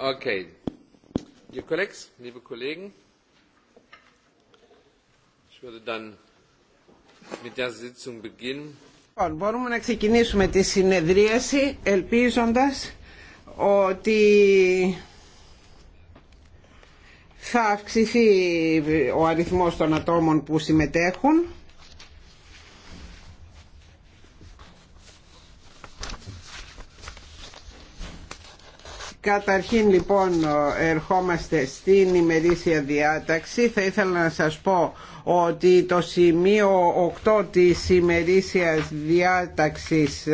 Okay. Μπορούμε να ξεκινήσουμε τη συνεδρίαση ελπίζοντας ότι θα αυξηθεί ο αριθμός των ατόμων που συμμετέχουν. Καταρχήν λοιπόν ερχόμαστε στην ημερήσια διάταξη. Θα ήθελα να σας πω ότι το σημείο 8 της ημερήσιας διάταξης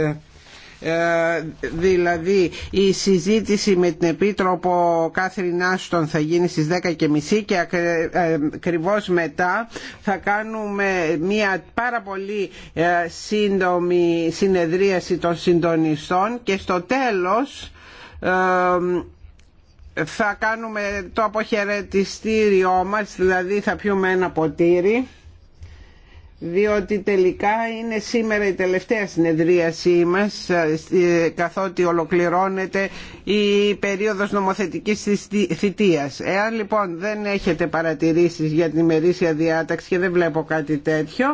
ε, δηλαδή η συζήτηση με την Επίτροπο Κάθριν Άστον θα γίνει στις 10.30 και ε, ακριβώ μετά θα κάνουμε μια πάρα πολύ ε, σύντομη συνεδρίαση των συντονιστών και στο τέλος θα κάνουμε το αποχαιρετιστήριό μας, δηλαδή θα πιούμε ένα ποτήρι διότι τελικά είναι σήμερα η τελευταία συνεδρίασή μας ε, καθότι ολοκληρώνεται η περίοδος νομοθετικής θητείας. Εάν λοιπόν δεν έχετε παρατηρήσεις για την ημερήσια διάταξη και δεν βλέπω κάτι τέτοιο,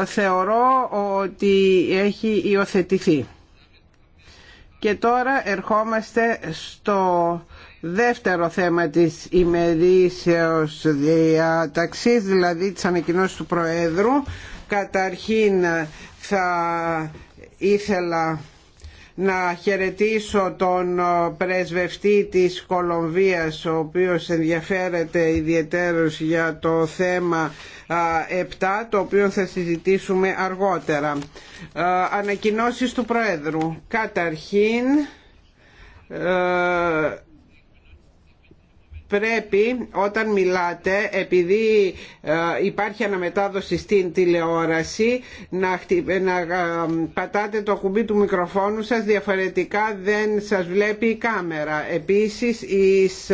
ε, θεωρώ ότι έχει υιοθετηθεί. Και τώρα ερχόμαστε στο δεύτερο θέμα της ημερήσεως διαταξής, δηλαδή της ανακοινώσης του Προέδρου. Καταρχήν θα ήθελα να χαιρετήσω τον ε, πρεσβευτή της Κολομβίας ο οποίος ενδιαφέρεται ιδιαίτερως για το θέμα 7 το οποίο θα συζητήσουμε αργότερα. Ε, ανακοινώσεις του Προέδρου. Καταρχήν ε, πρέπει όταν μιλάτε επειδή ε, υπάρχει αναμετάδοση στην τηλεόραση να, να ε, πατάτε το κουμπί του μικροφόνου σας διαφορετικά δεν σας βλέπει η κάμερα. Επίσης εις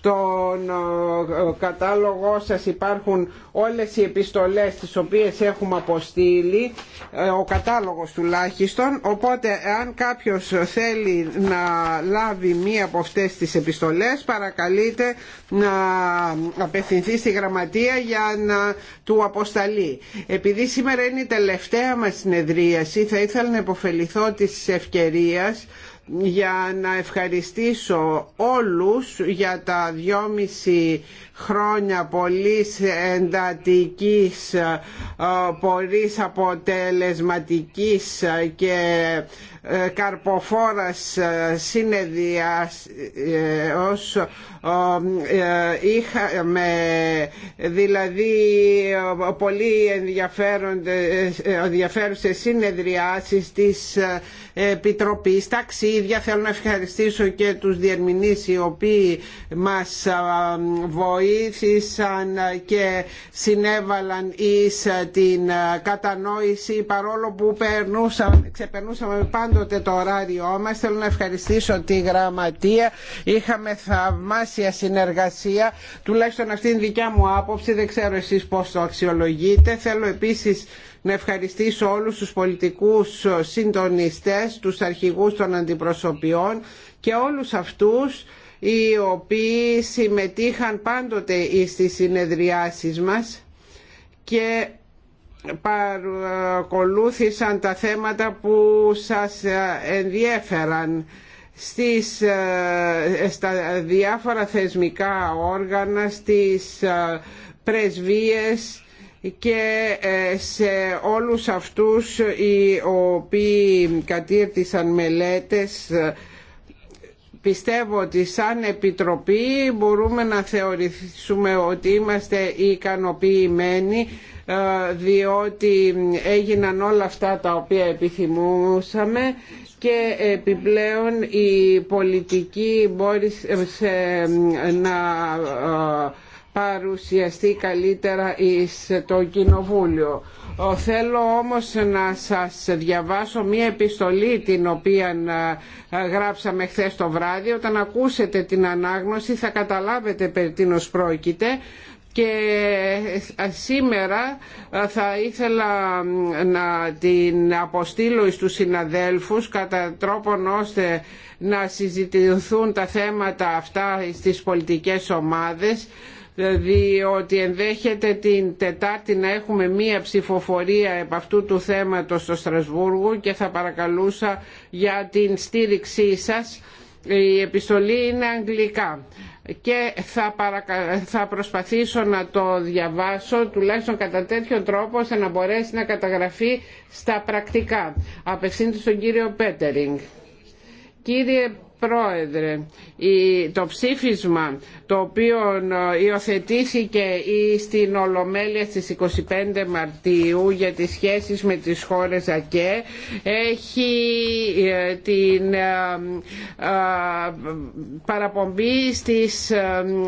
τον ε, ε, κατάλογό σας υπάρχουν όλες οι επιστολές τις οποίες έχουμε αποστείλει ε, ο κατάλογος τουλάχιστον οπότε αν κάποιος θέλει να λάβει μία από αυτές τις επιστολές παρακαλείτε να απευθυνθεί στη γραμματεία για να του αποσταλεί επειδή σήμερα είναι η τελευταία μας συνεδρίαση θα ήθελα να υποφεληθώ της ευκαιρίας για να ευχαριστήσω όλους για τα δυόμιση χρόνια πολύ εντατικής, ε, ε, πολύ αποτελεσματικής και καρποφόρας ε, συνεδρία ε, ε, είχαμε δηλαδή πολύ ενδιαφέρουσες συνεδριάσεις της Επιτροπής ταξίδια θέλω να ευχαριστήσω και τους διερμηνείς οι οποίοι μας βοήθησαν και συνέβαλαν εις την κατανόηση παρόλο που περνούσαμε, ξεπερνούσαμε πάντοτε το ωράριό μας. Θέλω να ευχαριστήσω τη Γραμματεία. Είχαμε θαυμάσια συνεργασία, τουλάχιστον αυτήν την δικιά μου άποψη. Δεν ξέρω εσείς πώς το αξιολογείτε. Θέλω επίσης να ευχαριστήσω όλους τους πολιτικούς συντονιστές, τους αρχηγούς των αντιπροσωπιών και όλους αυτούς οι οποίοι συμμετείχαν πάντοτε στις συνεδριάσεις μας και παρακολούθησαν τα θέματα που σας ενδιέφεραν στις, ε, στα διάφορα θεσμικά όργανα, στις ε, πρεσβείες και ε, σε όλους αυτούς οι οποίοι κατήρτισαν μελέτες πιστεύω ότι σαν Επιτροπή μπορούμε να θεωρηθούμε ότι είμαστε ικανοποιημένοι ε, διότι έγιναν όλα αυτά τα οποία επιθυμούσαμε και επιπλέον η πολιτική μπόρεσε ε, να ε, παρουσιαστεί καλύτερα στο Κοινοβούλιο. Θέλω όμως να σας διαβάσω μία επιστολή την οποία ε, γράψαμε χθες το βράδυ. Όταν ακούσετε την ανάγνωση θα καταλάβετε περί τίνος πρόκειται και ε, σήμερα ε, θα ήθελα να την αποστείλω τους συναδέλφους κατά τρόπον ώστε να συζητηθούν τα θέματα αυτά στις πολιτικές ομάδες διότι δηλαδή ενδέχεται την Τετάρτη να έχουμε μία ψηφοφορία επ' αυτού του θέματος στο Στρασβούργο και θα παρακαλούσα για την στήριξή σας. Η επιστολή είναι αγγλικά και θα, προσπαθήσω να το διαβάσω τουλάχιστον κατά τέτοιο τρόπο ώστε να μπορέσει να καταγραφεί στα πρακτικά. Απευθύνεται στον κύριο Πέτερινγκ. Κύριε Πρόεδρε, το ψήφισμα το οποίο ε, υιοθετήθηκε στην Ολομέλεια στις 25 Μαρτίου για τις σχέσεις με τις χώρες ΑΚΕ έχει ε, την ε, παραπομπή στις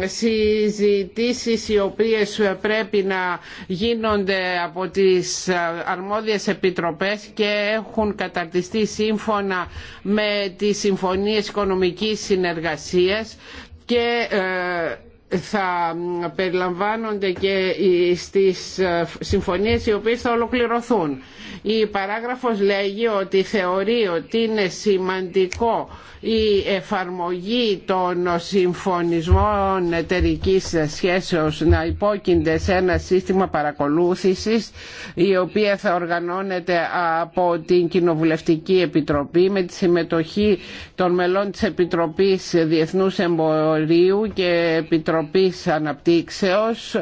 συζητήσεις οι οποίες πρέπει να γίνονται από τις αρμόδιες επιτροπές και έχουν καταρτιστεί σύμφωνα με τις συμφωνίες οικονομικής συνεργασίας και ε, θα περιλαμβάνονται και στις ε, συμφωνίες οι οποίες θα ολοκληρωθούν. Η παράγραφος λέγει ότι θεωρεί ότι είναι σημαντικό η εφαρμογή των συμφωνισμών εταιρική σχέσεως να υπόκεινται σε ένα σύστημα παρακολούθησης η οποία θα οργανώνεται από την Κοινοβουλευτική Επιτροπή με τη συμμετοχή των μελών της Επιτροπής Διεθνούς Εμπορίου και Επιτροπής Επιτροπής Αναπτύξεως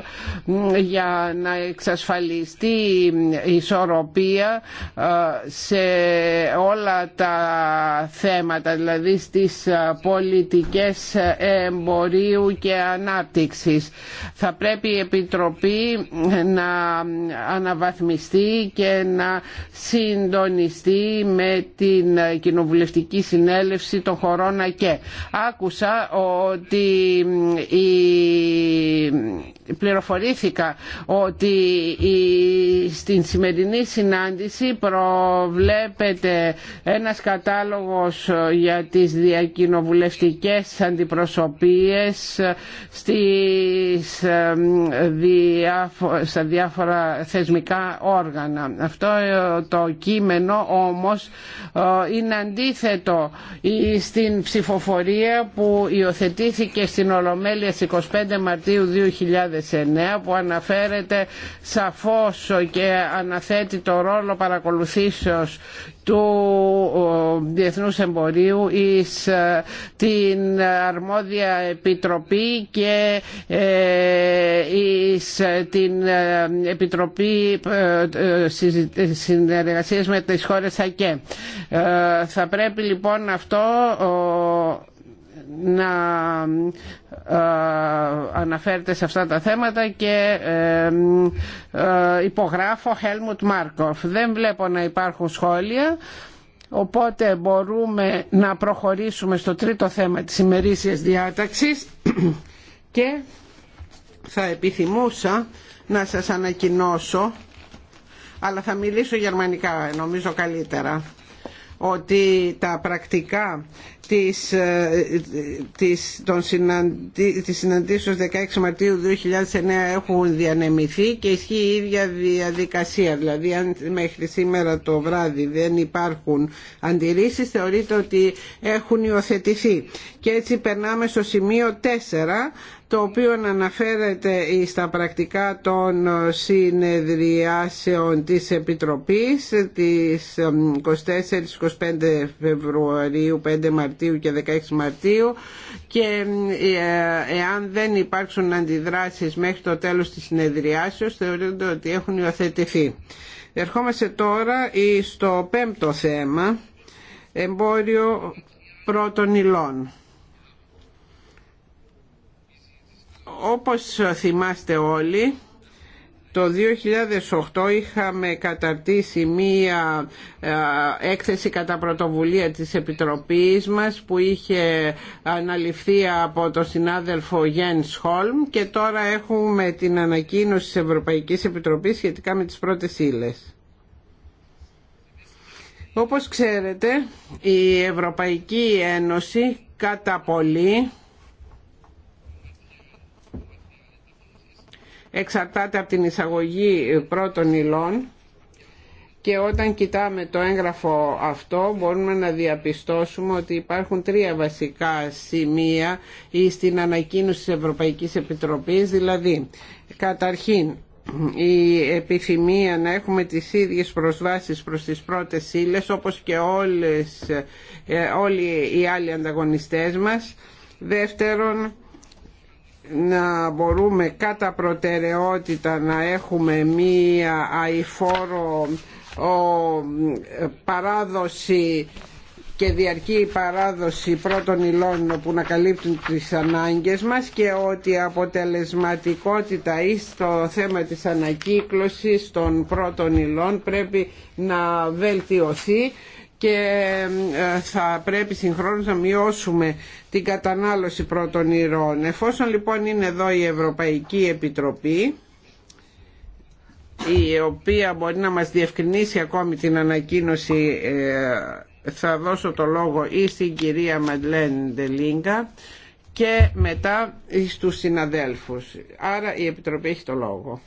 για να εξασφαλιστεί η ισορροπία ε, σε όλα τα θέματα, δηλαδή στις ε, πολιτικές εμπορίου και ανάπτυξης. Θα πρέπει η Επιτροπή να αναβαθμιστεί και να συντονιστεί με την Κοινοβουλευτική Συνέλευση των χωρών και. Άκουσα ότι η και πληροφορήθηκα ότι στην σημερινή συνάντηση προβλέπεται ένας κατάλογος για τις διακοινοβουλευτικές αντιπροσωπείες στις στα διάφορα θεσμικά όργανα. Αυτό ε, το κείμενο όμως ε, είναι αντίθετο στην ψηφοφορία που υιοθετήθηκε στην Ολομέλεια στις 25 Μαρτίου 2000 που αναφέρεται σαφώς και αναθέτει το ρόλο παρακολουθήσεως του Διεθνούς Εμπορίου εις ε, την αρμόδια επιτροπή και ε, εις ε, την επιτροπή συνεργασίας με τις χώρες ΑΚΕ. Θα πρέπει λοιπόν αυτό να ε, αναφέρεται σε αυτά τα θέματα και ε, ε, υπογράφω Helmut Μάρκοφ. Δεν βλέπω να υπάρχουν σχόλια. Οπότε μπορούμε να προχωρήσουμε στο τρίτο θέμα της ημερήσιας διάταξης και θα επιθυμούσα να σας ανακοινώσω αλλά θα μιλήσω γερμανικά νομίζω καλύτερα ότι τα πρακτικά της, ε, της, των της συναντήσεως 16 Μαρτίου 2009 έχουν διανεμηθεί και ισχύει η ίδια διαδικασία. Δηλαδή αν μέχρι σήμερα το βράδυ δεν υπάρχουν αντιρρήσεις θεωρείται ότι έχουν υιοθετηθεί. Και έτσι περνάμε στο σημείο 4 το οποίο αναφέρεται στα πρακτικά των συνεδριάσεων της Επιτροπής της 24-25 Φεβρουαρίου, 5 Μαρτίου Μαρτίου και 16 Μαρτίου και ε, εάν δεν υπάρξουν αντιδράσεις μέχρι το τέλος της συνεδριάσεως θεωρούνται ότι έχουν υιοθετηθεί. Ερχόμαστε τώρα στο πέμπτο θέμα, εμπόριο πρώτων υλών. Όπως θυμάστε όλοι, το 2008 είχαμε καταρτήσει μία έκθεση κατά πρωτοβουλία της Επιτροπής μας που είχε αναλυφθεί από τον συνάδελφο Γιάννης Χόλμ και τώρα έχουμε την ανακοίνωση της Ευρωπαϊκής Επιτροπής σχετικά με τις πρώτες ύλες. Όπως ξέρετε, η Ευρωπαϊκή Ένωση κατά πολύ εξαρτάται από την εισαγωγή πρώτων υλών και όταν κοιτάμε το έγγραφο αυτό μπορούμε να διαπιστώσουμε ότι υπάρχουν τρία βασικά σημεία στην ανακοίνωση της Ευρωπαϊκής Επιτροπής, δηλαδή καταρχήν η επιθυμία να έχουμε τις ίδιες προσβάσεις προς τις πρώτες ύλες όπως και όλες, ε, όλοι οι άλλοι ανταγωνιστές μας. Δεύτερον, να μπορούμε κατά προτεραιότητα να έχουμε μία αηφόρο παράδοση και διαρκή παράδοση πρώτων υλών που να καλύπτουν τις ανάγκες μας και ότι η αποτελεσματικότητα ή στο θέμα της ανακύκλωσης των πρώτων υλών πρέπει να βελτιωθεί και ε, θα πρέπει συγχρόνως να μειώσουμε την κατανάλωση πρώτων ηρών. Εφόσον λοιπόν είναι εδώ η Ευρωπαϊκή Επιτροπή η οποία μπορεί να μας διευκρινίσει ακόμη την ανακοίνωση ε, θα δώσω το λόγο ή στην κυρία Μαντλέν Ντελίνκα και μετά στους συναδέλφους. Άρα η Επιτροπή έχει το λόγο.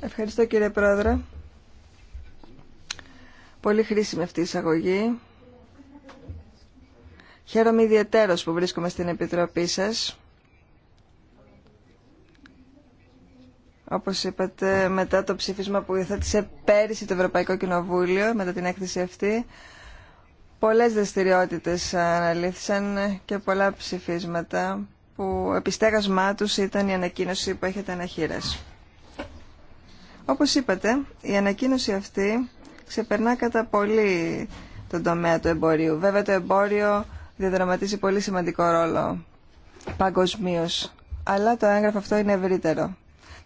Ευχαριστώ κύριε Πρόεδρε. Πολύ χρήσιμη αυτή η εισαγωγή. Χαίρομαι ιδιαίτερος που βρίσκομαι στην Επιτροπή σας. Όπως είπατε, μετά το ψήφισμα που υιοθέτησε πέρυσι το Ευρωπαϊκό Κοινοβούλιο, μετά την έκθεση αυτή, πολλές δραστηριότητε αναλύθησαν και πολλά ψηφίσματα που επιστέγασμά τους ήταν η ανακοίνωση που έχετε αναχείρας. Όπως είπατε, η ανακοίνωση αυτή ξεπερνά κατά πολύ τον τομέα του εμπορίου. Βέβαια το εμπόριο διαδραματίζει πολύ σημαντικό ρόλο παγκοσμίω. Αλλά το έγγραφο αυτό είναι ευρύτερο.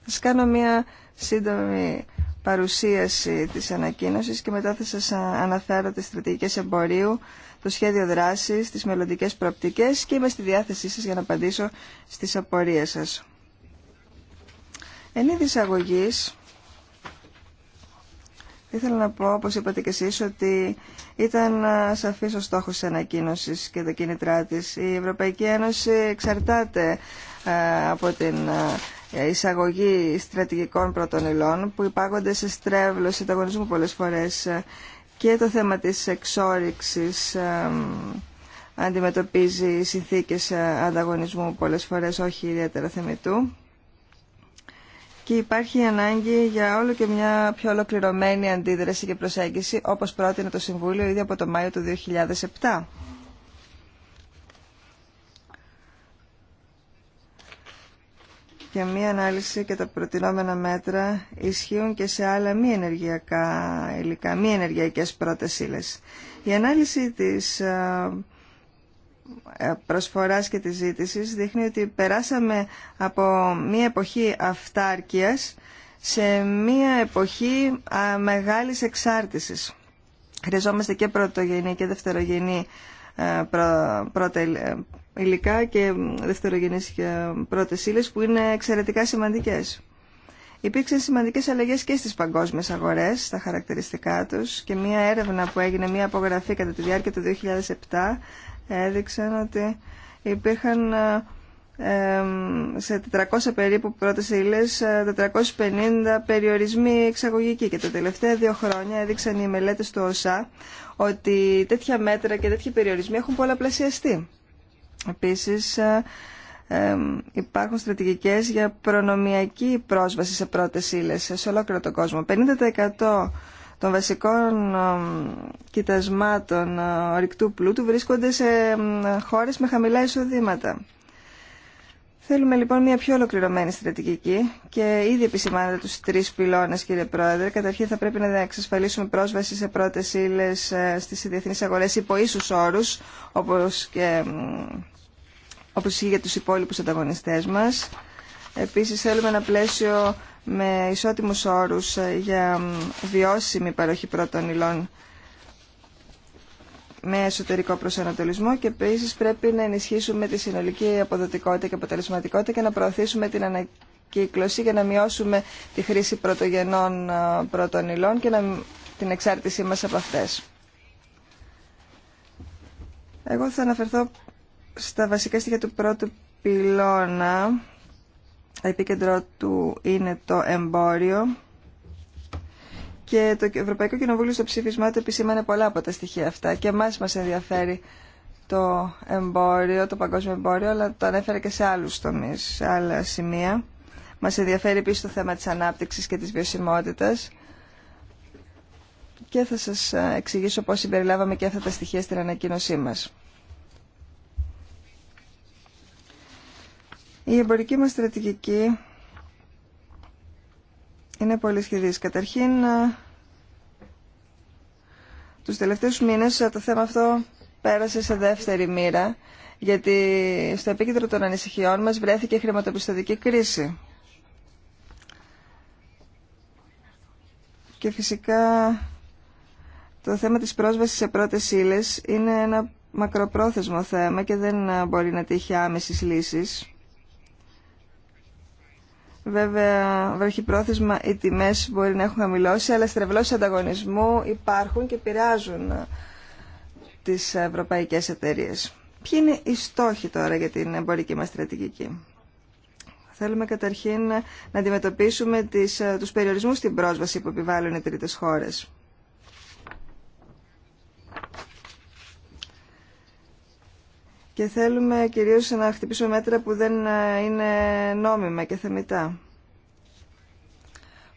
Θα σας κάνω μία σύντομη παρουσίαση της ανακοίνωσης και μετά θα σας αναφέρω τις στρατηγικές εμπορίου, το σχέδιο δράσης, τις μελλοντικές προοπτικές και είμαι στη διάθεσή σας για να απαντήσω στις απορίες σας. Εν αγωγής, Ήθελα να πω, όπως είπατε και εσείς, ότι ήταν ε, σαφής ο στόχος της ανακοίνωσης και τα κίνητρά της. Η Ευρωπαϊκή Ένωση εξαρτάται ε, από την ε, εισαγωγή στρατηγικών πρώτων που υπάγονται σε στρέβλωση ανταγωνισμού πολλές φορές και το θέμα της εξόριξης αντιμετωπίζει συνθήκες ανταγωνισμού πολλές φορές όχι ιδιαίτερα θεμητού και υπάρχει ανάγκη για όλο και μια πιο ολοκληρωμένη αντίδραση και προσέγγιση, όπως πρότεινε το Συμβούλιο ήδη από το Μάιο του 2007. Για μία ανάλυση και τα προτινόμενα μέτρα ισχύουν και σε άλλα μη ενεργειακά υλικά, μη ενεργειακές πρώτες Η ανάλυση της ε, προσφοράς και της ζήτησης δείχνει ότι περάσαμε από μια εποχή αυτάρκειας σε μια εποχή μεγάλης εξάρτησης. Χρειαζόμαστε και πρωτογενή και δευτερογενή ε, πρώτε, ε, υλικά και δευτερογενείς και ε, πρώτες που είναι εξαιρετικά σημαντικές. Υπήρξαν σημαντικές αλλαγές και στις παγκόσμιες αγορές, στα χαρακτηριστικά τους και μία έρευνα που έγινε, μία απογραφή κατά τη διάρκεια του 2007 έδειξαν ότι υπήρχαν ε, σε 400 περίπου πρώτες ύλες 450 ε, περιορισμοί εξαγωγικοί και τα τελευταία δύο χρόνια έδειξαν οι μελέτες του ΩΣΑ ότι τέτοια μέτρα και τέτοιοι περιορισμοί έχουν πολλαπλασιαστεί. Επίσης ε, υπάρχουν στρατηγικές για προνομιακή πρόσβαση σε πρώτες ύλες σε ολόκληρο τον κόσμο. 50% των βασικών κοιτασμάτων ε, ορυκτού πλούτου βρίσκονται σε χώρες με χαμηλά εισοδήματα. Θέλουμε λοιπόν μια πιο ολοκληρωμένη στρατηγική και ήδη επισημάνεται τους τρεις πυλώνες κύριε Πρόεδρε. Καταρχήν θα πρέπει να εξασφαλίσουμε πρόσβαση σε πρώτες ύλες ε, στις διεθνείς αγορές υπό ίσους όρους όπως και όπως για τους υπόλοιπους ανταγωνιστές μας. Επίσης θέλουμε ένα πλαίσιο με ισότιμους όρους ε, για βιώσιμη παροχή πρώτων υλών με εσωτερικό προσανατολισμό και επίση πρέπει να ενισχύσουμε τη συνολική αποδοτικότητα και αποτελεσματικότητα και να προωθήσουμε την ανακύκλωση για να μειώσουμε τη χρήση πρωτογενών ε, πρώτων υλών και να... την εξάρτησή μας από αυτές. Εγώ θα αναφερθώ στα βασικά στοιχεία του πρώτου πυλώνα επίκεντρό του είναι το εμπόριο και το Ευρωπαϊκό Κοινοβούλιο στο ψήφισμά του επισήμανε πολλά από τα στοιχεία αυτά και εμά μα ενδιαφέρει το εμπόριο, το παγκόσμιο εμπόριο, αλλά το ανέφερε και σε άλλους τομεί. σε άλλα σημεία. μα ενδιαφέρει επίση το θέμα της ανάπτυξη και της βιωσιμότητα. και θα σα εξηγήσω πώ συμπεριλάβαμε και αυτά τα στοιχεία στην ανακοίνωσή μα. Η εμπορική μας στρατηγική είναι πολύ σχεδής. Καταρχήν, ε, τους τελευταίους μήνες ε, το θέμα αυτό πέρασε σε δεύτερη μοίρα, γιατί στο επίκεντρο των ανησυχιών μας βρέθηκε χρηματοπιστωτική κρίση. Και φυσικά το θέμα της πρόσβασης σε πρώτες ύλες είναι ένα μακροπρόθεσμο θέμα και δεν ε, μπορεί να τύχει άμεσης λύσης. Βέβαια, πρόθεσμα, οι τιμέ μπορεί να έχουν χαμηλώσει, αλλά στρεβλώσεις ανταγωνισμού υπάρχουν και επηρεάζουν ε, τις ευρωπαϊκές εταιρείε. Ποιοι είναι οι στόχοι τώρα για την εμπορική μας στρατηγική. Θέλουμε καταρχήν να αντιμετωπίσουμε τις, ε, τους περιορισμούς στην πρόσβαση που επιβάλλουν οι τρίτες χώρες. και θέλουμε κυρίως να χτυπήσουμε μέτρα που δεν ε, είναι νόμιμα και θεμητά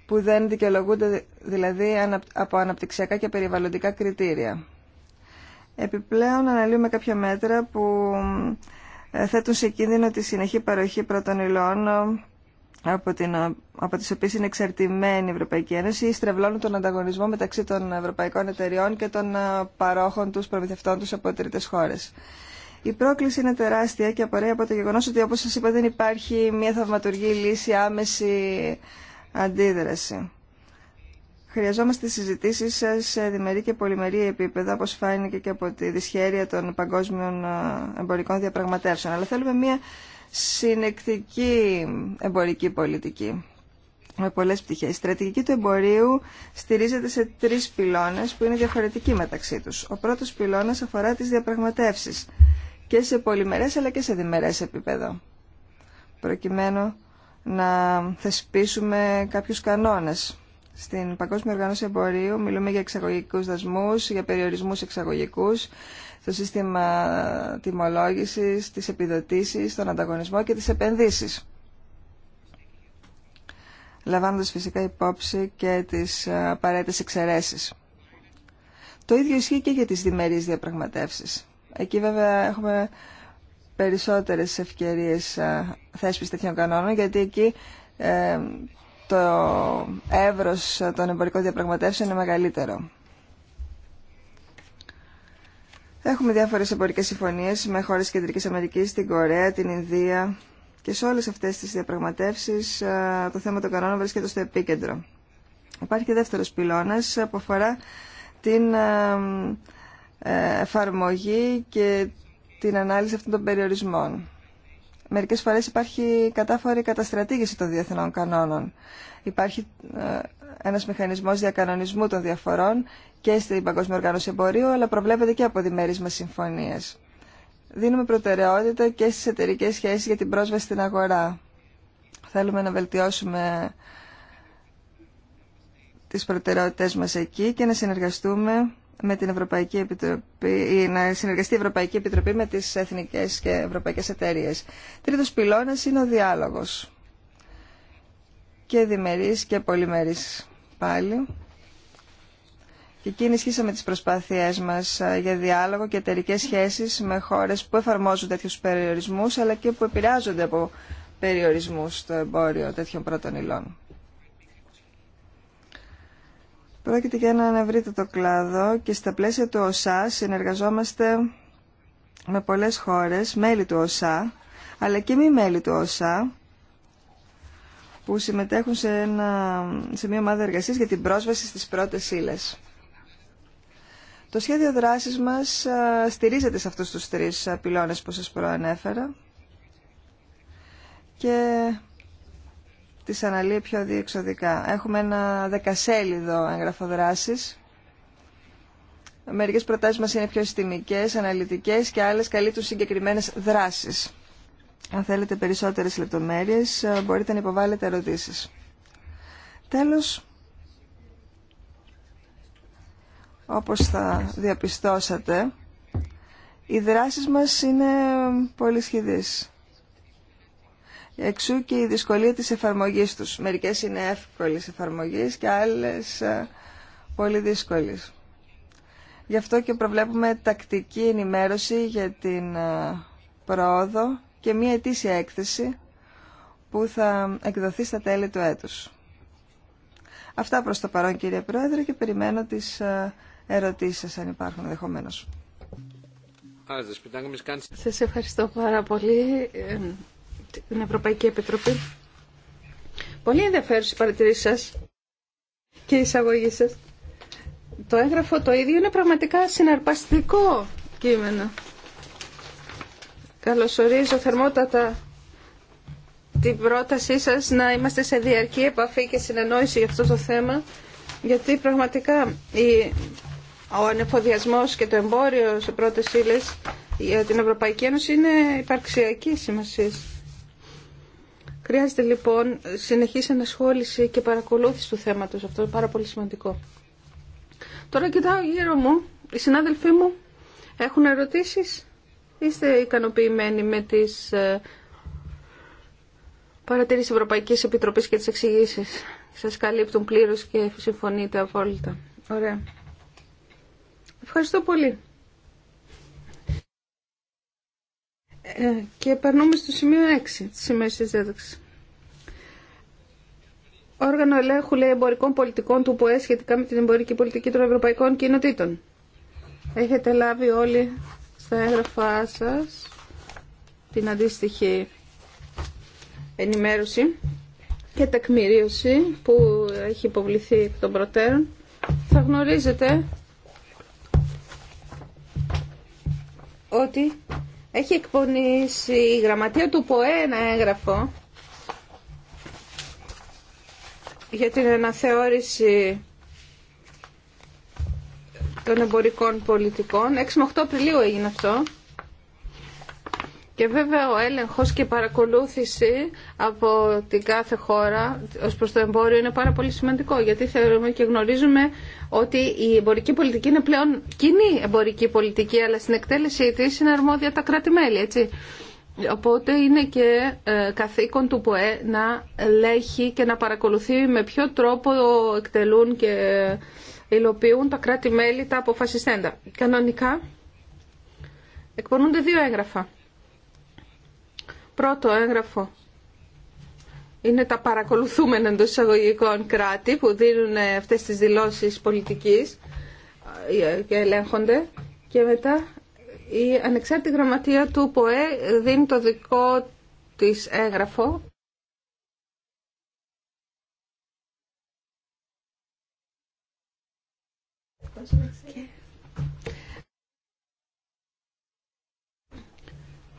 που δεν δικαιολογούνται δηλαδή από αναπτυξιακά και περιβαλλοντικά κριτήρια. Επιπλέον αναλύουμε κάποια μέτρα που ε, θέτουν σε κίνδυνο τη συνεχή παροχή πρώτων υλών ε, από, την, από τις οποίες είναι εξαρτημένη η Ευρωπαϊκή Ένωση ή στρεβλώνουν τον ανταγωνισμό μεταξύ των ευρωπαϊκών εταιριών και των παρόχων τους προμηθευτών τους από τρίτες χώρες. Η πρόκληση είναι τεράστια και απορρέει από το γεγονό ότι όπω σα είπα δεν υπάρχει μια θαυματουργή λύση άμεση αντίδραση. Χρειαζόμαστε συζητήσεις σε διμερή και πολυμερή επίπεδα, όπω φάνηκε και από τη δυσχέρεια των παγκόσμιων ε, εμπορικών διαπραγματεύσεων. Αλλά θέλουμε μια συνεκτική εμπορική πολιτική με πολλές πτυχές. Η στρατηγική του εμπορίου στηρίζεται σε τρεις πυλώνες που είναι διαφορετικοί μεταξύ τους. Ο πρώτος πυλώνας αφορά τις διαπραγματεύσεις και σε πολυμερές αλλά και σε διμερές επίπεδο προκειμένου να θεσπίσουμε κάποιους κανόνες. Στην Παγκόσμια Οργάνωση Εμπορίου μιλούμε για εξαγωγικούς δασμούς, για περιορισμούς εξαγωγικούς, στο σύστημα τιμολόγησης, τις επιδοτήσεις, τον ανταγωνισμό και τις επενδύσεις. Λαμβάνοντας φυσικά υπόψη και τις απαραίτητες εξαιρέσεις. Το ίδιο ισχύει και για τις διμερείς διαπραγματεύσεις. Εκεί βέβαια έχουμε περισσότερες ευκαιρίες ε, θέσπισης τέτοιων κανόνων, γιατί εκεί ε, το εύρος των εμπορικών διαπραγματεύσεων είναι μεγαλύτερο. Έχουμε διάφορες εμπορικές συμφωνίες με χώρες Κεντρικής Αμερικής, την Κορέα, την Ινδία και σε όλες αυτές τις διαπραγματεύσεις ε, το θέμα των κανόνων βρίσκεται στο επίκεντρο. Υπάρχει και δεύτερος πυλώνας που αφορά την ε, εφαρμογή και την ανάλυση αυτών των περιορισμών. Μερικές φορές υπάρχει κατάφορη καταστρατήγηση των διεθνών κανόνων. Υπάρχει ε, ένας μηχανισμός διακανονισμού των διαφορών και στην Παγκόσμια Οργάνωση Εμπορίου, αλλά προβλέπεται και από διμέρισμα συμφωνίες. Δίνουμε προτεραιότητα και στις εταιρικέ σχέσεις για την πρόσβαση στην αγορά. Θέλουμε να βελτιώσουμε τις προτεραιότητες μας εκεί και να συνεργαστούμε με την Ευρωπαϊκή Επιτροπή, να συνεργαστεί η Ευρωπαϊκή Επιτροπή με τις εθνικές και ευρωπαϊκές εταιρείες. Τρίτος πυλώνας είναι ο διάλογος. Και διμερής και πολυμερής πάλι. Και εκεί ενισχύσαμε τις προσπάθειές μας ε, για διάλογο και εταιρικέ σχέσεις με χώρες που εφαρμόζουν τέτοιου περιορισμούς αλλά και που επηρεάζονται από περιορισμούς στο εμπόριο τέτοιων πρώτων υλών. Πρόκειται για έναν το κλάδο και στα πλαίσια του ΟΣΑ συνεργαζόμαστε με πολλές χώρες, μέλη του ΟΣΑ, αλλά και μη μέλη του ΟΣΑ, που συμμετέχουν σε, ένα, σε μια ομάδα εργασίας για την πρόσβαση στις πρώτες ύλες. Το σχέδιο δράσης μας στηρίζεται σε αυτούς τους τρεις πυλώνες που σας προανέφερα και τις αναλύει πιο διεξοδικά. Έχουμε ένα δεκασέλιδο έγγραφο Μερικές προτάσεις μας είναι πιο συστημικές, αναλυτικές και άλλες καλύπτουν συγκεκριμένες δράσεις. Αν θέλετε περισσότερες λεπτομέρειες, ε, μπορείτε να υποβάλλετε ερωτήσεις. Τέλος, όπως θα διαπιστώσατε, οι δράσεις μας είναι πολύ σχηδείς. Εξού και η δυσκολία της εφαρμογής τους. Μερικές είναι εύκολες εφαρμογής και άλλες ε, πολύ δύσκολες. Γι' αυτό και προβλέπουμε τακτική ενημέρωση για την ε, πρόοδο και μία ετήσια έκθεση που θα εκδοθεί στα τέλη του έτους. Αυτά προς το παρόν κύριε Πρόεδρε και περιμένω τις ε, ερωτήσεις αν υπάρχουν ενδεχομένω. Σας ευχαριστώ πάρα πολύ την Ευρωπαϊκή Επιτροπή. Πολύ ενδιαφέρουσε οι παρατηρήσει σα και η εισαγωγή σα. Το έγγραφο το ίδιο είναι πραγματικά συναρπαστικό κείμενο. Καλωσορίζω θερμότατα την πρότασή σας να είμαστε σε διαρκή επαφή και συνεννόηση για αυτό το θέμα, γιατί πραγματικά ο ανεφοδιασμός και το εμπόριο σε πρώτες ύλες για την Ευρωπαϊκή Ένωση είναι υπαρξιακή σημασία. Χρειάζεται λοιπόν συνεχής ανασχόληση και παρακολούθηση του θέματος. Αυτό είναι πάρα πολύ σημαντικό. Τώρα κοιτάω γύρω μου. Οι συνάδελφοί μου έχουν ερωτήσεις. Είστε ικανοποιημένοι με τις ε, παρατηρήσεις Ευρωπαϊκής Επιτροπής και τις εξηγήσει. Σας καλύπτουν πλήρως και συμφωνείτε απόλυτα. Ωραία. Ευχαριστώ πολύ. Ε, και περνούμε στο σημείο 6 της της διάταξης. Όργανο ελέγχου εμπορικών πολιτικών του ΠΟΕ σχετικά με την εμπορική πολιτική των Ευρωπαϊκών Κοινοτήτων. Έχετε λάβει όλοι στα έγγραφά σας την αντίστοιχη ενημέρωση και τεκμηρίωση που έχει υποβληθεί εκ των προτέρων. Θα γνωρίζετε ότι έχει εκπονήσει η γραμματεία του ΠΟΕ ένα έγγραφο για την αναθεώρηση των εμπορικών πολιτικών. 6 με 8 Απριλίου έγινε αυτό. Και βέβαια ο έλεγχος και η παρακολούθηση από την κάθε χώρα ως προς το εμπόριο είναι πάρα πολύ σημαντικό γιατί θεωρούμε και γνωρίζουμε ότι η εμπορική πολιτική είναι πλέον κοινή εμπορική πολιτική αλλά στην εκτέλεσή της είναι αρμόδια τα κράτη-μέλη, έτσι. Οπότε είναι και ε, καθήκον του ΠΟΕ να ελέγχει και να παρακολουθεί με ποιο τρόπο εκτελούν και υλοποιούν τα κράτη-μέλη τα αποφασιστέντα. Κανονικά εκπονούνται δύο έγγραφα Πρώτο έγγραφο είναι τα παρακολουθούμενα εντό εισαγωγικών κράτη που δίνουν αυτές τις δηλώσεις πολιτικής ε, και ελέγχονται και μετά η ανεξάρτητη γραμματεία του ΠΟΕ δίνει το δικό της έγγραφο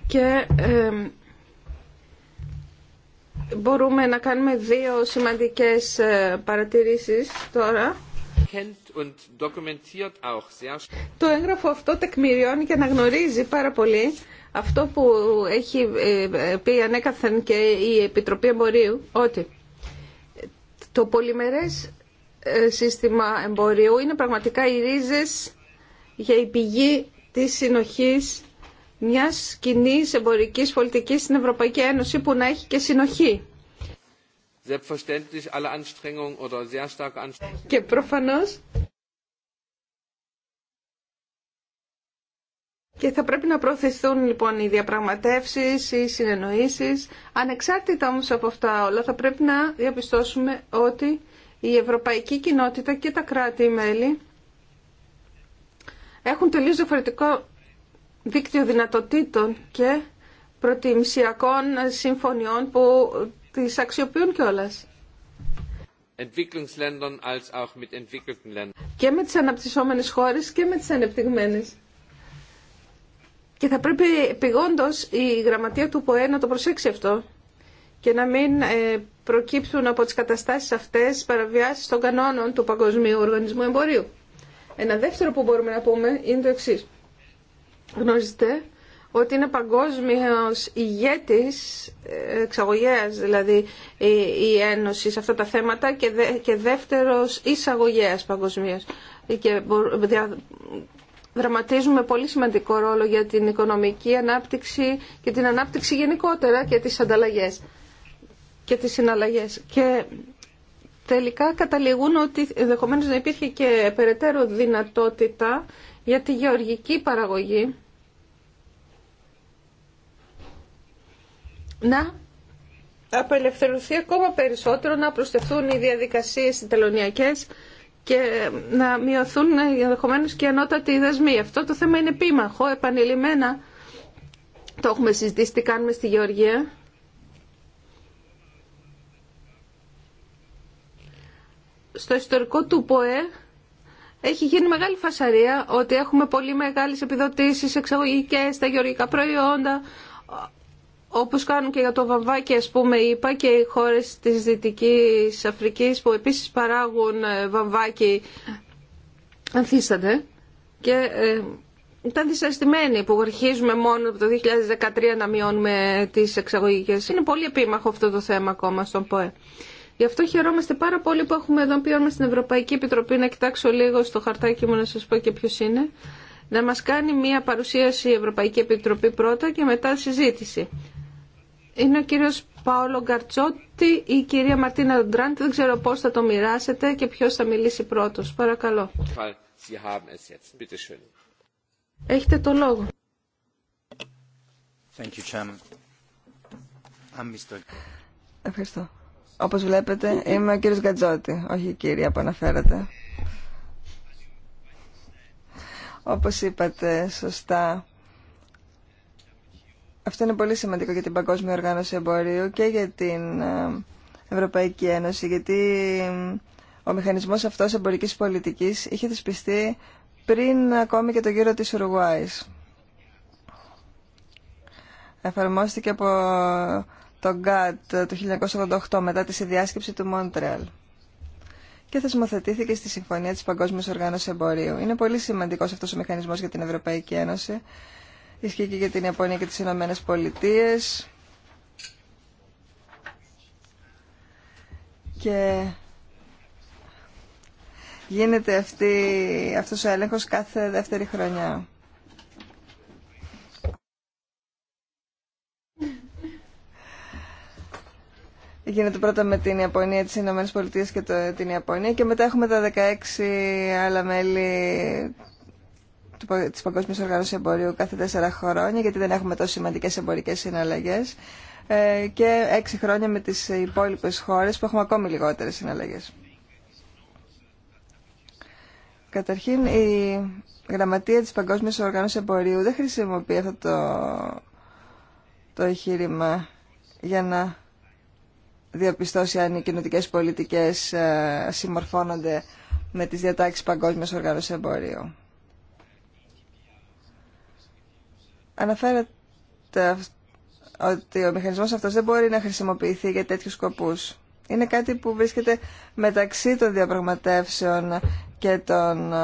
και, ε, μπορούμε να κάνουμε δύο σημαντικές ε, παρατηρήσεις τώρα. Το έγγραφο αυτό τεκμηριώνει και αναγνωρίζει πάρα πολύ αυτό που έχει ε, πει ανέκαθεν και η Επιτροπή Εμπορίου, ότι το πολυμερές ε, σύστημα εμπορίου είναι πραγματικά οι ρίζες για η πηγή της συνοχής μιας κοινή εμπορικής πολιτικής στην Ευρωπαϊκή Ένωση που να έχει και συνοχή. Και προφανώ. Και θα πρέπει να προωθηθούν λοιπόν οι διαπραγματεύσεις, οι συνεννοήσεις. Ανεξάρτητα όμως από αυτά όλα θα πρέπει να διαπιστώσουμε ότι η ευρωπαϊκή κοινότητα και τα κράτη-μέλη έχουν τελείως διαφορετικό δίκτυο δυνατοτήτων και προτιμησιακών συμφωνιών που τις αξιοποιούν κιόλας. Και με τις αναπτυσσόμενες χώρες και με τις ανεπτυγμένες. Και θα πρέπει πηγόντως η γραμματεία του ΠΟΕ να το προσέξει αυτό και να μην ε, προκύπτουν από τις καταστάσεις αυτές παραβιάσεις των κανόνων του Παγκοσμίου Οργανισμού Εμπορίου. Ένα δεύτερο που μπορούμε να πούμε είναι το εξής γνωρίζετε ότι είναι παγκόσμιος ηγέτης, ε, εξαγωγέας δηλαδή η Ένωση σε αυτά τα θέματα και, δε, και δεύτερος εισαγωγέας παγκοσμίω. Και δραματίζουμε πολύ σημαντικό ρόλο για την οικονομική ανάπτυξη και την ανάπτυξη γενικότερα και τις ανταλλαγές και τις συναλλαγές. Και τελικά καταλήγουν ότι ενδεχομένω να υπήρχε και περαιτέρω δυνατότητα για τη γεωργική παραγωγή να απελευθερωθεί ακόμα περισσότερο, να προστεθούν οι διαδικασίες συντελωνιακές και να μειωθούν ενδεχομένω και ανώτατοι δεσμοί. Αυτό το θέμα είναι επίμαχο, επανειλημμένα. Το έχουμε συζητήσει τι κάνουμε στη Γεωργία. Στο ιστορικό του ΠΟΕ έχει γίνει μεγάλη φασαρία ότι έχουμε πολύ μεγάλες επιδοτήσεις εξαγωγικές στα γεωργικά προϊόντα, όπως κάνουν και για το βαμβάκι ας πούμε είπα και οι χώρες της Δυτικής Αφρικής που επίσης παράγουν ε, βαμβάκι ανθίστανται και ε, ήταν δυσαρεστημένοι που αρχίζουμε μόνο από το 2013 να μειώνουμε τις εξαγωγικές. Είναι πολύ επίμαχο αυτό το θέμα ακόμα στον ΠΟΕ. Γι' αυτό χαιρόμαστε πάρα πολύ που έχουμε εδώ πει στην Ευρωπαϊκή Επιτροπή να κοιτάξω λίγο στο χαρτάκι μου να σας πω και ποιο είναι. Να μας κάνει μία παρουσίαση η Ευρωπαϊκή Επιτροπή πρώτα και μετά συζήτηση. Είναι ο κύριος Παόλο Γκαρτσότη ή η κυρία Μαρτίνα Ντράντ. Δεν ξέρω πώς θα το μοιράσετε και ποιος θα μιλήσει πρώτος. Παρακαλώ. Έχετε το λόγο. Thank you, Mr. Ευχαριστώ. Όπως βλέπετε είμαι ο κύριος Γκατζότη, όχι η κυρία που αναφέρατε. Όπως είπατε σωστά, αυτό είναι πολύ σημαντικό για την Παγκόσμια Οργάνωση Εμπορίου και για την ε, Ευρωπαϊκή Ένωση, γιατί ε, ο μηχανισμός αυτός εμπορικής πολιτικής είχε δυσπιστεί πριν ακόμη και το γύρο της Ουρουγουάης. Εφαρμόστηκε από το ΓΚΑΤ το 1988 μετά τη συνδιάσκεψη του Μόντρεαλ και θεσμοθετήθηκε στη Συμφωνία της Παγκόσμιας Οργάνωσης Εμπορίου. Είναι πολύ σημαντικός αυτός ο μηχανισμός για την Ευρωπαϊκή Ένωση. Ισχύει και για την Ιαπωνία και τις Ηνωμένες Πολιτείες. Και γίνεται αυτή, αυτός ο έλεγχος κάθε δεύτερη χρονιά. γίνεται πρώτα με την Ιαπωνία, τι Ηνωμένε Πολιτείε και την Ιαπωνία και μετά έχουμε τα 16 άλλα μέλη τη Παγκόσμια Οργάνωσης Εμπορίου κάθε 4 χρόνια γιατί δεν έχουμε τόσο σημαντικές εμπορικές συναλλαγές ε, και 6 χρόνια με τι υπόλοιπε χώρε που έχουμε ακόμη λιγότερε συναλλαγές. Καταρχήν, η γραμματεία της Παγκόσμιας Οργάνωσης Εμπορίου δεν χρησιμοποιεί αυτό το, το εγχείρημα για να διαπιστώσει αν οι κοινωτικέ πολιτικές ε, συμμορφώνονται με τις διατάξεις Παγκόσμιας Οργάνωσης Εμπορίου. Αναφέρεται ότι ο μηχανισμός αυτός δεν μπορεί να χρησιμοποιηθεί για τέτοιους σκοπούς. Είναι κάτι που βρίσκεται μεταξύ των διαπραγματεύσεων και των ε,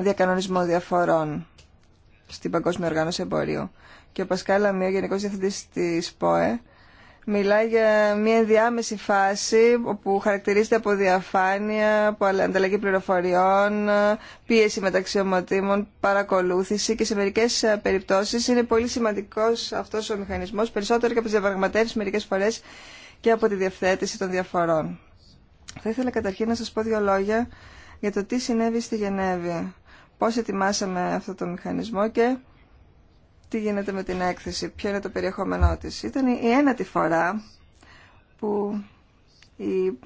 διακανονισμών διαφορών στην Παγκόσμια Οργάνωση Εμπορίου. Και ο Πασκάλα Μία, Γενικός Διευθυντής της ΠΟΕ, μιλάει για μια ενδιάμεση φάση που χαρακτηρίζεται από διαφάνεια, από ανταλλαγή πληροφοριών, πίεση μεταξύ ομοτήμων, παρακολούθηση και σε μερικέ ε, περιπτώσει είναι πολύ σημαντικό αυτό ο μηχανισμό, περισσότερο και από τι διαπραγματεύσει μερικέ φορέ και από τη διευθέτηση των διαφορών. Θα ήθελα καταρχήν να σα πω δύο λόγια για το τι συνέβη στη Γενέβη, Πώ ετοιμάσαμε αυτό το μηχανισμό και τι γίνεται με την έκθεση, ποιο είναι το περιεχόμενό της. Ήταν η ένατη φορά που η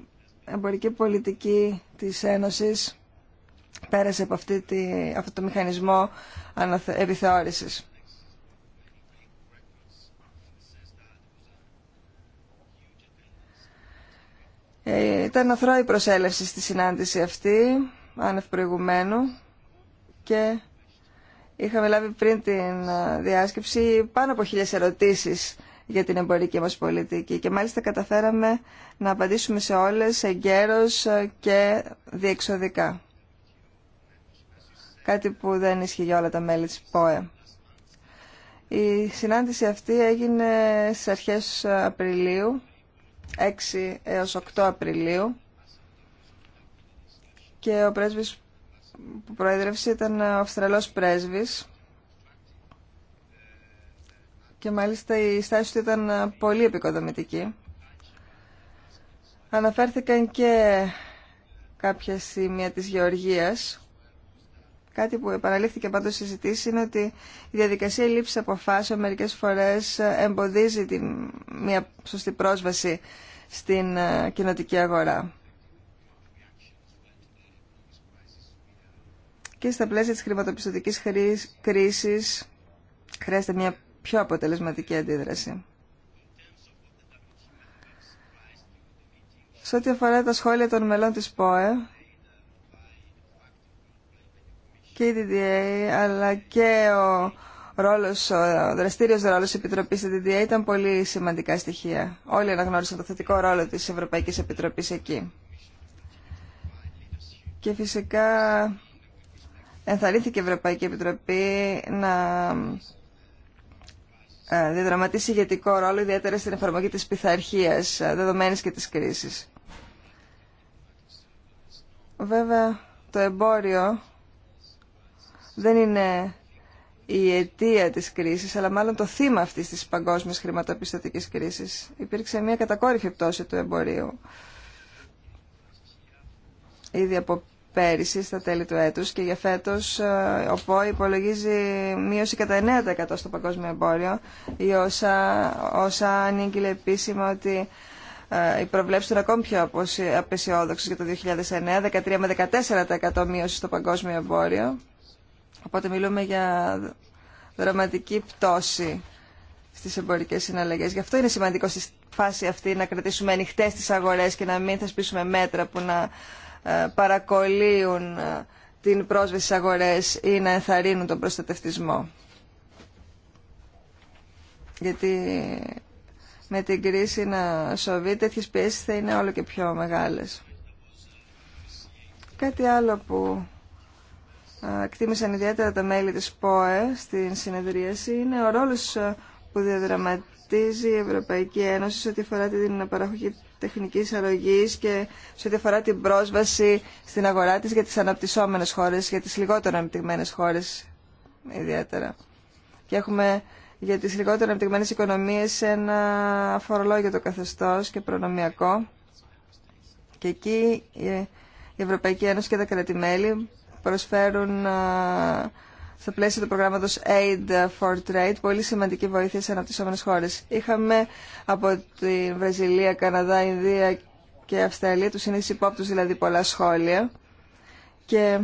εμπορική πολιτική της Ένωσης πέρασε από αυτό το μηχανισμό επιθεώρησης. Ε, ήταν αθρώη προσέλευση στη συνάντηση αυτή, άνευ προηγουμένου, και Είχαμε λάβει πριν την ε, διάσκεψη πάνω από χίλιες ερωτήσεις για την εμπορική μας πολιτική και μάλιστα καταφέραμε να απαντήσουμε σε όλες εγκαίρως ε, και διεξοδικά. Κάτι που δεν ισχύει για όλα τα μέλη της ΠΟΕ. Η συνάντηση αυτή έγινε στις αρχές Απριλίου, 6 έως 8 Απριλίου και ο πρέσβης που προέδρευσε ήταν ο Αυστραλός πρέσβης και μάλιστα η στάση του ήταν πολύ επικοδομητική. Αναφέρθηκαν και κάποια σημεία της Γεωργίας. Κάτι που επαναλήφθηκε πάντως συζητήσει είναι ότι η διαδικασία λήψη αποφάσεων μερικές φορές εμποδίζει την, μια σωστή πρόσβαση στην ε, κοινοτική αγορά. και στα πλαίσια της χρηματοπιστωτικής κρίσης χρειάζεται μια πιο αποτελεσματική αντίδραση. Σε ό,τι αφορά τα σχόλια των μελών της ΠΟΕ και η DDA αλλά και ο, ρόλος, ο δραστήριος ρόλος της Επιτροπής της DDA ήταν πολύ σημαντικά στοιχεία. Όλοι αναγνώρισαν το θετικό ρόλο της Ευρωπαϊκής Επιτροπής εκεί. Και φυσικά ενθαρρύνθηκε η Ευρωπαϊκή Επιτροπή να ε, διαδραματίσει ηγετικό ρόλο, ιδιαίτερα στην εφαρμογή της πειθαρχία ε, δεδομένης και της κρίσης. Βέβαια, το εμπόριο δεν είναι η αιτία της κρίσης, αλλά μάλλον το θύμα αυτής της παγκόσμιας χρηματοπιστωτικής κρίσης. Υπήρξε μια κατακόρυφη πτώση του εμπορίου. Ήδη από πέρυσι στα τέλη του έτους και για φέτος ε, ο ΠΟ υπολογίζει μείωση κατά 9% στο παγκόσμιο εμπόριο η όσα, όσα ανήγγειλε επίσημα ότι ε, οι προβλέψεις του είναι ακόμη πιο απεσιόδοξες για το 2009, 13 με 14% μείωση στο παγκόσμιο εμπόριο. Οπότε μιλούμε για δραματική πτώση στις εμπορικές συναλλαγές. Γι' αυτό είναι σημαντικό στη φάση αυτή να κρατήσουμε ανοιχτέ τις αγορές και να μην θεσπίσουμε μέτρα που να ε, παρακολύουν ε, την πρόσβαση στις αγορές ή να ενθαρρύνουν τον προστατευτισμό. Γιατί με την κρίση να σοβεί τέτοιες πιέσεις θα είναι όλο και πιο μεγάλες. Κάτι άλλο που ε, εκτίμησαν ιδιαίτερα τα μέλη της ΠΟΕ στην συνεδρίαση είναι ο ρόλος που διαδραματίζει η Ευρωπαϊκή Ένωση σε ό,τι αφορά την παραγωγή τεχνικής αλλογής και σε ό,τι αφορά την πρόσβαση στην αγορά της για τις αναπτυσσόμενες χώρες, για τις λιγότερο αναπτυγμένες χώρες ιδιαίτερα. Και έχουμε για τις λιγότερο αναπτυγμένες οικονομίες ένα φορολόγιο το καθεστώς και προνομιακό. Και εκεί η Ευρωπαϊκή Ένωση και τα κρατημέλη προσφέρουν στο πλαίσιο του προγράμματο Aid for Trade, πολύ σημαντική βοήθεια σε αναπτυσσόμενε χώρες. Είχαμε από τη Βραζιλία, Καναδά, Ινδία και Αυστραλία, τους είναι υπόπτου δηλαδή πολλά σχόλια και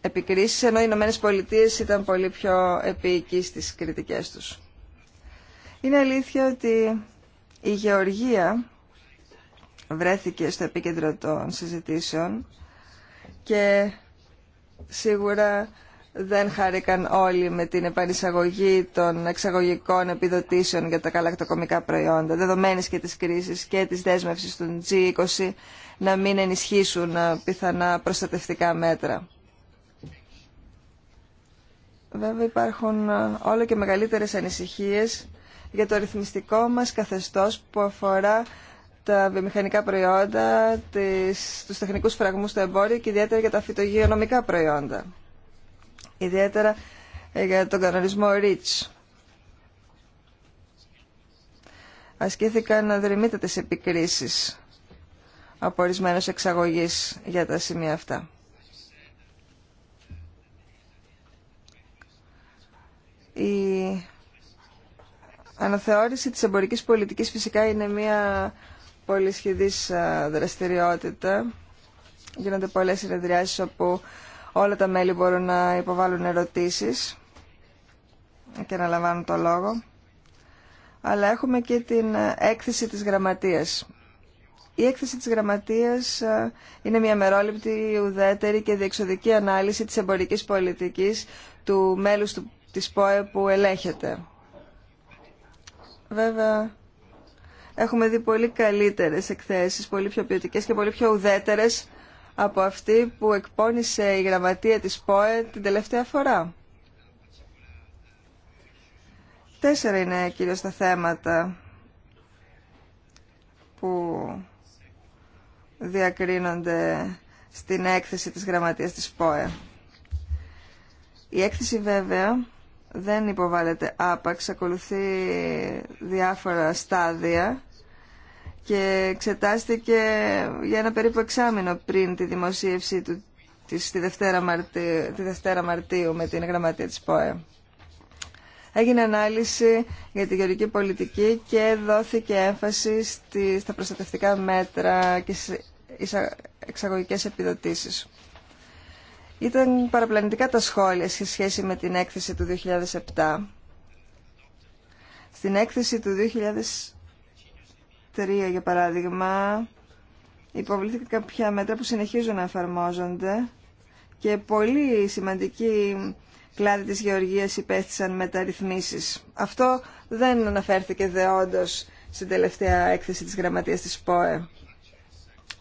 επικρίσεις, ενώ οι Ηνωμένε Πολιτείε ήταν πολύ πιο επίοικοι στις κριτικές τους. Είναι αλήθεια ότι η Γεωργία βρέθηκε στο επίκεντρο των συζητήσεων και Σίγουρα δεν χάρηκαν όλοι με την επανεισαγωγή των εξαγωγικών επιδοτήσεων για τα καλακτοκομικά προϊόντα, δεδομένης και της κρίσης και της δέσμευσης των G20 να μην ενισχύσουν ε, πιθανά προστατευτικά μέτρα. Βέβαια υπάρχουν ε, όλο και μεγαλύτερες ανησυχίες για το ρυθμιστικό μας καθεστώς που αφορά τα βιομηχανικά προϊόντα, τις, τους τεχνικούς φραγμούς στο εμπόριο και ιδιαίτερα για τα φυτογειονομικά προϊόντα. Ιδιαίτερα ε, για τον κανονισμό REACH. Ασκήθηκαν αδρυμήτατες επικρίσεις από ορισμένου εξαγωγής για τα σημεία αυτά. Η αναθεώρηση της εμπορικής πολιτικής φυσικά είναι μια πολύ δραστηριότητα. Γίνονται πολλές συνεδριάσεις όπου όλα τα μέλη μπορούν να υποβάλουν ερωτήσεις και να λαμβάνουν το λόγο. Αλλά έχουμε και την έκθεση της γραμματείας. Η έκθεση της γραμματείας είναι μια μερόληπτη, ουδέτερη και διεξοδική ανάλυση της εμπορικής πολιτικής του μέλους του, της ΠΟΕ που ελέγχεται. Βέβαια, έχουμε δει πολύ καλύτερες εκθέσεις, πολύ πιο ποιοτικές και πολύ πιο ουδέτερες από αυτή που εκπώνησε η γραμματεία της ΠΟΕ την τελευταία φορά. Τέσσερα είναι κυρίως τα θέματα που διακρίνονται στην έκθεση της γραμματείας της ΠΟΕ. Η έκθεση βέβαια δεν υποβάλλεται άπαξ, ακολουθεί διάφορα στάδια και εξετάστηκε για ένα περίπου εξάμεινο πριν τη δημοσίευση του της, τη, Δευτέρα Μαρτίου, τη με την γραμματεία της ΠΟΕ. Έγινε ανάλυση για τη γεωργική πολιτική και δόθηκε έμφαση στα προστατευτικά μέτρα και στις εξαγωγικές επιδοτήσεις. Ήταν παραπλανητικά τα σχόλια σε σχέση με την έκθεση του 2007. Στην έκθεση του 2007 Αυστρία, για παράδειγμα, υποβλήθηκαν κάποια μέτρα που συνεχίζουν να εφαρμόζονται και πολύ σημαντική κλάδοι της γεωργίας υπέστησαν μεταρρυθμίσεις. Αυτό δεν αναφέρθηκε δεόντως στην τελευταία έκθεση της γραμματείας της ΠΟΕ.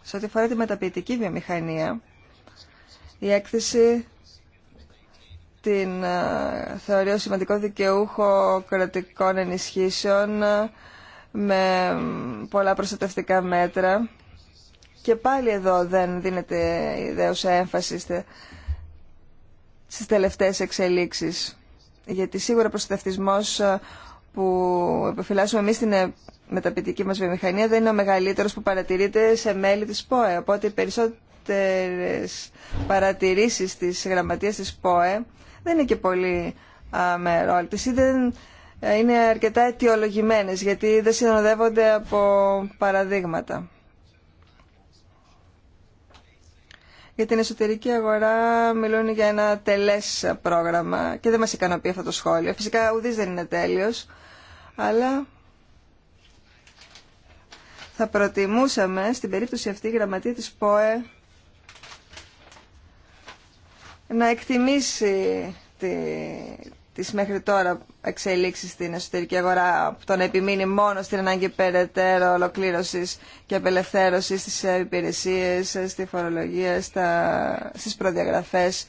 Σε ό,τι αφορά τη μεταποιητική βιομηχανία, η έκθεση την ε, θεωρεί ως σημαντικό δικαιούχο κρατικών ενισχύσεων με πολλά προστατευτικά μέτρα. Και πάλι εδώ δεν δίνεται ιδέουσα έμφαση στις τελευταίες εξελίξεις. Γιατί σίγουρα ο προστατευτισμός ε, που επιφυλάσσουμε εμείς στην ε, μεταπητική μας βιομηχανία δεν είναι ο μεγαλύτερος που παρατηρείται σε μέλη της ΠΟΕ. Οπότε οι περισσότερες παρατηρήσεις της γραμματείας της ΠΟΕ δεν είναι και πολύ αμερόληπτες ε, είναι αρκετά αιτιολογημένες γιατί δεν συνοδεύονται από παραδείγματα. Για την εσωτερική αγορά μιλούν για ένα τελές πρόγραμμα και δεν μας ικανοποιεί αυτό το σχόλιο. Φυσικά ουδής δεν είναι τέλειος, αλλά θα προτιμούσαμε στην περίπτωση αυτή η γραμματεία της ΠΟΕ να εκτιμήσει τις μέχρι τώρα εξελίξεις στην εσωτερική αγορά από το να επιμείνει μόνο στην ανάγκη περαιτέρω ολοκλήρωσης και απελευθέρωση στις υπηρεσίες, στη φορολογία, στα, στις προδιαγραφές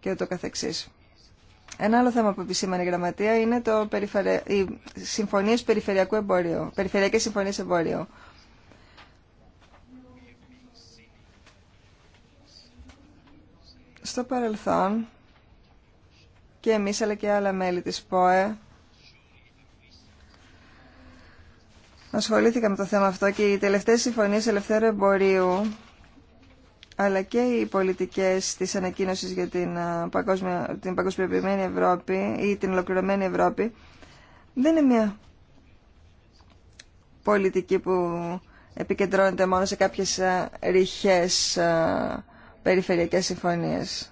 και ούτω καθεξής. Ένα άλλο θέμα που επισήμανε η Γραμματεία είναι το περιφερε... οι συμφωνίες περιφερειακού εμπορίου, περιφερειακές συμφωνίες εμπορίου. Στο παρελθόν, και εμείς αλλά και άλλα μέλη της ΠΟΕ ασχολήθηκα με το θέμα αυτό και οι τελευταίες συμφωνίες ελευθέρου εμπορίου αλλά και οι πολιτικές της ανακοίνωση για την, παγκόσμια, την παγκοσμιοποιημένη Ευρώπη ή την ολοκληρωμένη Ευρώπη δεν είναι μια πολιτική που επικεντρώνεται μόνο σε κάποιες ρηχές περιφερειακές συμφωνίες.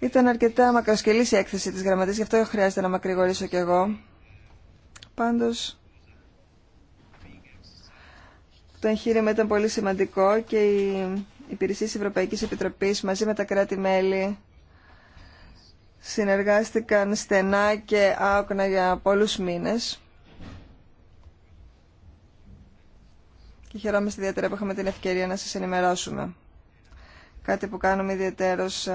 Ήταν αρκετά μακροσκελή η έκθεση της γραμματής, γι' αυτό χρειάζεται να μακρηγορήσω κι εγώ. Πάντως, το εγχείρημα ήταν πολύ σημαντικό και οι υπηρεσίες Ευρωπαϊκής Επιτροπής μαζί με τα κράτη-μέλη συνεργάστηκαν στενά και άοκνα για πολλούς μήνες. Και χαιρόμαστε ιδιαίτερα που είχαμε την ευκαιρία να σας ενημερώσουμε. Κάτι που κάνουμε ιδιαίτερος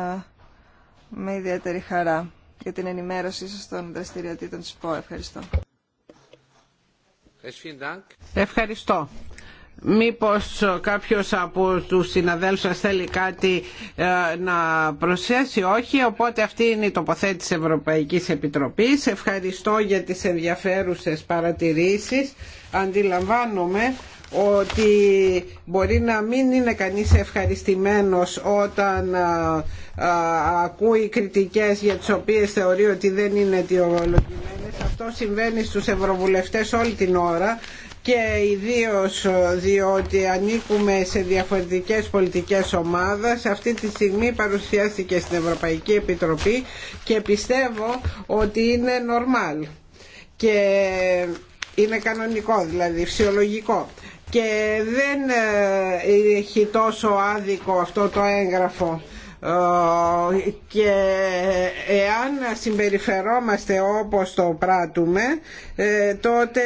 με ιδιαίτερη χαρά για την ενημέρωσή σας των δραστηριοτήτων της ΠΟΕ. Ευχαριστώ. Ευχαριστώ. Μήπως κάποιος από τους συναδέλφους σας θέλει κάτι ε, να προσθέσει, όχι, οπότε αυτή είναι η τοποθέτηση της Ευρωπαϊκής Επιτροπής. Ευχαριστώ για τις ενδιαφέρουσες παρατηρήσεις. Αντιλαμβάνομαι ότι μπορεί να μην είναι κανείς ευχαριστημένος όταν ακούει κριτικές για τις οποίες θεωρεί ότι δεν είναι αιτιολογημένες. Αυτό συμβαίνει στους ευρωβουλευτές όλη την ώρα και ιδίως διότι ανήκουμε σε διαφορετικές πολιτικές ομάδες αυτή τη στιγμή παρουσιάστηκε στην Ευρωπαϊκή Επιτροπή και πιστεύω ότι είναι νορμάλ και είναι κανονικό δηλαδή φυσιολογικό και δεν ε, έχει τόσο άδικο αυτό το έγγραφο ε, και εάν συμπεριφερόμαστε όπως το πράττουμε ε, τότε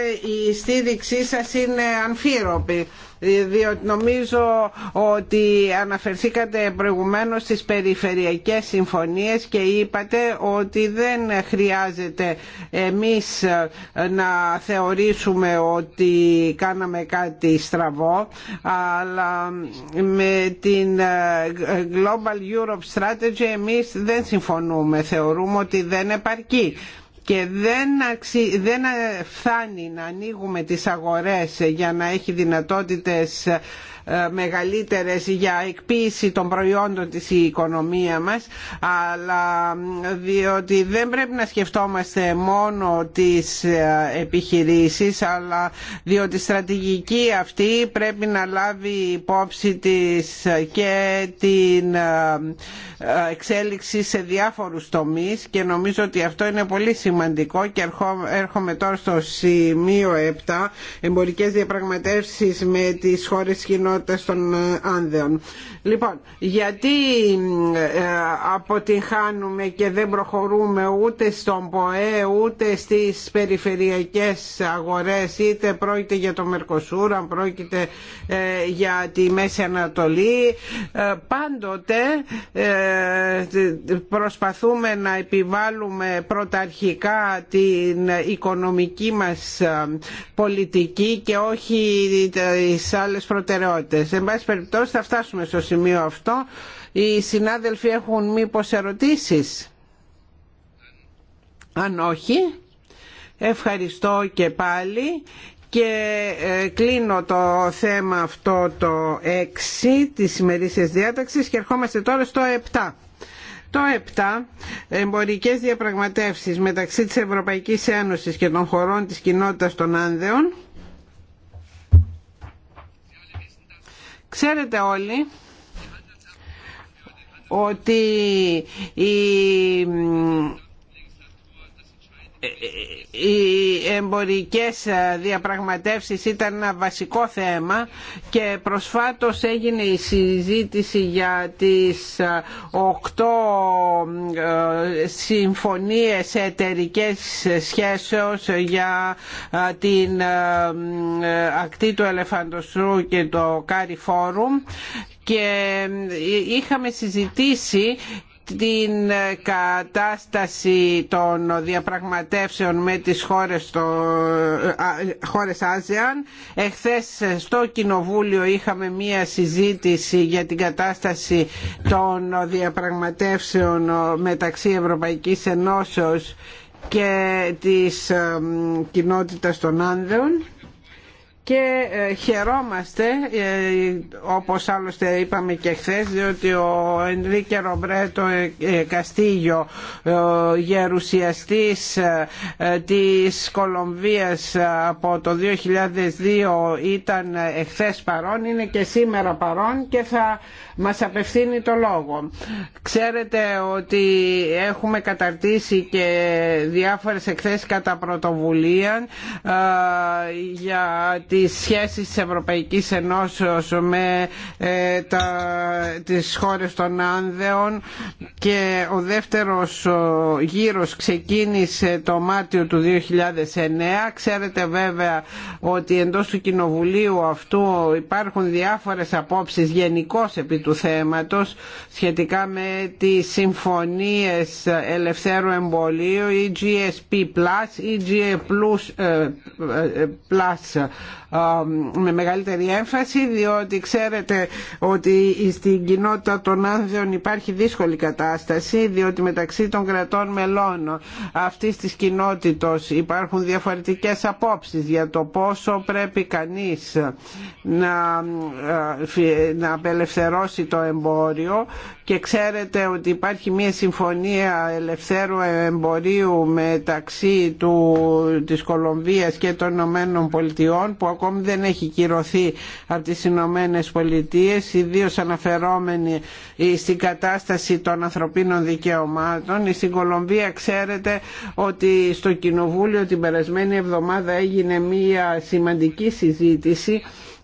η στήριξή σας είναι αμφίροπη ε, διότι νομίζω ότι αναφερθήκατε προηγουμένως στις περιφερειακές συμφωνίες και είπατε ότι δεν χρειάζεται εμείς να θεωρήσουμε ότι κάναμε κάτι στραβό αλλά με την ε, Global Europe Strategy εμείς δεν συμφωνούμε θεωρούμε ότι δεν επαρκεί και δεν, αξι... δεν ε, φτάνει να ανοίγουμε τις αγορές για να έχει δυνατότητες ε, ε, μεγαλύτερες για εκποίηση των προϊόντων της η οικονομία μας αλλά διότι δεν πρέπει να σκεφτόμαστε μόνο τις ε, επιχειρήσεις αλλά διότι η στρατηγική αυτή πρέπει να λάβει υπόψη της και την ε, εξέλιξη σε διάφορους τομείς και νομίζω ότι αυτό είναι πολύ σημαντικό και έρχομαι τώρα στο σημείο 7 εμπορικές διαπραγματεύσεις με τις χώρες κοινότητας στον των ε, άνδεων. Λοιπόν, γιατί ε, ε, αποτυγχάνουμε και δεν προχωρούμε ούτε στον ΠΟΕ ούτε στις περιφερειακές αγορές είτε πρόκειται για το Μερκοσούρα, αν πρόκειται για τη Μέση Ανατολή πάντοτε προσπαθούμε να επιβάλλουμε πρωταρχικά την οικονομική μας πολιτική και όχι τις άλλες προτεραιότητες σε Εν πάση περιπτώσει θα φτάσουμε στο σημείο αυτό. Οι συνάδελφοι έχουν μήπως ερωτήσεις. Αν όχι, ευχαριστώ και πάλι και ε, κλείνω το θέμα αυτό το 6 της ημερήσιας διάταξης και ερχόμαστε τώρα στο 7. Το 7. Εμπορικές διαπραγματεύσεις μεταξύ της Ευρωπαϊκής Ένωσης και των χωρών της κοινότητας των Άνδεων Ξέρετε όλοι ότι η οι εμπορικές διαπραγματεύσεις ήταν ένα βασικό θέμα και προσφάτως έγινε η συζήτηση για τις οκτώ ε, συμφωνίες εταιρικές σχέσεως για ε, την ε, ακτή του Ελεφαντοστρού και το Κάρι Φόρουμ και είχαμε συζητήσει την ε, κατάσταση των διαπραγματεύσεων με τις χώρες, το, ε, ε, χώρες Άζιαν. Εχθές στο Κοινοβούλιο είχαμε μία συζήτηση για την κατάσταση των διαπραγματεύσεων μεταξύ Ευρωπαϊκής Ενώσεως και της κοινότητας των Άνδρων και ε, χαιρόμαστε ε, όπως άλλωστε είπαμε και χθε, διότι ο Ενρίκε Ρομπρέτο ε, Καστίγιο γερουσιαστής της Κολομβίας από το 2002 ήταν εχθές παρόν είναι και σήμερα παρόν και θα μας απευθύνει το λόγο ξέρετε ότι έχουμε καταρτήσει και διάφορες εκθέσεις κατά πρωτοβουλία για τη τις σχέσεις της Ευρωπαϊκής Ενώσεως με ε, τα, τις χώρες των Άνδεων και ο δεύτερος γύρος ξεκίνησε το Μάρτιο του 2009. Ξέρετε βέβαια ότι εντός του Κοινοβουλίου αυτού υπάρχουν διάφορες απόψεις γενικώ επί του θέματος σχετικά με τις συμφωνίες ελευθέρου εμπολίου ή GSP ή GE με μεγαλύτερη έμφαση διότι ξέρετε ότι στην κοινότητα των άνδεων υπάρχει δύσκολη κατάσταση διότι μεταξύ των κρατών μελών αυτής της κοινότητος υπάρχουν διαφορετικές απόψεις για το πόσο πρέπει κανείς να, να απελευθερώσει το εμπόριο και ξέρετε ότι υπάρχει μια συμφωνία ελευθέρου εμπορίου μεταξύ του, της Κολομβίας και των Ηνωμένων Πολιτειών που ακόμη δεν έχει κυρωθεί από τις Ηνωμένε Πολιτείε, ιδίω αναφερόμενη στην κατάσταση των ανθρωπίνων δικαιωμάτων. Στην Κολομβία ξέρετε ότι στο Κοινοβούλιο την περασμένη εβδομάδα έγινε μία σημαντική συζήτηση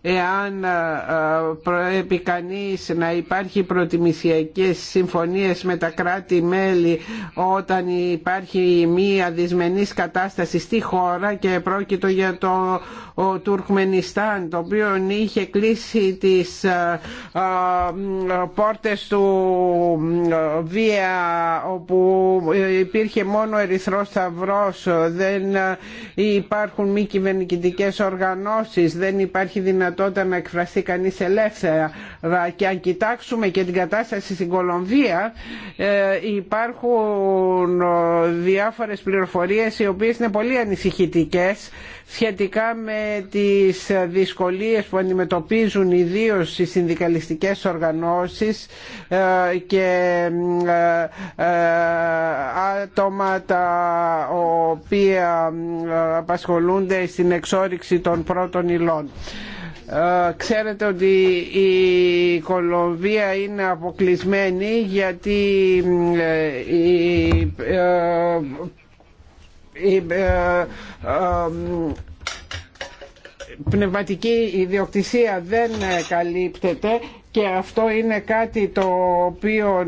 εάν ε, ε, προέπει κανείς να υπάρχει προτιμησιακές συμφωνίες με τα κράτη-μέλη όταν υπάρχει μία δυσμενής κατάσταση στη χώρα και πρόκειτο για το ο Τουρκμενιστάν το οποίο είχε κλείσει τις ε, πόρτες του βία όπου υπήρχε μόνο ερυθρός σταυρός δεν υπάρχουν μη κυβερνητικέ οργανώσεις δεν υπάρχει δυνατότητα τότε να εκφραστεί κανείς ελεύθερα και αν κοιτάξουμε και την κατάσταση στην Κολομβία ε, υπάρχουν ε, διάφορες πληροφορίες οι οποίες είναι πολύ ανησυχητικές σχετικά με τις δυσκολίες που αντιμετωπίζουν ιδίω οι συνδικαλιστικές οργανώσεις ε, και άτομα τα οποία απασχολούνται στην εξόριξη των πρώτων υλών. Ε, ξέρετε ότι η Κολομβία είναι αποκλεισμένη γιατί ε, η ε, πνευματική ιδιοκτησία δεν καλύπτεται και αυτό είναι κάτι το οποίο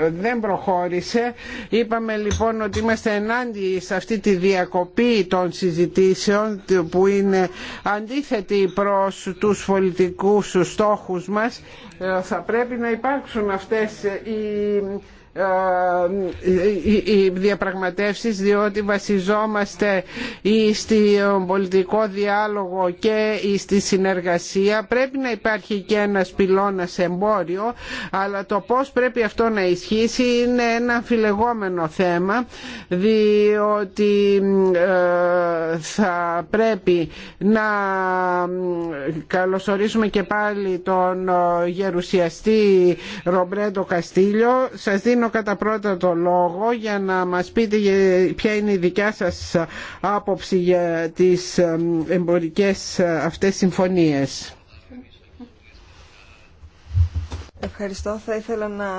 ε, δεν προχώρησε. Είπαμε λοιπόν ότι είμαστε ενάντια σε αυτή τη διακοπή των συζητήσεων που είναι αντίθετη προς τους πολιτικούς στόχους μας. Ε, θα πρέπει να υπάρξουν αυτές ε, οι ε, ε, ε, οι διαπραγματεύσεις διότι βασιζόμαστε στον πολιτικό διάλογο και στη συνεργασία πρέπει να υπάρχει και ένας πυλώνας εμπόριο αλλά το πώς πρέπει αυτό να ισχύσει είναι ένα αμφιλεγόμενο θέμα διότι θα πρέπει να καλωσορίσουμε και πάλι τον γερουσιαστή Ρομπρέντο Καστήλιο. Σας δίνω δίνω κατά πρώτα το λόγο για να μας πείτε ποια είναι η δικιά σας άποψη για τις ε, εμπορικές ε, αυτές συμφωνίες. Ευχαριστώ. Θα ήθελα να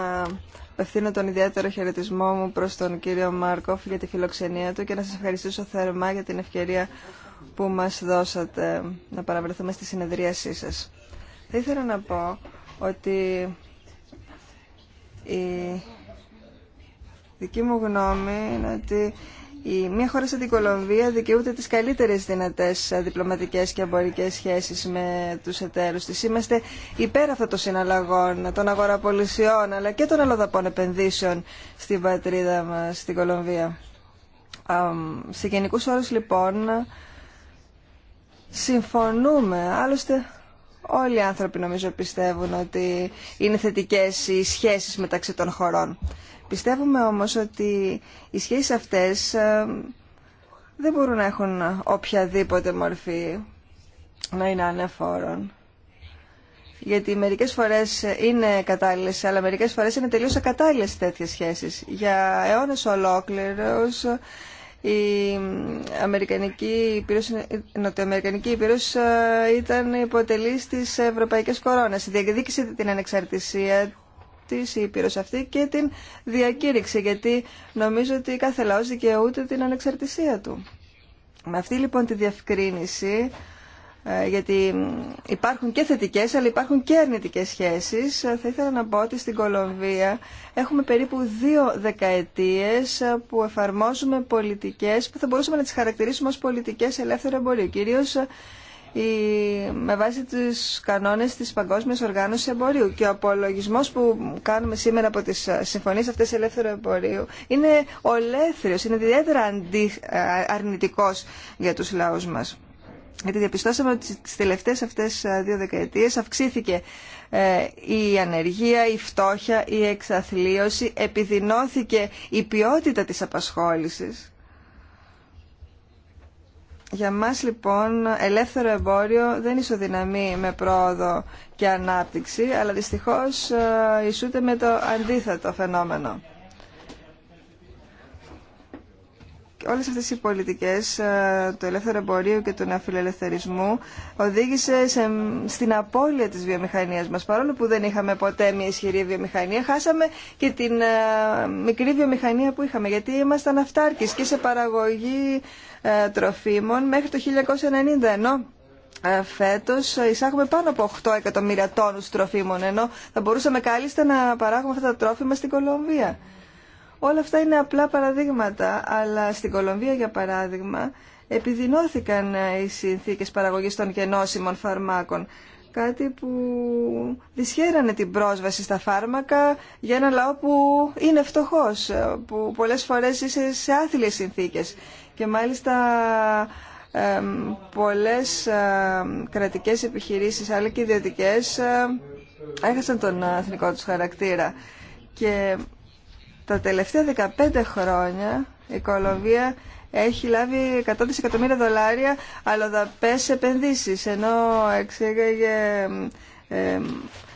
απευθύνω τον ιδιαίτερο χαιρετισμό μου προς τον κύριο Μάρκοφ για τη φιλοξενία του και να σας ευχαριστήσω θερμά για την ευκαιρία που μας δώσατε να παραβρεθούμε στη συνεδρίασή σας. Θα ήθελα να πω ότι η δική μου γνώμη είναι ότι η μία χώρα σαν την Κολομβία δικαιούται τις καλύτερες δυνατές διπλωματικές και εμπορικές σχέσεις με τους εταίρους της. Είμαστε υπέρ αυτών των συναλλαγών, των αγοραπολισιών, αλλά και των αλλοδαπών επενδύσεων στην πατρίδα μας, στην Κολομβία. Σε γενικού όρου λοιπόν συμφωνούμε. Άλλωστε Όλοι οι άνθρωποι νομίζω πιστεύουν ότι είναι θετικές οι σχέσεις μεταξύ των χωρών. Πιστεύουμε όμως ότι οι σχέσεις αυτές ε, δεν μπορούν να έχουν οποιαδήποτε μορφή να είναι ανεφόρων. Γιατί μερικές φορές είναι κατάλληλες, αλλά μερικές φορές είναι τελείως ακατάλληλες τέτοιες σχέσεις. Για αιώνες ολόκληρους η Αμερικανική Υπήρωση, Νοτιοαμερικανική Υπήρωση ε, ήταν υποτελής της ευρωπαϊκής κορώνας. Διεκδίκησε την ανεξαρτησία της η αυτή και την διακήρυξε, γιατί νομίζω ότι κάθε λαός δικαιούται την ανεξαρτησία του. Με αυτή λοιπόν τη διευκρίνηση ε, γιατί υπάρχουν και θετικές αλλά υπάρχουν και αρνητικές σχέσεις. Ε, θα ήθελα να πω ότι στην Κολομβία έχουμε περίπου δύο δεκαετίες ε, που εφαρμόζουμε πολιτικές που θα μπορούσαμε να τις χαρακτηρίσουμε ως πολιτικές ελεύθερου εμπορίου. Κυρίως με βάση τους κανόνες της Παγκόσμιας Οργάνωσης Εμπορίου. Και ο απολογισμός που κάνουμε σήμερα από τις συμφωνίες αυτές ελεύθερου εμπορίου είναι ολέθριος, είναι ιδιαίτερα αρνητικός για τους λαούς μας γιατί διαπιστώσαμε ότι τις τελευταίες αυτές ε, δύο δεκαετίες αυξήθηκε ε, η ανεργία, η φτώχεια, η εξαθλίωση, επιδεινώθηκε η ποιότητα της απασχόλησης. Για μας λοιπόν ελεύθερο εμπόριο δεν ισοδυναμεί με πρόοδο και ανάπτυξη, αλλά δυστυχώς ε, ισούται με το αντίθετο φαινόμενο. όλες αυτές οι πολιτικές ε, του ελεύθερου εμπορίου και του αφιλελευθερισμού οδήγησε σε, στην απώλεια της βιομηχανίας μας. Παρόλο που δεν είχαμε ποτέ μια ισχυρή βιομηχανία, χάσαμε και την ε, μικρή βιομηχανία που είχαμε, γιατί ήμασταν αυτάρκης και σε παραγωγή ε, τροφίμων μέχρι το 1990, ενώ φέτο εισάγουμε πάνω από 8 εκατομμύρια τόνου τροφίμων, ενώ θα μπορούσαμε κάλλιστα να παράγουμε αυτά τα τρόφιμα στην Κολομβία. Όλα αυτά είναι απλά παραδείγματα, αλλά στην Κολομβία, για παράδειγμα, επιδεινώθηκαν οι συνθήκες παραγωγής των γενώσιμων φαρμάκων, κάτι που δυσχέρανε την πρόσβαση στα φάρμακα για ένα λαό που είναι φτωχός, που πολλές φορές είσαι σε άθλιες συνθήκες. Και μάλιστα πολλές κρατικές επιχειρήσεις, αλλά και ιδιωτικές, έχασαν τον εθνικό τους χαρακτήρα. Τα τελευταία 15 χρόνια η Κολομβία έχει λάβει 100 δισεκατομμύρια δολάρια αλλοδαπές επενδύσεις, ενώ εξήγαγε ε, ε,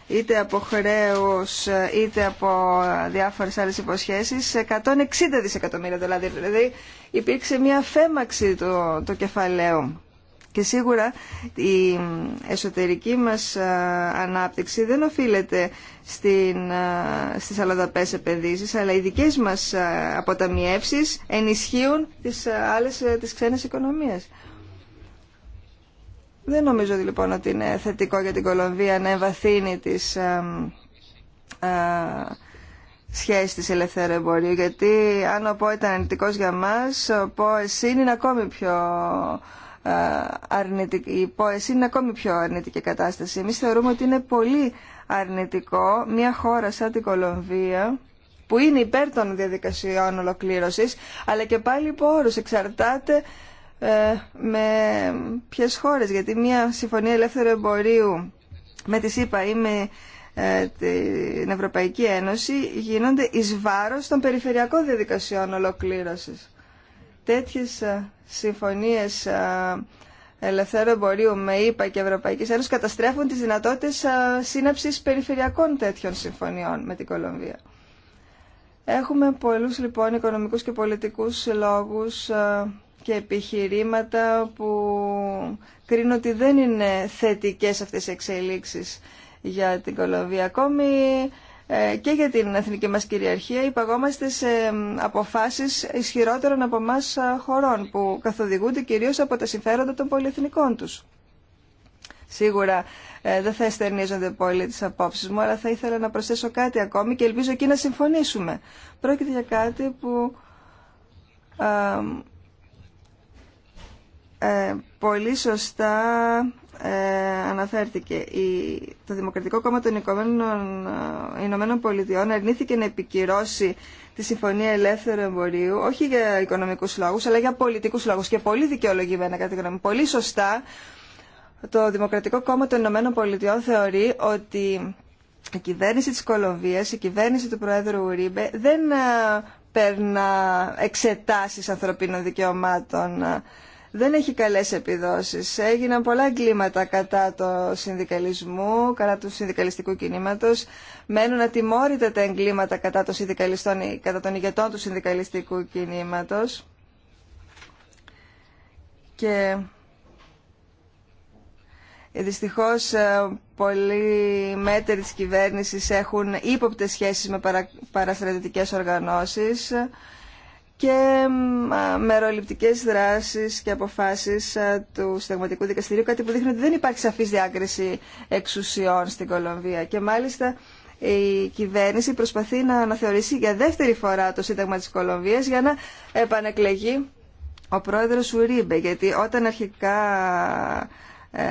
είτε από χρέους είτε από διάφορες άλλες υποσχέσεις 160 δισεκατομμύρια δολάρια. Δηλαδή υπήρξε μια φέμαξη του, του κεφαλαίου. Και σίγουρα η εσωτερική μας ανάπτυξη δεν οφείλεται στην, στις αλλοδαπές επενδύσεις, αλλά οι δικές μας αποταμιεύσεις ενισχύουν τις άλλες τις ξένες οικονομίες. Δεν νομίζω λοιπόν ότι είναι θετικό για την Κολομβία να εμβαθύνει τις α, α, σχέσεις της ελευθέρου εμπορίου, γιατί αν ο ΠΟΕ ήταν αρνητικός για μας, ο εσύ είναι ακόμη πιο ε, αρνητική, η είναι ακόμη πιο αρνητική κατάσταση. Εμείς θεωρούμε ότι είναι πολύ αρνητικό μια χώρα σαν την Κολομβία που είναι υπέρ των διαδικασιών ολοκλήρωσης αλλά και πάλι όρους εξαρτάται ε, με ποιες χώρες γιατί μια συμφωνία ελεύθερου εμπορίου με τη ΣΥΠΑ ή με ε, την Ευρωπαϊκή Ένωση γίνονται εις βάρος των περιφερειακών διαδικασιών ολοκλήρωσης τέτοιες ε, συμφωνίες ε, ελευθέρου εμπορίου με ΗΠΑ ΕΕ και Ευρωπαϊκή Ένωση καταστρέφουν τις δυνατότητες ε, σύναψης περιφερειακών τέτοιων συμφωνιών με την Κολομβία. Έχουμε πολλούς λοιπόν οικονομικούς και πολιτικούς λόγους και επιχειρήματα που κρίνουν ότι δεν είναι θετικές αυτές οι εξελίξεις για την Κολομβία. Ακόμη ε, και για την εθνική μας κυριαρχία υπαγόμαστε σε αποφάσεις ισχυρότερων από εμά χωρών που καθοδηγούνται κυρίως από τα συμφέροντα των πολυεθνικών τους. Σίγουρα ε, δεν θα εστερνίζονται πολύ τις απόψεις μου, αλλά θα ήθελα να προσθέσω κάτι ακόμη και ελπίζω εκεί να συμφωνήσουμε. Πρόκειται για κάτι που ε, ε πολύ σωστά ε, αναφέρθηκε. το Δημοκρατικό Κόμμα των ε, Ηνωμένων Πολιτειών αρνήθηκε να επικυρώσει τη Συμφωνία Ελεύθερου Εμπορίου, όχι για οικονομικούς λόγους, αλλά για πολιτικούς λόγους και πολύ δικαιολογημένα κατά τη γνώμη. Πολύ σωστά το Δημοκρατικό Κόμμα των Ηνωμένων Πολιτειών θεωρεί ότι η κυβέρνηση της Κολοβίας η κυβέρνηση του Προέδρου Ουρίμπε δεν ε, παίρνα εξετάσεις ανθρωπίνων δικαιωμάτων δεν έχει καλές επιδόσεις. Έγιναν πολλά εγκλήματα κατά το συνδικαλισμό, κατά του συνδικαλιστικού κινήματος. Μένουν ατιμόρυτα τα εγκλήματα κατά, το συνδικαλιστών, κατά των ηγετών του συνδικαλιστικού κινήματος. Και ε, δυστυχώς ε, πολλοί μέτεροι της κυβέρνησης έχουν ύποπτες σχέσεις με παρα, παραστρατητικές οργανώσεις και μεροληπτικέ δράσει και αποφάσεις του Συνταγματικού Δικαστηρίου, κάτι που δείχνει ότι δεν υπάρχει σαφής διάκριση εξουσιών στην Κολομβία. Και μάλιστα η κυβέρνηση προσπαθεί να αναθεωρήσει για δεύτερη φορά το Σύνταγμα της Κολομβίας για να επανεκλεγεί ο πρόεδρος Ουρίμπε, γιατί όταν αρχικά ε,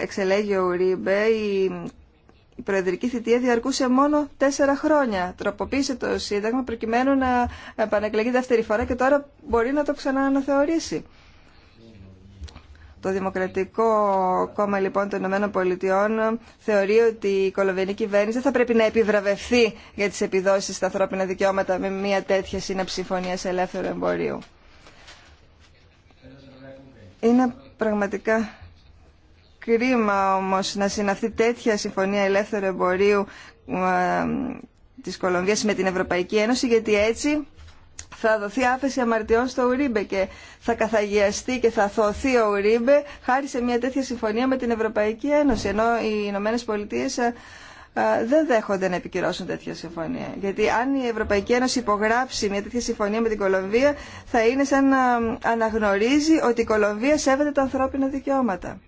εξελέγει ο Ουρίμπε η η προεδρική θητεία διαρκούσε μόνο τέσσερα χρόνια. Τροποποίησε το Σύνταγμα προκειμένου να επανεκλεγεί δεύτερη φορά και τώρα μπορεί να το ξανααναθεωρήσει. Το Δημοκρατικό Κόμμα λοιπόν των Ηνωμένων Πολιτειών θεωρεί ότι η κολοβενή κυβέρνηση δεν θα πρέπει να επιβραβευθεί για τις επιδόσεις στα ανθρώπινα δικαιώματα με μια τέτοια σύναψη συμφωνία ελεύθερου εμπορίου. Είναι πραγματικά Κρίμα όμως να συναυθεί τέτοια συμφωνία ελεύθερου εμπορίου ε, της Κολομβίας με την Ευρωπαϊκή Ένωση γιατί έτσι θα δοθεί άφεση αμαρτιών στο Ουρίμπε και θα καθαγιαστεί και θα θωθεί ο Ουρίμπε χάρη σε μια τέτοια συμφωνία με την Ευρωπαϊκή Ένωση ενώ οι Ηνωμένε Πολιτείε ε, ε, δεν δέχονται να επικυρώσουν τέτοια συμφωνία. Γιατί αν η Ευρωπαϊκή Ένωση υπογράψει μια τέτοια συμφωνία με την Κολομβία θα είναι σαν να αναγνωρίζει ότι η Κολομβία σέβεται τα ανθρώπινα δικαιώματα.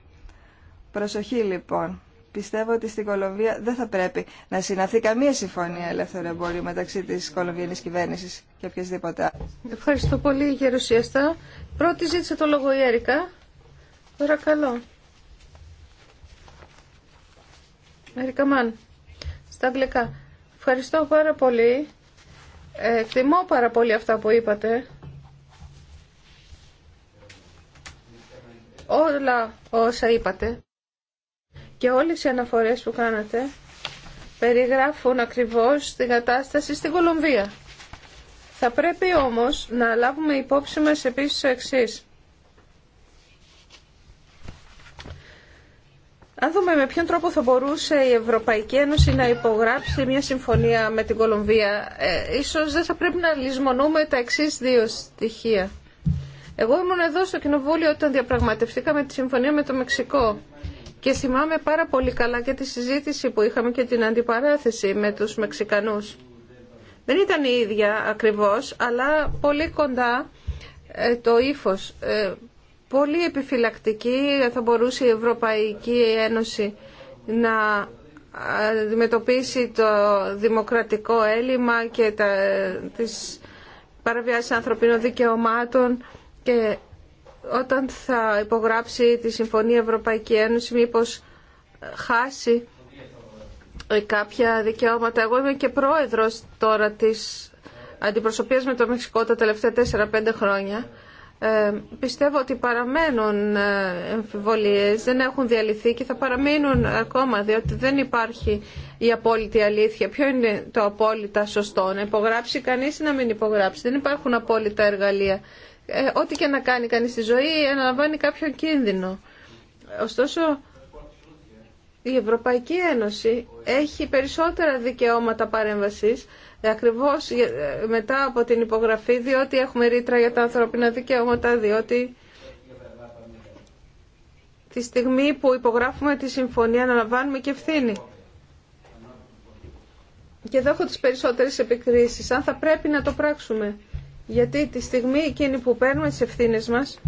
Προσοχή λοιπόν. Πιστεύω ότι στην Κολομβία δεν θα πρέπει να συναθεί καμία συμφωνία ελεύθερου εμπορίου μεταξύ τη κολομβιανή κυβέρνηση και οποιασδήποτε άλλη. Ευχαριστώ πολύ, Γερουσιαστά. Πρώτη ζήτησε το λόγο η Έρικα. Παρακαλώ. Έρικα Μαν, στα αγγλικά. Ευχαριστώ πάρα πολύ. Ε, εκτιμώ πάρα πολύ αυτά που είπατε. Όλα όσα είπατε. Και όλες οι αναφορές που κάνατε περιγράφουν ακριβώς την κατάσταση στην Κολομβία. Θα πρέπει όμως να λάβουμε υπόψη μας επίσης το εξής. Αν δούμε με ποιον τρόπο θα μπορούσε η Ευρωπαϊκή Ένωση να υπογράψει μια συμφωνία με την Κολομβία, ε, ίσως δεν θα πρέπει να λησμονούμε τα εξή δύο στοιχεία. Εγώ ήμουν εδώ στο Κοινοβούλιο όταν διαπραγματευτήκαμε τη συμφωνία με το Μεξικό και θυμάμαι πάρα πολύ καλά και τη συζήτηση που είχαμε και την αντιπαράθεση με τους Μεξικανούς. Δεν ήταν η ίδια ακριβώς, αλλά πολύ κοντά ε, το ύφος. Ε, πολύ επιφυλακτική θα μπορούσε η Ευρωπαϊκή Ένωση να αντιμετωπίσει το δημοκρατικό έλλειμμα και τα, ε, τις παραβιάσεις ανθρωπίνων δικαιωμάτων και όταν θα υπογράψει τη Συμφωνία Ευρωπαϊκή Ένωση μήπως χάσει κάποια δικαιώματα. Εγώ είμαι και πρόεδρος τώρα της αντιπροσωπείας με το Μεξικό τα τελευταία 4-5 χρόνια. Ε, πιστεύω ότι παραμένουν ε, εμφιβολίες, δεν έχουν διαλυθεί και θα παραμείνουν ακόμα διότι δεν υπάρχει η απόλυτη αλήθεια. Ποιο είναι το απόλυτα σωστό, να υπογράψει κανείς ή να μην υπογράψει. Δεν υπάρχουν απόλυτα εργαλεία ε, ό,τι και να κάνει κανείς στη ζωή αναλαμβάνει κάποιο κίνδυνο. Ωστόσο, η Ευρωπαϊκή Ένωση έχει περισσότερα δικαιώματα παρέμβασης ακριβώς ε, μετά από την υπογραφή διότι έχουμε ρήτρα για τα ανθρωπίνα δικαιώματα διότι τη στιγμή που υπογράφουμε τη συμφωνία αναλαμβάνουμε και ευθύνη. Και εδώ έχω τις περισσότερες επικρίσεις, αν θα πρέπει να το πράξουμε. Γιατί τη στιγμή εκείνη που παίρνουμε τις ευθύνες μας,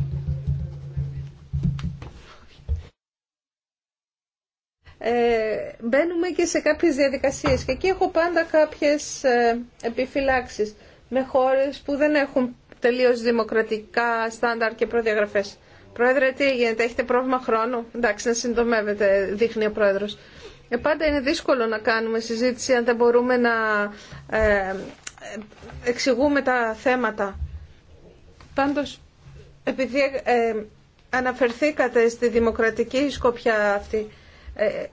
Ε, μπαίνουμε και σε κάποιες διαδικασίες και εκεί έχω πάντα κάποιες ε, επιφυλάξεις με χώρες που δεν έχουν τελείως δημοκρατικά στάνταρ και προδιαγραφές. Πρόεδρε, τι γίνεται, έχετε πρόβλημα χρόνου. Εντάξει, να συντομεύετε, δείχνει ο πρόεδρος. Ε, πάντα είναι δύσκολο να κάνουμε συζήτηση αν δεν μπορούμε να ε, ε, εξηγούμε τα θέματα. Πάντως, επειδή ε, ε, αναφερθήκατε στη δημοκρατική σκοπιά αυτή, ε,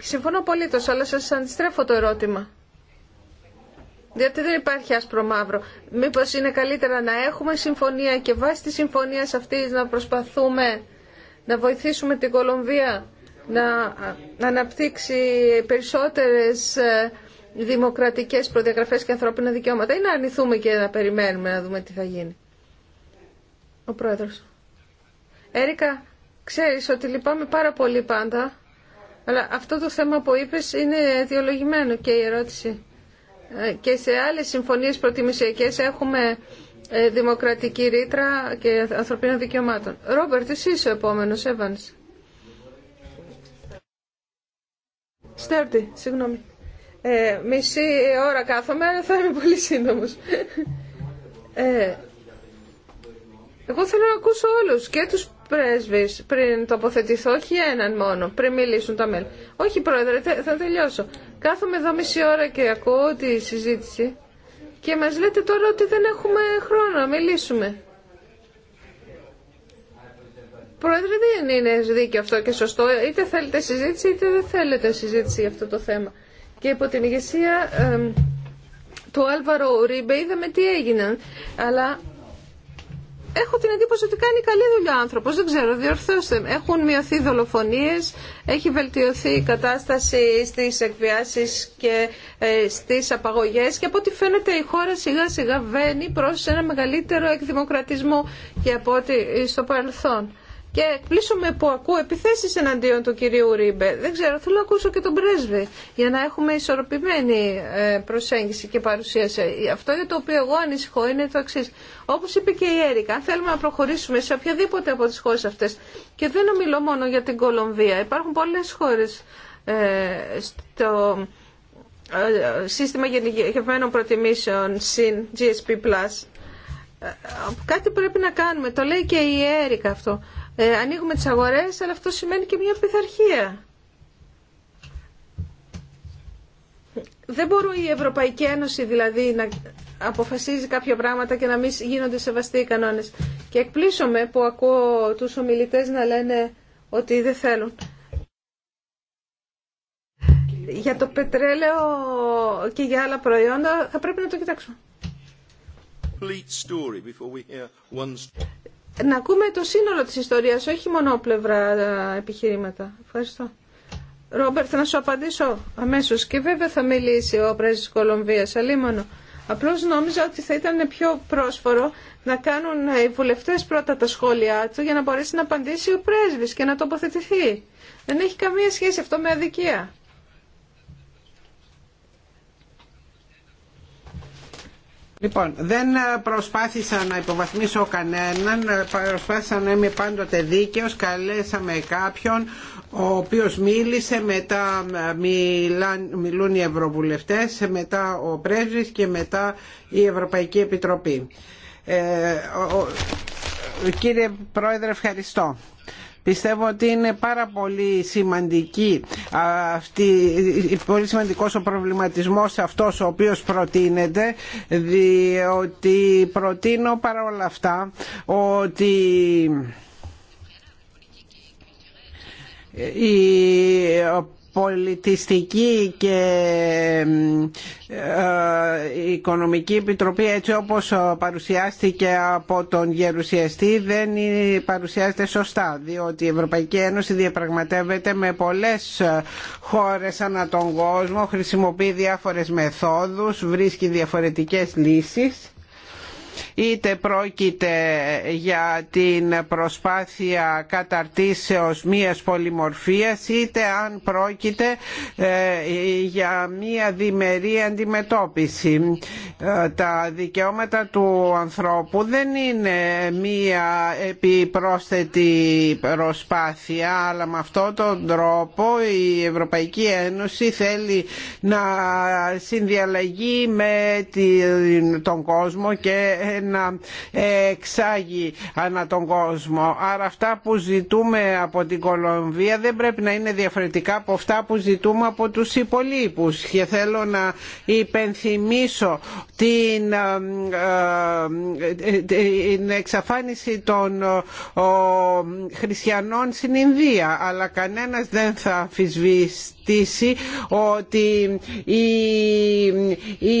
συμφωνώ απολύτως, αλλά σας αντιστρέφω το ερώτημα. Διότι δεν υπάρχει άσπρο μαύρο. Μήπως είναι καλύτερα να έχουμε συμφωνία και βάσει τη συμφωνία αυτής να προσπαθούμε να βοηθήσουμε την Κολομβία να, να αναπτύξει περισσότερες ε, δημοκρατικές προδιαγραφές και ανθρώπινα δικαιώματα ή να αρνηθούμε και να περιμένουμε να δούμε τι θα γίνει. Ο πρόεδρος. Έρικα, ξέρεις ότι λυπάμαι πάρα πολύ πάντα, αλλά αυτό το θέμα που είπες είναι διολογημένο και η ερώτηση. Ε, και σε άλλες συμφωνίες προτιμησιακές έχουμε ε, δημοκρατική ρήτρα και ανθρωπίνων δικαιωμάτων. Ρόμπερτ, εσύ είσαι ο επόμενος, Εύανς. Στέρτη, συγγνώμη. Ε, μισή ώρα κάθομαι, αλλά θα είμαι πολύ σύντομο. Ε, εγώ θέλω να ακούσω όλου. και του πρέσβεις πριν τοποθετηθώ, όχι έναν μόνο, πριν μιλήσουν τα μέλη. Όχι πρόεδρε, θα τελειώσω. Κάθομαι εδώ μισή ώρα και ακούω τη συζήτηση και μας λέτε τώρα ότι δεν έχουμε χρόνο να μιλήσουμε. Πρόεδρε, δεν είναι δίκαιο αυτό και σωστό. Είτε θέλετε συζήτηση, είτε δεν θέλετε συζήτηση για αυτό το θέμα. Και υπό την ηγεσία του Άλβαρο Ρίμπε είδαμε τι έγιναν. Αλλά έχω την εντύπωση ότι κάνει καλή δουλειά ο άνθρωπος, δεν ξέρω, διορθώστε. Έχουν μειωθεί δολοφονίες, έχει βελτιωθεί η κατάσταση στις εκβιάσεις και ε, στις απαγωγές και από ό,τι φαίνεται η χώρα σιγά σιγά βαίνει προς ένα μεγαλύτερο εκδημοκρατισμό και από ό,τι στο παρελθόν. Και εκπλήσουμε που ακούω επιθέσεις εναντίον του κυρίου Ρίμπε. Δεν ξέρω, θέλω να ακούσω και τον πρέσβη για να έχουμε ισορροπημένη ε, προσέγγιση και παρουσίαση. Αυτό για το οποίο εγώ ανησυχώ είναι το εξή. Όπως είπε και η Έρικα, αν θέλουμε να προχωρήσουμε σε οποιαδήποτε από τις χώρες αυτές, και δεν ομιλώ μόνο για την Κολομβία, υπάρχουν πολλές χώρες ε, στο ε, σύστημα γενικευμένων προτιμήσεων συν GSP+, κάτι πρέπει να κάνουμε. Το λέει και η Έρικα αυτό. Ε, ανοίγουμε τις αγορές, αλλά αυτό σημαίνει και μια πειθαρχία. Δεν μπορεί η Ευρωπαϊκή Ένωση δηλαδή να αποφασίζει κάποια πράγματα και να μην γίνονται σεβαστοί οι κανόνες. Και εκπλήσωμαι που ακούω τους ομιλητές να λένε ότι δεν θέλουν. Για το πετρέλαιο και για άλλα προϊόντα θα πρέπει να το κοιτάξουμε να ακούμε το σύνολο της ιστορίας, όχι μονόπλευρα ε, επιχειρήματα. Ευχαριστώ. Ρόμπερτ, θα σου απαντήσω αμέσως και βέβαια θα μιλήσει ο πρέσβης Κολομβίας, αλίμονο. Απλώς νόμιζα ότι θα ήταν πιο πρόσφορο να κάνουν ε, οι βουλευτές πρώτα τα σχόλιά του για να μπορέσει να απαντήσει ο πρέσβης και να τοποθετηθεί. Δεν έχει καμία σχέση αυτό με αδικία. Λοιπόν, δεν προσπάθησα να υποβαθμίσω κανέναν, προσπάθησα να είμαι πάντοτε δίκαιος, καλέσαμε κάποιον ο οποίος μίλησε, μετά μιλάν, μιλούν οι ευρωβουλευτές, μετά ο πρέσβης και μετά η Ευρωπαϊκή Επιτροπή. Ε, κύριε Πρόεδρε, ευχαριστώ. Πιστεύω ότι είναι πάρα πολύ σημαντική αυτή, πολύ σημαντικός ο προβληματισμός αυτός ο οποίος προτείνεται διότι προτείνω παρά όλα αυτά ότι πολιτιστική και ε, Οικονομική Επιτροπή έτσι όπως παρουσιάστηκε από τον γερουσιαστή δεν παρουσιάζεται σωστά διότι η Ευρωπαϊκή Ένωση διαπραγματεύεται με πολλές χώρες ανά τον κόσμο, χρησιμοποιεί διάφορες μεθόδους, βρίσκει διαφορετικές λύσεις είτε πρόκειται για την προσπάθεια καταρτήσεως μίας πολυμορφίας είτε αν πρόκειται ε, για μία διμερή αντιμετώπιση. Ε, τα δικαιώματα του ανθρώπου δεν είναι μία επιπρόσθετη προσπάθεια αλλά με αυτόν τον τρόπο η Ευρωπαϊκή Ένωση θέλει να συνδιαλλαγεί με τον κόσμο και να εξάγει ανά τον κόσμο. Άρα αυτά που ζητούμε από την Κολομβία δεν πρέπει να είναι διαφορετικά από αυτά που ζητούμε από τους υπολείπους. Και θέλω να υπενθυμίσω την, ε, ε, εξαφάνιση των ε, χριστιανών στην Ινδία, αλλά κανένας δεν θα αφισβήσει συζητήσει ότι η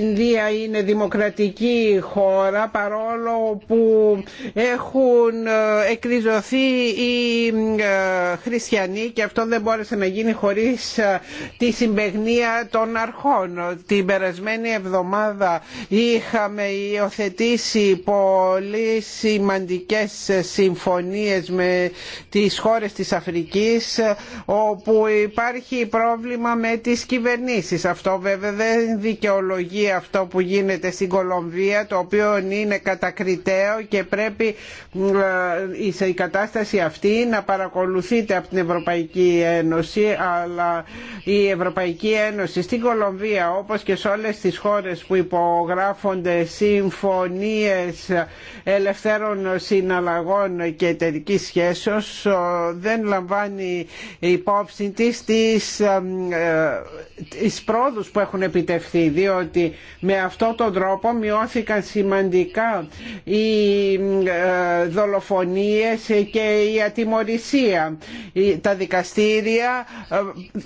Ινδία είναι δημοκρατική χώρα παρόλο που έχουν ε, εκριζωθεί οι ε, χριστιανοί και αυτό δεν μπόρεσε να γίνει χωρίς ε, τη συμπεγνία των αρχών. Την περασμένη εβδομάδα είχαμε υιοθετήσει πολύ σημαντικές συμφωνίες με τις χώρες της Αφρικής όπου υπάρχει υπάρχει πρόβλημα με τις κυβερνήσεις. Αυτό βέβαια δεν δικαιολογεί αυτό που γίνεται στην Κολομβία το οποίο είναι κατακριτέο και πρέπει ε, η κατάσταση αυτή να παρακολουθείται από την Ευρωπαϊκή Ένωση αλλά η Ευρωπαϊκή Ένωση στην Κολομβία όπως και σε όλες τις χώρες που υπογράφονται συμφωνίες ελευθέρων συναλλαγών και εταιρικής σχέσεως δεν λαμβάνει υπόψη της της, ε, της που έχουν επιτευχθεί διότι με αυτόν τον τρόπο μειώθηκαν σημαντικά οι ε, δολοφονίες και η ατιμορρησία. Τα δικαστήρια ε,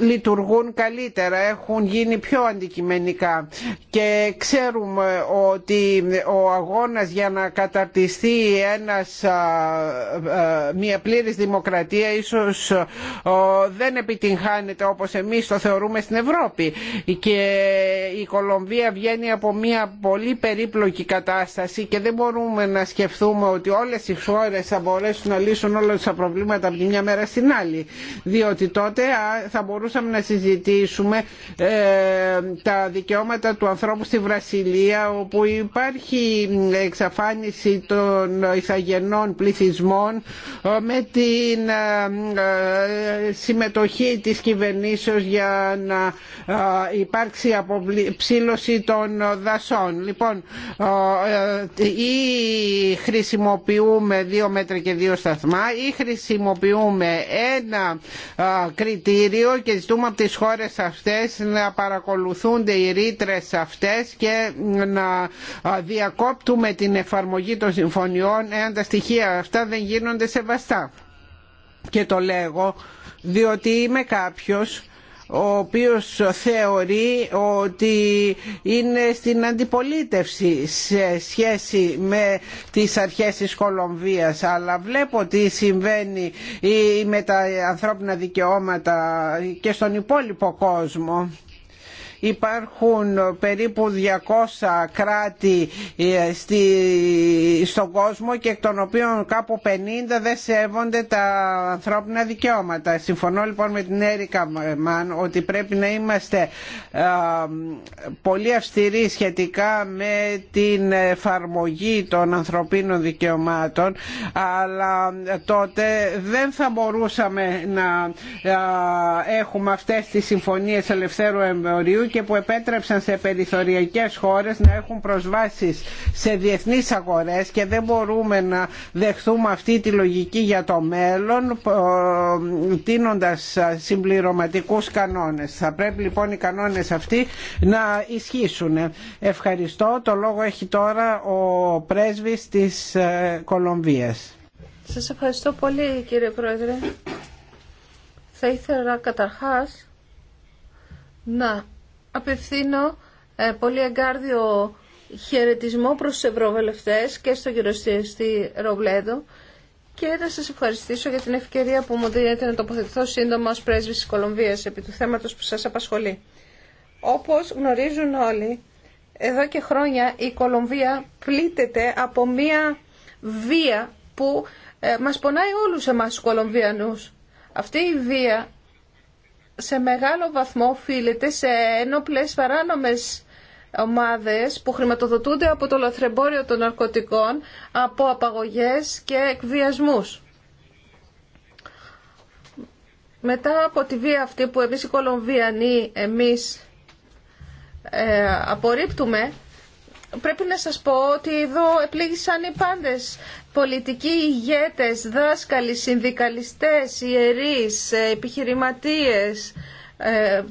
λειτουργούν καλύτερα, έχουν γίνει πιο αντικειμενικά και ξέρουμε ότι ο αγώνας για να καταρτιστεί ένας, μια πλήρης δημοκρατία ίσως δεν επιτυγχάνει κάνετε όπως εμείς το θεωρούμε στην Ευρώπη και η Κολομβία βγαίνει από μια πολύ περίπλοκη κατάσταση και δεν μπορούμε να σκεφτούμε ότι όλες οι χώρες θα μπορέσουν να λύσουν όλα τα προβλήματα από τη μια μέρα στην άλλη διότι τότε θα μπορούσαμε να συζητήσουμε ε, τα δικαιώματα του ανθρώπου στη Βρασιλία όπου υπάρχει εξαφάνιση των ηθαγενών πληθυσμών ε, με την ε, συμμετοχή της κυβέρνησης κυβερνήσεως για να υπάρξει αποψήλωση των δασών. Λοιπόν, ε, ή χρησιμοποιούμε δύο μέτρα και δύο σταθμά ή χρησιμοποιούμε ένα κριτήριο και ζητούμε από τις χώρες αυτές να παρακολουθούνται οι ρήτρε αυτές και να διακόπτουμε την εφαρμογή των συμφωνιών εάν τα στοιχεία αυτά δεν γίνονται σεβαστά και το λέγω διότι είμαι κάποιος ο οποίος θεωρεί ότι είναι στην αντιπολίτευση σε σχέση με τις αρχές της Κολομβίας αλλά βλέπω τι συμβαίνει με τα ανθρώπινα δικαιώματα και στον υπόλοιπο κόσμο Υπάρχουν περίπου 200 κράτη ε, στον κόσμο και εκ των οποίων κάπου 50 δεν σέβονται τα ανθρώπινα δικαιώματα. Συμφωνώ λοιπόν με την Έρικα Μαν ότι πρέπει να είμαστε ε, πολύ αυστηροί σχετικά με την εφαρμογή των ανθρωπίνων δικαιωμάτων αλλά τότε δεν θα μπορούσαμε να ε, έχουμε αυτές τις συμφωνίες ελευθέρου εμπορίου και που επέτρεψαν σε περιθωριακές χώρες να έχουν προσβάσεις σε διεθνείς αγορές και δεν μπορούμε να δεχθούμε αυτή τη λογική για το μέλλον τίνοντας συμπληρωματικούς κανόνες. Θα πρέπει λοιπόν οι κανόνες αυτοί να ισχύσουν. Ευχαριστώ. Το λόγο έχει τώρα ο πρέσβης της ε, Κολομβίας. Σας ευχαριστώ πολύ κύριε Πρόεδρε. Θα ήθελα καταρχάς να απευθύνω ε, πολύ εγκάρδιο χαιρετισμό προς τους ευρωβελευτές και στον Στυριστή Ροβλέδο και να σας ευχαριστήσω για την ευκαιρία που μου δίνετε να τοποθετηθώ σύντομα ως πρέσβης της Κολομβίας επί του θέματος που σας απασχολεί. Όπως γνωρίζουν όλοι, εδώ και χρόνια η Κολομβία πλήττεται από μία βία που ε, μας πονάει όλους εμάς τους Κολομβιανούς. Αυτή η βία σε μεγάλο βαθμό οφείλεται σε ένοπλες παράνομες ομάδες που χρηματοδοτούνται από το λαθρεμπόριο των ναρκωτικών, από απαγωγές και εκβιασμούς. Μετά από τη βία αυτή που εμείς οι Κολομβιανοί εμείς ε, απορρίπτουμε, πρέπει να σας πω ότι εδώ επλήγησαν οι πάντες. Πολιτικοί ηγέτες, δάσκαλοι, συνδικαλιστές, ιερείς, ε, επιχειρηματίες, ε,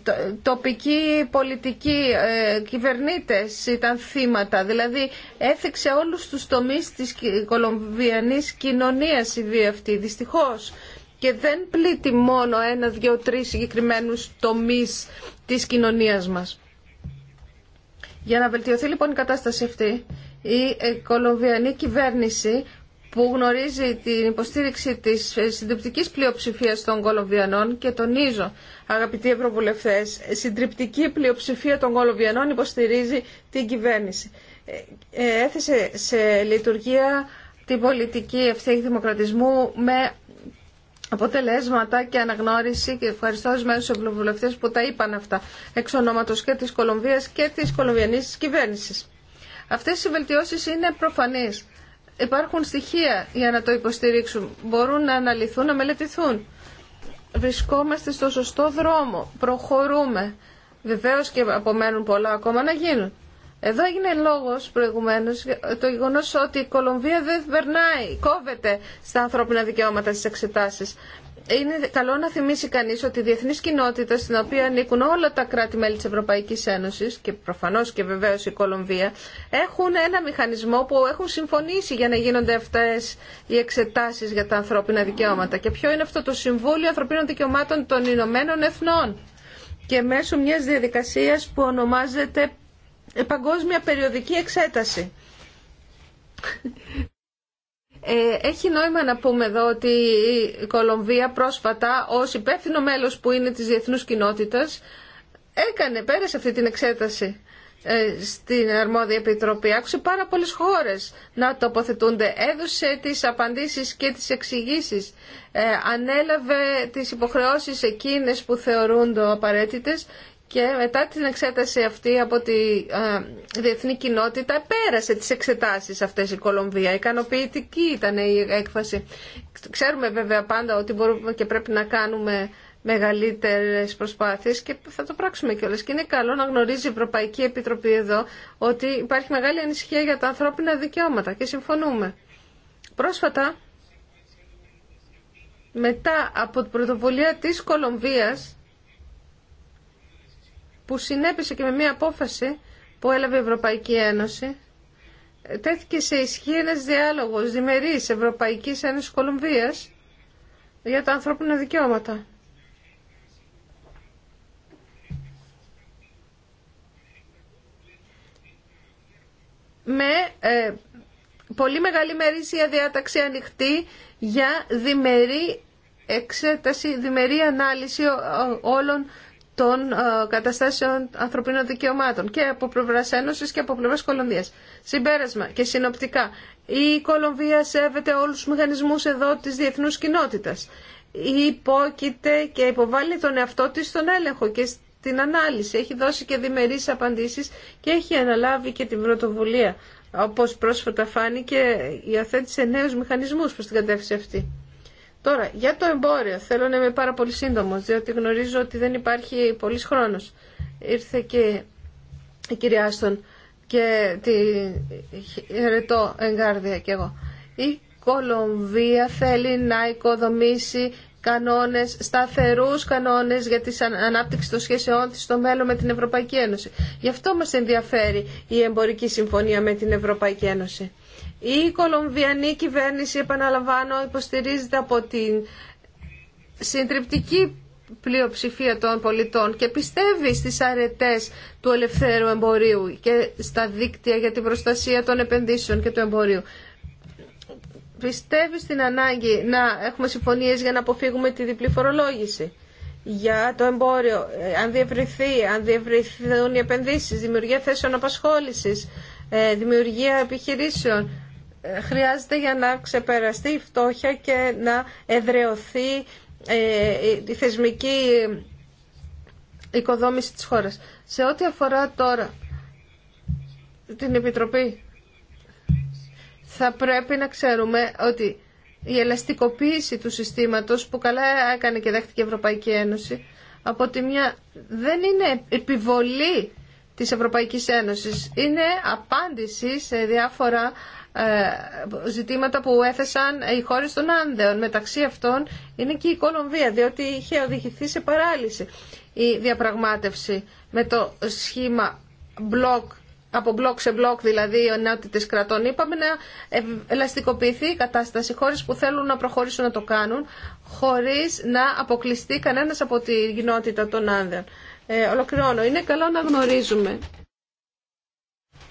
τοπικοί πολιτικοί ε, κυβερνήτες ήταν θύματα. Δηλαδή έθιξε όλους τους τομείς της κολομβιανής κοινωνίας η βία αυτή, δυστυχώς. Και δεν πλήττει μόνο ένα, δύο, τρεις συγκεκριμένους τομείς της κοινωνίας μας. Για να βελτιωθεί λοιπόν η κατάσταση αυτή, η ε, κολομβιανή κυβέρνηση που γνωρίζει την υποστήριξη της ε, συντριπτικής πλειοψηφίας των Κολομβιανών και τονίζω, αγαπητοί Ευρωβουλευτές, συντριπτική πλειοψηφία των Κολομβιανών υποστηρίζει την κυβέρνηση. Ε, έθεσε σε λειτουργία την πολιτική ευθύνη δημοκρατισμού με αποτελέσματα και αναγνώριση και ευχαριστώ στους μέρους που τα είπαν αυτά εξ ονόματος και της Κολομβίας και της κολομβιανής κυβέρνησης. Αυτές οι βελτιώσεις είναι προφανείς. Υπάρχουν στοιχεία για να το υποστηρίξουν. Μπορούν να αναλυθούν, να μελετηθούν. Βρισκόμαστε στο σωστό δρόμο. Προχωρούμε. Βεβαίως και απομένουν πολλά ακόμα να γίνουν. Εδώ έγινε λόγο προηγουμένω, το γεγονό ότι η Κολομβία δεν περνάει, κόβεται στα ανθρώπινα δικαιώματα στι εξετάσει. Είναι καλό να θυμίσει κανεί ότι η διεθνή κοινότητα στην οποία ανήκουν όλα τα κράτη-μέλη τη Ευρωπαϊκή Ένωση και προφανώ και βεβαίω η Κολομβία έχουν ένα μηχανισμό που έχουν συμφωνήσει για να γίνονται αυτέ οι εξετάσει για τα ανθρώπινα δικαιώματα. Και ποιο είναι αυτό το Συμβούλιο Ανθρωπίνων Δικαιωμάτων των Ηνωμένων Εθνών και μέσω μια διαδικασία που ονομάζεται ε, παγκόσμια περιοδική εξέταση. Ε, έχει νόημα να πούμε εδώ ότι η Κολομβία πρόσφατα ως υπεύθυνο μέλος που είναι της διεθνούς κοινότητας έκανε, πέρασε αυτή την εξέταση ε, στην αρμόδια επιτροπή. Άκουσε πάρα πολλές χώρες να τοποθετούνται. Έδωσε τις απαντήσεις και τις εξηγήσεις. ανέλαβε τις υποχρεώσεις εκείνες που θεωρούνται απαραίτητες και μετά την εξέταση αυτή από τη ε, διεθνή κοινότητα πέρασε τις εξετάσεις αυτές η Κολομβία. Ικανοποιητική ήταν η έκφαση. Ξέρουμε βέβαια πάντα ότι μπορούμε και πρέπει να κάνουμε μεγαλύτερες προσπάθειες και θα το πράξουμε κιόλας. Και είναι καλό να γνωρίζει η Ευρωπαϊκή Επιτροπή εδώ ότι υπάρχει μεγάλη ανησυχία για τα ανθρώπινα δικαιώματα και συμφωνούμε. Πρόσφατα, μετά από την πρωτοβουλία της Κολομβίας, που συνέπεσε και με μια απόφαση που έλαβε η Ευρωπαϊκή Ένωση τέθηκε σε ισχύ ένας διάλογος διμερής Ευρωπαϊκής Ένωσης Κολομβίας για τα ανθρώπινα δικαιώματα. Με ε, πολύ μεγάλη μερίσια διάταξη ανοιχτή για διμερή εξέταση, διμερή ανάλυση όλων των ε, καταστάσεων ανθρωπίνων δικαιωμάτων και από πλευρά Ένωση και από πλευρά Κολομβία. Συμπέρασμα και συνοπτικά. Η Κολομβία σέβεται όλου του μηχανισμού εδώ τη διεθνού κοινότητα. Υπόκειται και υποβάλλει τον εαυτό τη στον έλεγχο και στην ανάλυση. Έχει δώσει και διμερεί απαντήσει και έχει αναλάβει και την πρωτοβουλία. Όπω πρόσφατα φάνηκε, υιοθέτησε νέου μηχανισμού προ την κατεύθυνση αυτή. Τώρα, για το εμπόριο, θέλω να είμαι πάρα πολύ σύντομο, διότι γνωρίζω ότι δεν υπάρχει πολύς χρόνος. Ήρθε και η κυρία Άστον και τη χαιρετώ εγκάρδια κι εγώ. Η Κολομβία θέλει να οικοδομήσει κανόνες, σταθερούς κανόνες για την ανάπτυξη των σχέσεών της στο μέλλον με την Ευρωπαϊκή Ένωση. Γι' αυτό μας ενδιαφέρει η εμπορική συμφωνία με την Ευρωπαϊκή Ένωση. Η κολομβιανή κυβέρνηση, επαναλαμβάνω, υποστηρίζεται από την συντριπτική πλειοψηφία των πολιτών και πιστεύει στις αρετές του ελευθέρου εμπορίου και στα δίκτυα για την προστασία των επενδύσεων και του εμπορίου. Πιστεύει στην ανάγκη να έχουμε συμφωνίες για να αποφύγουμε τη διπλή φορολόγηση για το εμπόριο, ε, αν διευρυθεί, αν διευρυθούν οι επενδύσεις, δημιουργία θέσεων απασχόλησης, ε, δημιουργία επιχειρήσεων. Ε, χρειάζεται για να ξεπεραστεί η φτώχεια και να εδρεωθεί ε, η θεσμική οικοδόμηση της χώρας. Σε ό,τι αφορά τώρα την Επιτροπή, θα πρέπει να ξέρουμε ότι η ελαστικοποίηση του συστήματος που καλά έκανε και δέχτηκε η Ευρωπαϊκή Ένωση από τη μια δεν είναι επιβολή της Ευρωπαϊκής Ένωσης είναι απάντηση σε διάφορα ε, ζητήματα που έθεσαν οι χώρε των Άνδεων. Μεταξύ αυτών είναι και η Κολομβία, διότι είχε οδηγηθεί σε παράλυση η διαπραγμάτευση με το σχήμα μπλοκ από μπλοκ σε μπλοκ, δηλαδή οι κρατών. Είπαμε να ελαστικοποιηθεί η κατάσταση. χώρε που θέλουν να προχωρήσουν να το κάνουν, χωρίς να αποκλειστεί κανένας από τη κοινότητα των άνδεων. Ε, ολοκληρώνω. Είναι καλό να γνωρίζουμε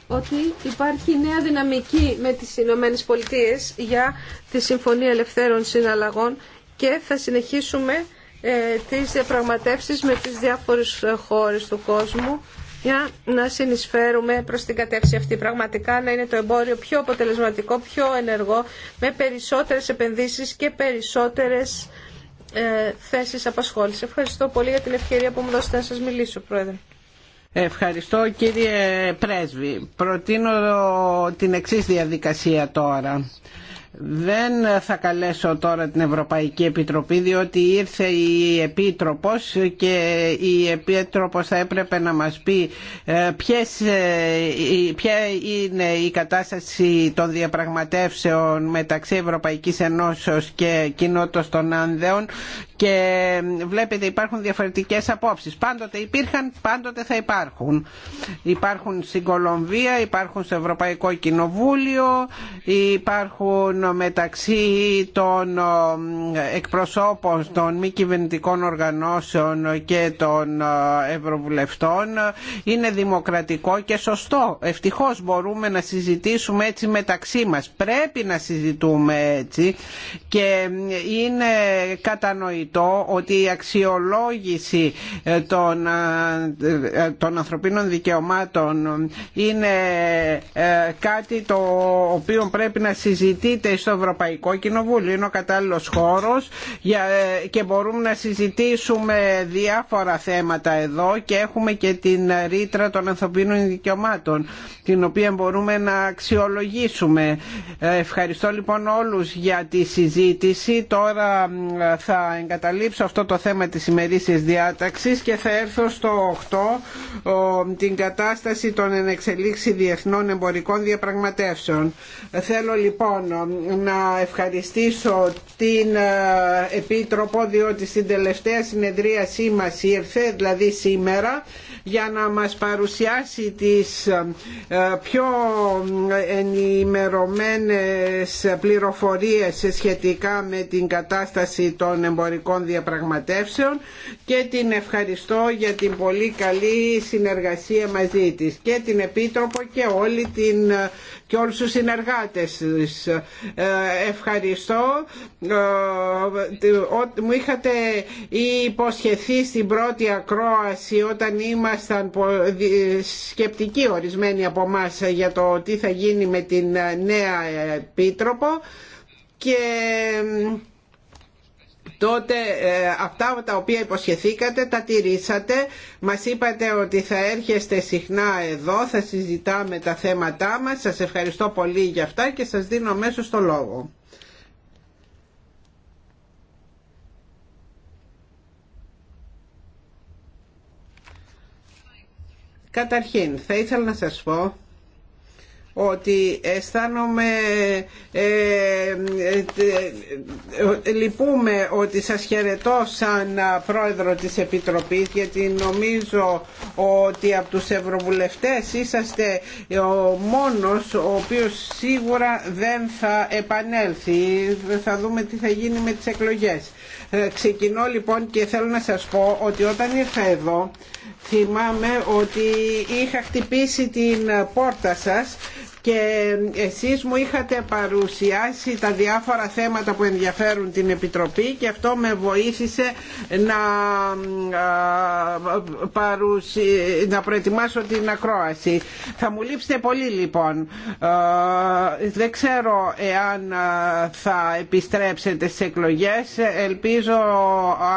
ότι υπάρχει νέα δυναμική με τις Ηνωμένες Πολιτείες για τη Συμφωνία Ελευθέρων Συναλλαγών και θα συνεχίσουμε ε, τις διαπραγματεύσεις με τις διάφορες ε, χώρες του κόσμου για να συνεισφέρουμε προς την κατεύθυνση αυτή πραγματικά να είναι το εμπόριο πιο αποτελεσματικό, πιο ενεργό με περισσότερες επενδύσεις και περισσότερες ε, θέσεις απασχόλησης. Ευχαριστώ πολύ για την ευκαιρία που μου δώσετε να σας μιλήσω, Πρόεδρε. Ευχαριστώ κύριε Πρέσβη. Προτείνω την εξής διαδικασία τώρα. Δεν θα καλέσω τώρα την Ευρωπαϊκή Επιτροπή διότι ήρθε η Επίτροπος και η Επίτροπος θα έπρεπε να μας πει ε, ποιες, ε, ποια είναι η κατάσταση των διαπραγματεύσεων μεταξύ Ευρωπαϊκής Ενώσεως και Κοινότητας των Άνδεων και ε, βλέπετε υπάρχουν διαφορετικές απόψεις. Πάντοτε υπήρχαν, πάντοτε θα υπάρχουν. Υπάρχουν στην Κολομβία, υπάρχουν στο Ευρωπαϊκό Κοινοβούλιο, υπάρχουν μεταξύ των ε, εκπροσώπων των μη κυβερνητικών οργανώσεων και των ε, ευρωβουλευτών είναι δημοκρατικό και σωστό. Ευτυχώς μπορούμε να συζητήσουμε έτσι μεταξύ μας. Πρέπει να συζητούμε έτσι και είναι κατανοητό ότι η αξιολόγηση ε, των, των ανθρωπίνων δικαιωμάτων είναι κάτι το οποίο πρέπει να συζητείται στο Ευρωπαϊκό Κοινοβούλιο, είναι ο κατάλληλος χώρος ε, και μπορούμε να συζητήσουμε διάφορα θέματα εδώ και έχουμε και την ρήτρα των ανθρωπίνων δικαιωμάτων την οποία μπορούμε να αξιολογήσουμε. Ε, ευχαριστώ λοιπόν όλους για τη συζήτηση. Τώρα θα εγκαταλείψω αυτό το θέμα της ημερήσιας διάταξης και θα έρθω στο 8 την κατάσταση των ενεξελίξη διεθνών εμπορικών διαπραγματεύσεων. Θέλω λοιπόν να ευχαριστήσω την ε, Επίτροπο διότι στην τελευταία συνεδρίασή μας ήρθε, δηλαδή σήμερα, για να μας παρουσιάσει τις ε, πιο ενημερωμένες πληροφορίες σχετικά με την κατάσταση των εμπορικών διαπραγματεύσεων και την ευχαριστώ για την πολύ καλή συνεργασία μαζί της και την Επίτροπο και όλη την ε, και όλους τους συνεργάτες της. Ε, ευχαριστώ. Ε, μου είχατε υποσχεθεί στην πρώτη ακρόαση όταν ήμασταν σκεπτικοί ορισμένοι από εμά για το τι θα γίνει με την νέα επίτροπο και τότε ε, αυτά τα οποία υποσχεθήκατε τα τηρήσατε. Μας είπατε ότι θα έρχεστε συχνά εδώ, θα συζητάμε τα θέματά μας. Σας ευχαριστώ πολύ για αυτά και σας δίνω μέσω το λόγο. Καταρχήν, θα ήθελα να σας πω ότι αισθάνομαι ε, ε, λυπούμε ότι σας χαιρετώ σαν πρόεδρο της Επιτροπής γιατί νομίζω ότι από τους ευρωβουλευτές είσαστε ο μόνος ο οποίος σίγουρα δεν θα επανέλθει θα δούμε τι θα γίνει με τις εκλογές ε, ξεκινώ λοιπόν και θέλω να σας πω ότι όταν ήρθα εδώ θυμάμαι ότι είχα χτυπήσει την πόρτα σας και εσείς μου είχατε παρουσιάσει τα διάφορα θέματα που ενδιαφέρουν την Επιτροπή και αυτό με βοήθησε να, παρουσι... να προετοιμάσω την ακρόαση. Θα μου λείψετε πολύ λοιπόν. Δεν ξέρω εάν θα επιστρέψετε στις εκλογές. Ελπίζω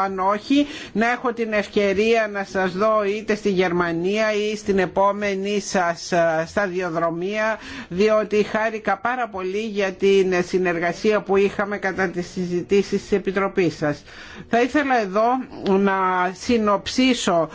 αν όχι να έχω την ευκαιρία να σας δω είτε στη Γερμανία ή στην επόμενη σας σταδιοδρομία διότι χάρηκα πάρα πολύ για την συνεργασία που είχαμε κατά τις συζητήσεις της Επιτροπής σας. Θα ήθελα εδώ να συνοψίσω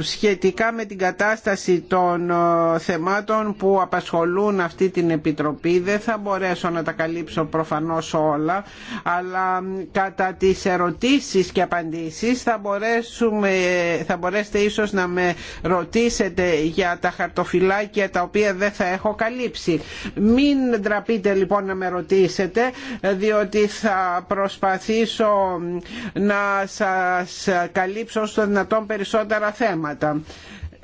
σχετικά με την κατάσταση των θεμάτων που απασχολούν αυτή την Επιτροπή. Δεν θα μπορέσω να τα καλύψω προφανώς όλα, αλλά κατά τις ερωτήσεις και απαντήσεις θα, μπορέσουμε, θα μπορέσετε ίσως να με ρωτήσετε για τα χαρτοφυλάκια τα οποία δεν θα έχω καλύψει. Μην ντραπείτε λοιπόν να με ρωτήσετε διότι θα προσπαθήσω να σας καλύψω στο δυνατόν περισσότερα θέματα.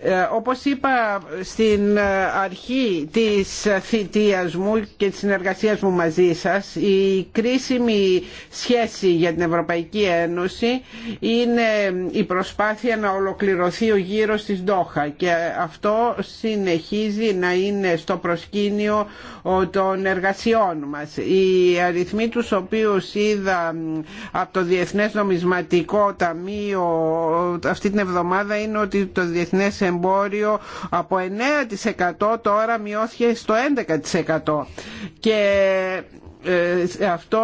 Ε, όπως είπα στην αρχή της θητείας μου και της συνεργασίας μου μαζί σας η κρίσιμη σχέση για την Ευρωπαϊκή Ένωση είναι η προσπάθεια να ολοκληρωθεί ο γύρος της Ντόχα και αυτό συνεχίζει να είναι στο προσκήνιο των εργασιών μας. Οι αριθμοί τους οποίους είδα από το Διεθνές Νομισματικό Ταμείο αυτή την εβδομάδα είναι ότι το Διεθνές εμπόριο από 9% τώρα μειώθηκε στο 11% και ε, αυτό,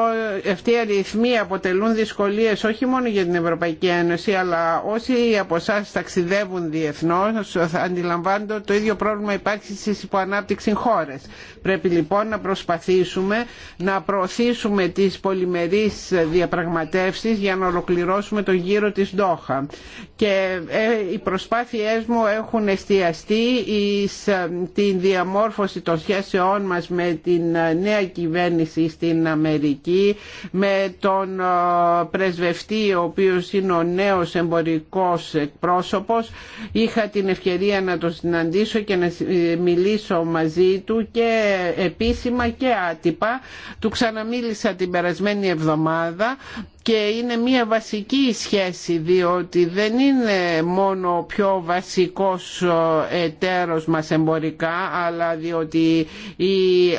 αυτοί οι αριθμοί αποτελούν δυσκολίες όχι μόνο για την Ευρωπαϊκή Ένωση αλλά όσοι από εσά ταξιδεύουν διεθνώς αντιλαμβάνονται το ίδιο πρόβλημα υπάρχει στις υποανάπτυξη χώρες. Πρέπει λοιπόν να προσπαθήσουμε να προωθήσουμε τις πολυμερείς διαπραγματεύσεις για να ολοκληρώσουμε τον γύρο της Ντόχα. Και ε, οι προσπάθειές μου έχουν εστιαστεί εις ε, την διαμόρφωση των σχέσεών μας με την νέα κυβέρνηση στην Αμερική με τον ε, πρεσβευτή ο οποίος είναι ο νέος εμπορικός εκπρόσωπος. Είχα την ευκαιρία να τον συναντήσω και να μιλήσω μαζί του και επίσημα και άτυπα. Του ξαναμίλησα την περασμένη εβδομάδα και είναι μια βασική σχέση διότι δεν είναι μόνο ο πιο βασικός ε, εταίρος μας εμπορικά αλλά διότι οι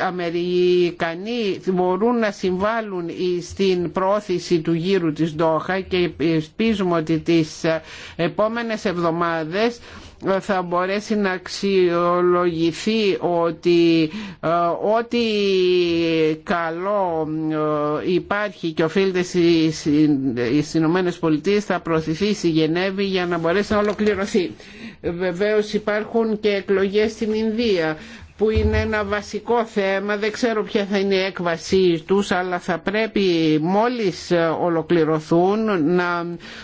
Αμερικανοί μπορούν να συμβάλλουν στην πρόθεση του γύρου της Ντόχα και ελπίζουμε ότι τις ε, επόμενες εβδομάδες θα μπορέσει να αξιολογηθεί ότι ε, ό,τι καλό ε, υπάρχει και οφείλεται στις Ηνωμένε Πολιτείες θα προωθηθεί στη Γενέβη για να μπορέσει να ολοκληρωθεί. Βεβαίως υπάρχουν και εκλογές στην Ινδία που είναι ένα βασικό θέμα, δεν ξέρω ποια θα είναι η έκβασή τους, αλλά θα πρέπει μόλις ε, ολοκληρωθούν να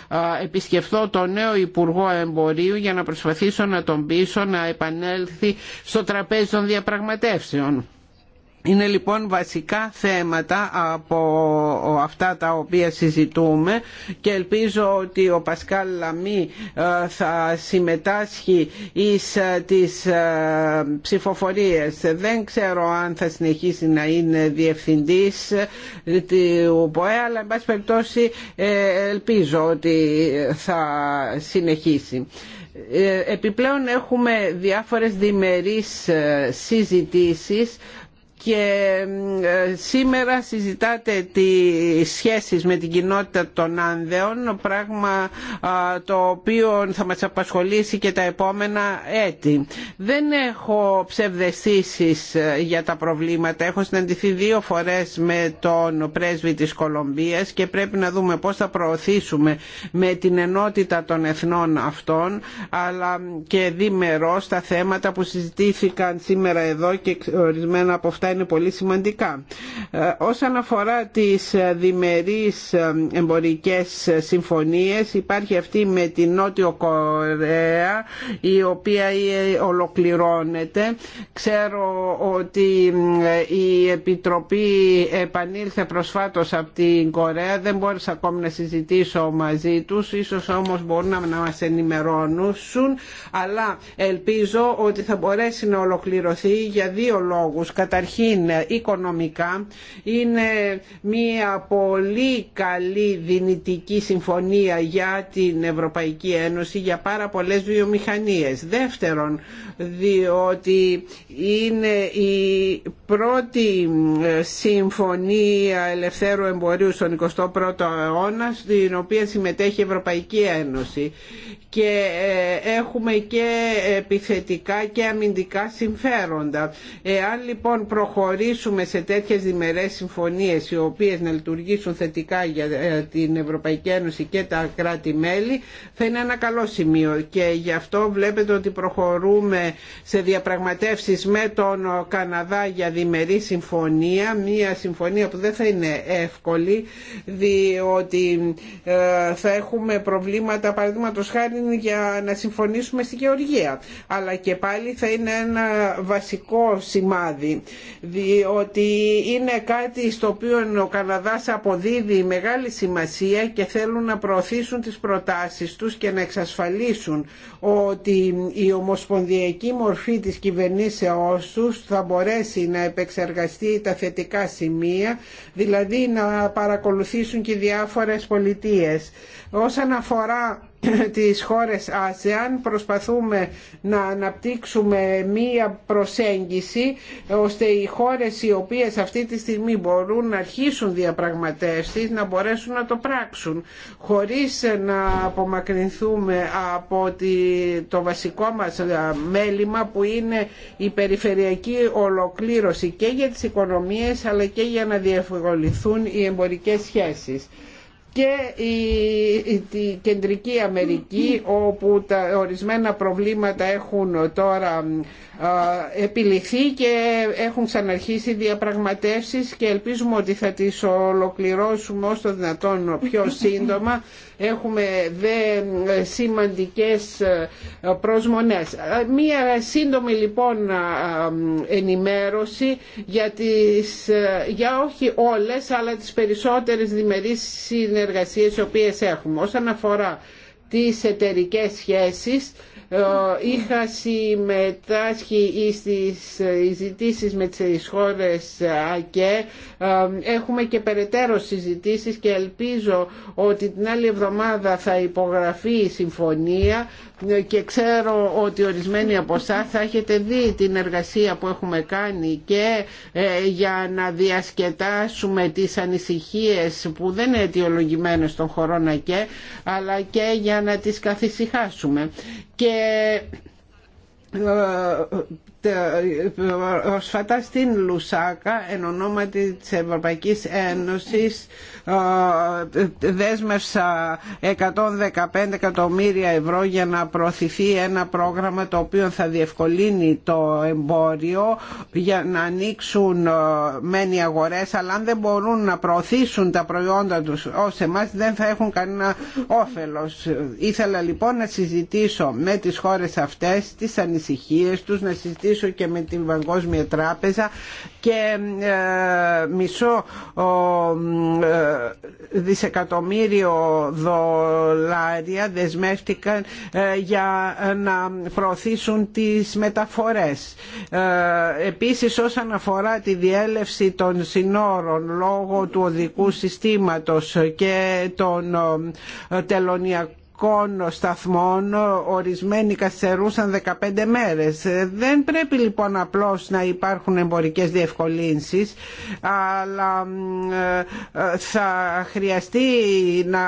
ε, επισκεφθώ τον νέο Υπουργό Εμπορίου για να προσπαθήσω να τον πείσω να επανέλθει στο τραπέζι των διαπραγματεύσεων. Είναι λοιπόν βασικά θέματα από αυτά τα οποία συζητούμε και ελπίζω ότι ο Πασκάλ Λαμή ε, θα συμμετάσχει εις ε, τις ε, ψηφοφορίες. Δεν ξέρω αν θα συνεχίσει να είναι διευθυντής του ΠΟΕ, αλλά εν πάση περιπτώσει ελπίζω ότι θα συνεχίσει. Επιπλέον έχουμε διάφορες διμερείς συζητήσεις και ε, σήμερα συζητάτε τις σχέσεις με την κοινότητα των Άνδεων πράγμα το οποίο θα μας απασχολήσει και τα επόμενα έτη. Δεν έχω ψευδεστήσεις ε, για τα προβλήματα. Έχω συναντηθεί δύο φορές με τον πρέσβη της Κολομβίας και πρέπει να δούμε πώς θα προωθήσουμε με την ενότητα των εθνών αυτών αλλά και δίμερος στα θέματα που συζητήθηκαν σήμερα εδώ και ορισμένα από αυτά είναι πολύ σημαντικά. Ε, όσον αφορά τις ε, διμερείς ε, εμπορικές συμφωνίες υπάρχει αυτή με την Νότιο Κορέα η οποία ολοκληρώνεται. Ξέρω ότι η Επιτροπή επανήλθε προσφάτως από την Κορέα. Δεν μπόρεσα ακόμη να συζητήσω μαζί τους. Ίσως όμως μπορούν να μας ενημερώνουν. Αλλά ελπίζω ότι θα μπορέσει να ολοκληρωθεί για δύο λόγους. Καταρχήν καταρχήν οικονομικά είναι μια πολύ καλή δυνητική συμφωνία για την Ευρωπαϊκή Ένωση για πάρα πολλές βιομηχανίες. Δεύτερον, διότι είναι η πρώτη ε, συμφωνία ελευθέρου εμπορίου στον 21ο αιώνα στην οποία συμμετέχει η Ευρωπαϊκή Ένωση και ε, έχουμε και επιθετικά και αμυντικά συμφέροντα. Εάν λοιπόν προχωρήσουμε προχωρήσουμε σε τέτοιες διμερές συμφωνίες οι οποίες να λειτουργήσουν θετικά για ε, την Ευρωπαϊκή Ένωση και τα κράτη-μέλη θα είναι ένα καλό σημείο και γι' αυτό βλέπετε ότι προχωρούμε σε διαπραγματεύσεις με τον Καναδά για διμερή συμφωνία μια συμφωνία που δεν θα είναι εύκολη διότι ε, θα έχουμε προβλήματα παραδείγματο χάρη για να συμφωνήσουμε στη Γεωργία αλλά και πάλι θα είναι ένα βασικό σημάδι διότι είναι κάτι στο οποίο ο Καναδάς αποδίδει μεγάλη σημασία και θέλουν να προωθήσουν τις προτάσεις τους και να εξασφαλίσουν ότι η ομοσπονδιακή μορφή της κυβερνήσεώς τους θα μπορέσει να επεξεργαστεί τα θετικά σημεία, δηλαδή να παρακολουθήσουν και διάφορες πολιτείες. Όσον αφορά τις χώρες ΑΣΕΑΝ προσπαθούμε να αναπτύξουμε μία προσέγγιση ώστε οι χώρες οι οποίες αυτή τη στιγμή μπορούν να αρχίσουν διαπραγματεύσεις να μπορέσουν να το πράξουν χωρίς να απομακρυνθούμε από το βασικό μας μέλημα που είναι η περιφερειακή ολοκλήρωση και για τις οικονομίες αλλά και για να διευκολυθούν οι εμπορικές σχέσεις και η, Κεντρική Αμερική όπου τα ορισμένα προβλήματα έχουν τώρα επιληθεί και έχουν ξαναρχίσει διαπραγματεύσεις και ελπίζουμε ότι θα τις ολοκληρώσουμε όσο δυνατόν πιο σύντομα. Έχουμε δε σημαντικές ε, προσμονές. Ε, μία σύντομη λοιπόν ενημέρωση για, τις, ε, όχι όλες αλλά τις περισσότερες διμερείς συνεργασίες συνεργασίες οι οποίες έχουμε. Όσον αφορά τις εταιρικές σχέσεις ε, είχα συμμετάσχει στις συζητήσεις με τις χώρες ΑΚΕ έχουμε και περαιτέρω συζητήσεις και ελπίζω ότι την άλλη εβδομάδα θα υπογραφεί η συμφωνία και ξέρω ότι ορισμένοι από εσά θα έχετε δει την εργασία που έχουμε κάνει και ε, για να διασκετάσουμε τις ανησυχίες που δεν είναι αιτιολογημένες των χωρών ΑΚΕ αλλά και για να τις καθησυχάσουμε. Και και ε, Προσφατά ε, στην Λουσάκα εν ονόματι της Ευρωπαϊκής Ένωσης ε, ε, δέσμευσα 115 εκατομμύρια ευρώ για να προωθηθεί ένα πρόγραμμα το οποίο θα διευκολύνει το εμπόριο για να ανοίξουν μένει αγορές αλλά αν δεν μπορούν να προωθήσουν τα προϊόντα τους ως εμάς δεν θα έχουν κανένα όφελος. Ήθελα λοιπόν να συζητήσω με τις χώρες αυτές τις ανησυχίες τους, να συζητήσω συζητήσω και με την Παγκόσμια Τράπεζα και ε, μισό ε, δισεκατομμύριο δολάρια δεσμεύτηκαν ε, για να προωθήσουν τις μεταφορές. Επίσης όσον αφορά τη διέλευση των συνόρων λόγω του οδικού συστήματος και των τελωνιακών σταθμών ορισμένοι καθυστερούσαν 15 μέρες. Δεν πρέπει λοιπόν απλώς να υπάρχουν εμπορικές διευκολύνσεις αλλά ε, ε, θα χρειαστεί να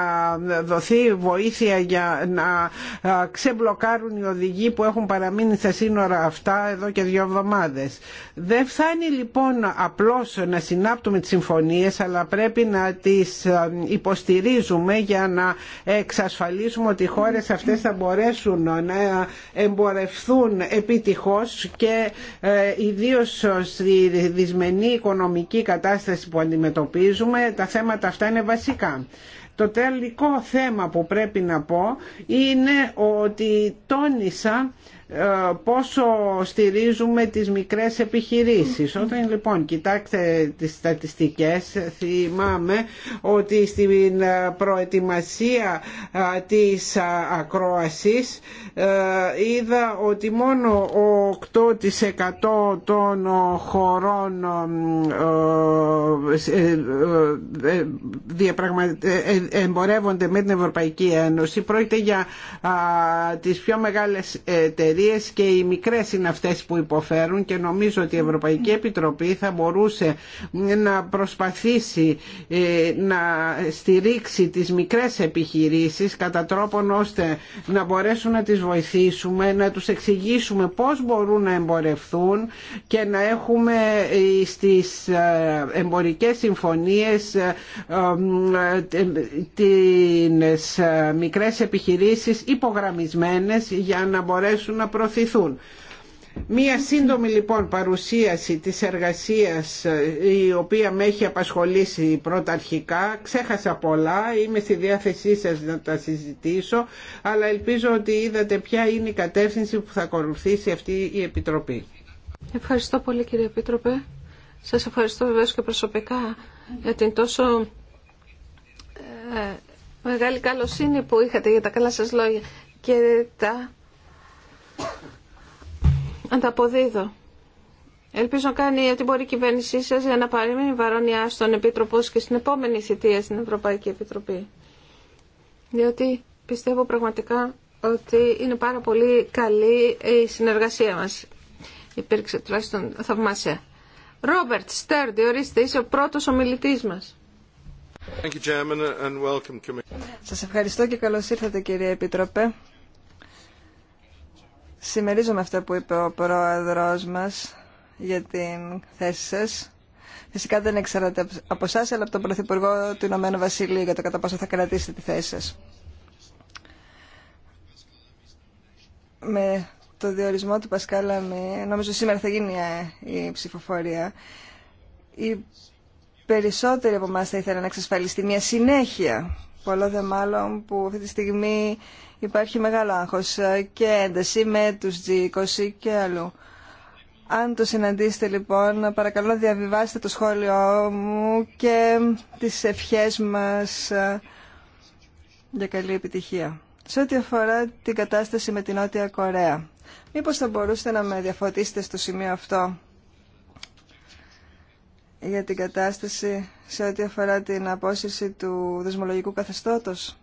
δοθεί βοήθεια για να ε, ξεμπλοκάρουν οι οδηγοί που έχουν παραμείνει στα σύνορα αυτά εδώ και δύο εβδομάδες. Δεν φτάνει λοιπόν απλώς να συνάπτουμε τις συμφωνίες αλλά πρέπει να τις υποστηρίζουμε για να εξασφαλίσουμε ότι οι χώρες αυτές θα μπορέσουν να εμπορευθούν επιτυχώς και ε, ιδίως στη δυσμενή οικονομική κατάσταση που αντιμετωπίζουμε τα θέματα αυτά είναι βασικά. Το τελικό θέμα που πρέπει να πω είναι ότι τόνισα ε, πόσο στηρίζουμε τις μικρές επιχειρήσεις. Όταν λοιπόν κοιτάξτε τις στατιστικές θυμάμαι ότι στην ε, προετοιμασία ε, της ακρόασης είδα ότι μόνο 8% των χωρών εμπορεύονται με την Ευρωπαϊκή Ένωση. Πρόκειται για τις πιο μεγάλες εταιρείες και οι μικρέ είναι αυτέ που υποφέρουν και νομίζω ότι η Ευρωπαϊκή Επιτροπή θα μπορούσε να προσπαθήσει ε, να στηρίξει τις μικρές επιχειρήσεις κατά τρόπον ώστε να μπορέσουν να τις βοηθήσουμε, να τους εξηγήσουμε πώς μπορούν να εμπορευθούν και να έχουμε ε, στις ε, εμπορικές συμφωνίες τις μικρές επιχειρήσεις υπογραμμισμένε για να μπορέσουν να Μία σύντομη λοιπόν παρουσίαση της εργασίας ε, η οποία με έχει απασχολήσει πρώτα αρχικά. Ξέχασα πολλά, είμαι στη διάθεσή σας να τα συζητήσω, αλλά ελπίζω ότι είδατε ποια είναι η κατεύθυνση που θα ακολουθήσει αυτή η Επιτροπή. Ευχαριστώ πολύ κύριε Επίτροπε. Σας ευχαριστώ βεβαίως και προσωπικά για την τόσο ε, μεγάλη καλοσύνη που είχατε για τα καλά σας λόγια και τα Ανταποδίδω. Ελπίζω να κάνει ό,τι μπορεί η κυβέρνησή σα για να παρέμει βαρόνια στον Επίτροπο και στην επόμενη θητεία στην Ευρωπαϊκή Επιτροπή. Διότι πιστεύω πραγματικά ότι είναι πάρα πολύ καλή η συνεργασία μα Υπήρξε τουλάχιστον θαυμάσια. Ρόμπερτ Στέρντι, ορίστε, είσαι ο πρώτο ομιλητή μα. Σα ευχαριστώ και καλώ ήρθατε κύριε Επίτροπε. Συμμερίζομαι αυτό που είπε ο πρόεδρος μας για την θέση σας. Φυσικά δεν εξαρτάται από εσά, αλλά από τον Πρωθυπουργό του Ηνωμένου Βασιλείου για το κατά πόσο θα κρατήσετε τη θέση σας. Με το διορισμό του Πασκάλα, νομίζω σήμερα θα γίνει η ψηφοφορία, οι περισσότεροι από εμά θα ήθελαν να εξασφαλιστεί μια συνέχεια, πολλό δε μάλλον που αυτή τη στιγμή υπάρχει μεγάλο άγχος ε, και ένταση με τους G20 και αλλού. Αν το συναντήσετε λοιπόν, παρακαλώ διαβιβάστε το σχόλιο μου και τις ευχές μας ε, για καλή επιτυχία. Σε ό,τι αφορά την κατάσταση με την Νότια Κορέα, μήπως θα μπορούσατε να με διαφωτίσετε στο σημείο αυτό για την κατάσταση σε ό,τι αφορά την απόσυρση του δεσμολογικού καθεστώτος.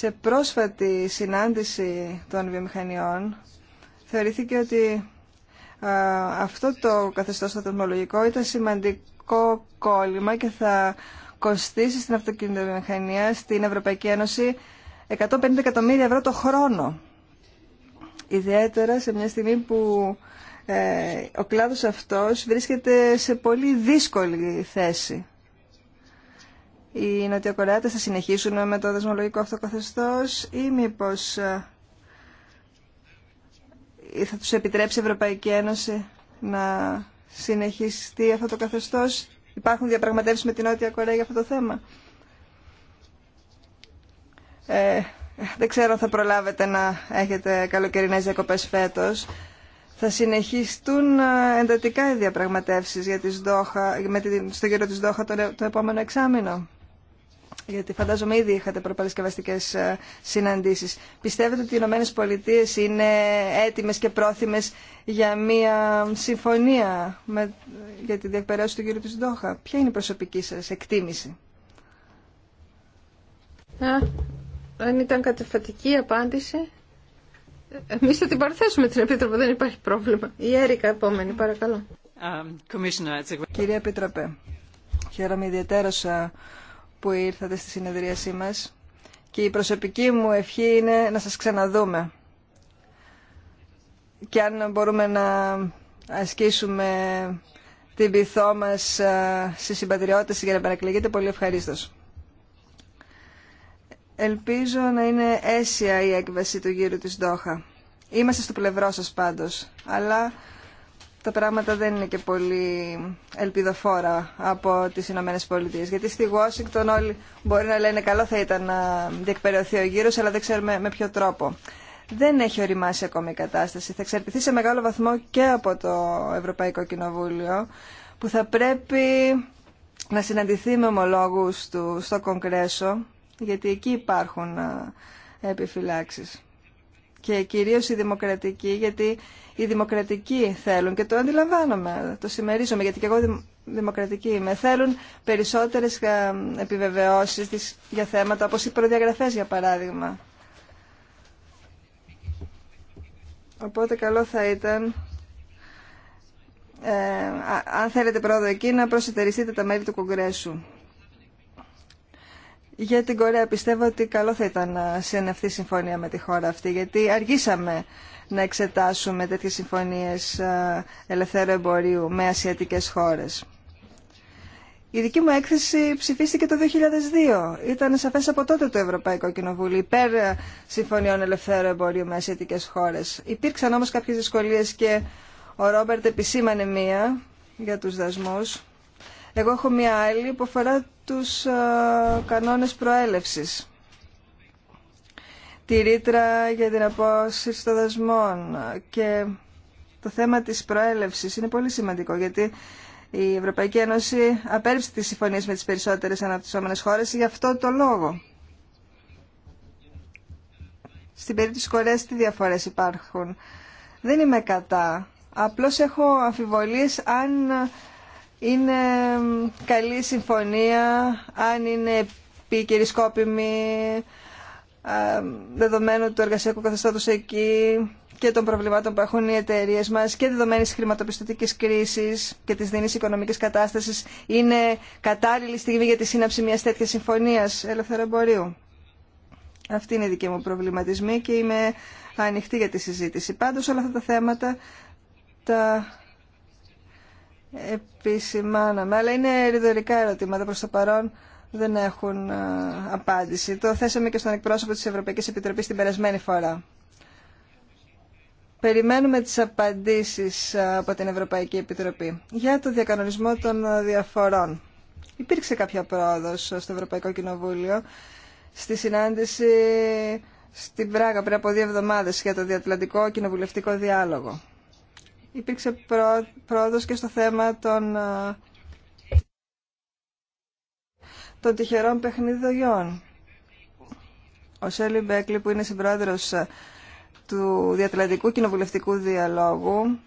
Σε πρόσφατη συνάντηση των βιομηχανιών θεωρήθηκε ότι αυτό το καθεστώς το ήταν σημαντικό κόλλημα και θα κοστίσει στην αυτοκινητοβιομηχανία στην Ευρωπαϊκή Ένωση 150 εκατομμύρια ευρώ το χρόνο. Ιδιαίτερα σε μια στιγμή που ε, ο κλάδος αυτός βρίσκεται σε πολύ δύσκολη θέση οι Νοτιοκορεάτες θα συνεχίσουν με το δεσμολογικό αυτό καθεστώς ή μήπως ε, θα τους επιτρέψει η Ευρωπαϊκή Ένωση να συνεχιστεί αυτό το καθεστώς. Υπάρχουν διαπραγματεύσεις με την Νότια Κορέα για αυτό το θέμα. Ε, δεν ξέρω αν θα προλάβετε να έχετε καλοκαιρινές διακοπές φέτος. Θα συνεχιστούν ε, εντατικά οι διαπραγματεύσεις στο γύρο της Δόχα το, το επόμενο εξάμεινο γιατί φαντάζομαι ήδη είχατε προπαρασκευαστικέ ε, συναντήσει. Πιστεύετε ότι οι Ηνωμένε Πολιτείε είναι έτοιμε και πρόθυμε για μια συμφωνία με, για τη διεκπαιρέωση του κύριου τη Ντόχα. Ποια είναι η προσωπική σα εκτίμηση, Α, αν ήταν κατεφατική απάντηση, εμείς θα την παρθέσουμε την Επίτροπο, δεν υπάρχει πρόβλημα. Η Έρικα, επόμενη, παρακαλώ. Um, Κυρία Επίτροπε, χαίρομαι ιδιαίτερα ε, που ήρθατε στη συνεδρίασή μας και η προσωπική μου ευχή είναι να σας ξαναδούμε. Και αν μπορούμε να ασκήσουμε την πυθό μας στις συμπατριώτες για να πολύ ευχαρίστως. Ελπίζω να είναι αίσια η έκβαση του γύρου της Ντόχα. Είμαστε στο πλευρό σας πάντως, αλλά τα πράγματα δεν είναι και πολύ ελπιδοφόρα από τις Ηνωμένες Πολιτείες. Γιατί στη Washington όλοι μπορεί να λένε καλό θα ήταν να διεκπαιρεωθεί ο γύρος, αλλά δεν ξέρουμε με ποιο τρόπο. Δεν έχει οριμάσει ακόμη η κατάσταση. Θα εξαρτηθεί σε μεγάλο βαθμό και από το Ευρωπαϊκό Κοινοβούλιο, που θα πρέπει να συναντηθεί με ομολόγους του στο Κογκρέσο, γιατί εκεί υπάρχουν ε, επιφυλάξεις. Και κυρίως η δημοκρατική, γιατί οι δημοκρατικοί θέλουν και το αντιλαμβάνομαι, το συμμερίζομαι γιατί και εγώ δημοκρατική είμαι. Θέλουν περισσότερες ε, επιβεβαιώσεις για θέματα όπως οι προδιαγραφές για παράδειγμα. Οπότε καλό θα ήταν, ε, αν θέλετε πρόοδο εκεί, να προσετεριστείτε τα μέλη του Κογκρέσου. Για την Κορέα πιστεύω ότι καλό θα ήταν να συνευθεί συμφωνία με τη χώρα αυτή, γιατί αργήσαμε να εξετάσουμε τέτοιες συμφωνίες ε, ελευθέρου εμπορίου με ασιατικές χώρες. Η δική μου έκθεση ψηφίστηκε το 2002. Ήταν σαφές από τότε το Ευρωπαϊκό Κοινοβούλιο υπέρ ε, συμφωνιών ελευθέρου εμπορίου με ασιατικές χώρες. Υπήρξαν όμως κάποιες δυσκολίες και ο Ρόμπερτ επισήμανε μία για τους δασμούς. Εγώ έχω μία άλλη που αφορά τους ε, κανόνες προέλευσης τη ρήτρα για την απόσυρση των δεσμών. και το θέμα της προέλευσης είναι πολύ σημαντικό γιατί η Ευρωπαϊκή Ένωση απέρριψε τις συμφωνίες με τις περισσότερες αναπτυσσόμενες χώρες για αυτό το λόγο. Στην περίπτωση της Κορέας τι διαφορές υπάρχουν. Δεν είμαι κατά. Απλώς έχω αμφιβολίες αν είναι καλή συμφωνία, αν είναι επίκαιρη δεδομένου του εργασιακού καθεστώτος εκεί και των προβλημάτων που έχουν οι εταιρείε μα και δεδομένη τη χρηματοπιστωτική κρίση και τη δινή οικονομική κατάσταση, είναι κατάλληλη στιγμή για τη σύναψη μια τέτοια συμφωνία εμπορίου. Αυτή είναι η δική μου προβληματισμή και είμαι ανοιχτή για τη συζήτηση. Πάντως όλα αυτά τα θέματα τα επισημάναμε, αλλά είναι ρητορικά ερωτήματα προς το παρόν δεν έχουν ε, απάντηση. Το θέσαμε και στον εκπρόσωπο της Ευρωπαϊκής Επιτροπής την περασμένη φορά. Περιμένουμε τις απαντήσεις ε, από την Ευρωπαϊκή Επιτροπή για το διακανονισμό των διαφορών. Υπήρξε κάποια πρόοδος στο Ευρωπαϊκό Κοινοβούλιο στη συνάντηση στην Πράγα πριν από δύο εβδομάδες για το Διατλαντικό Κοινοβουλευτικό Διάλογο. Υπήρξε πρόοδος και στο θέμα των ε, των τυχερών παιχνιδιών. Ο Σέλι Μπέκλι που είναι συμπρόεδρος ε, του Διατλαντικού Κοινοβουλευτικού Διαλόγου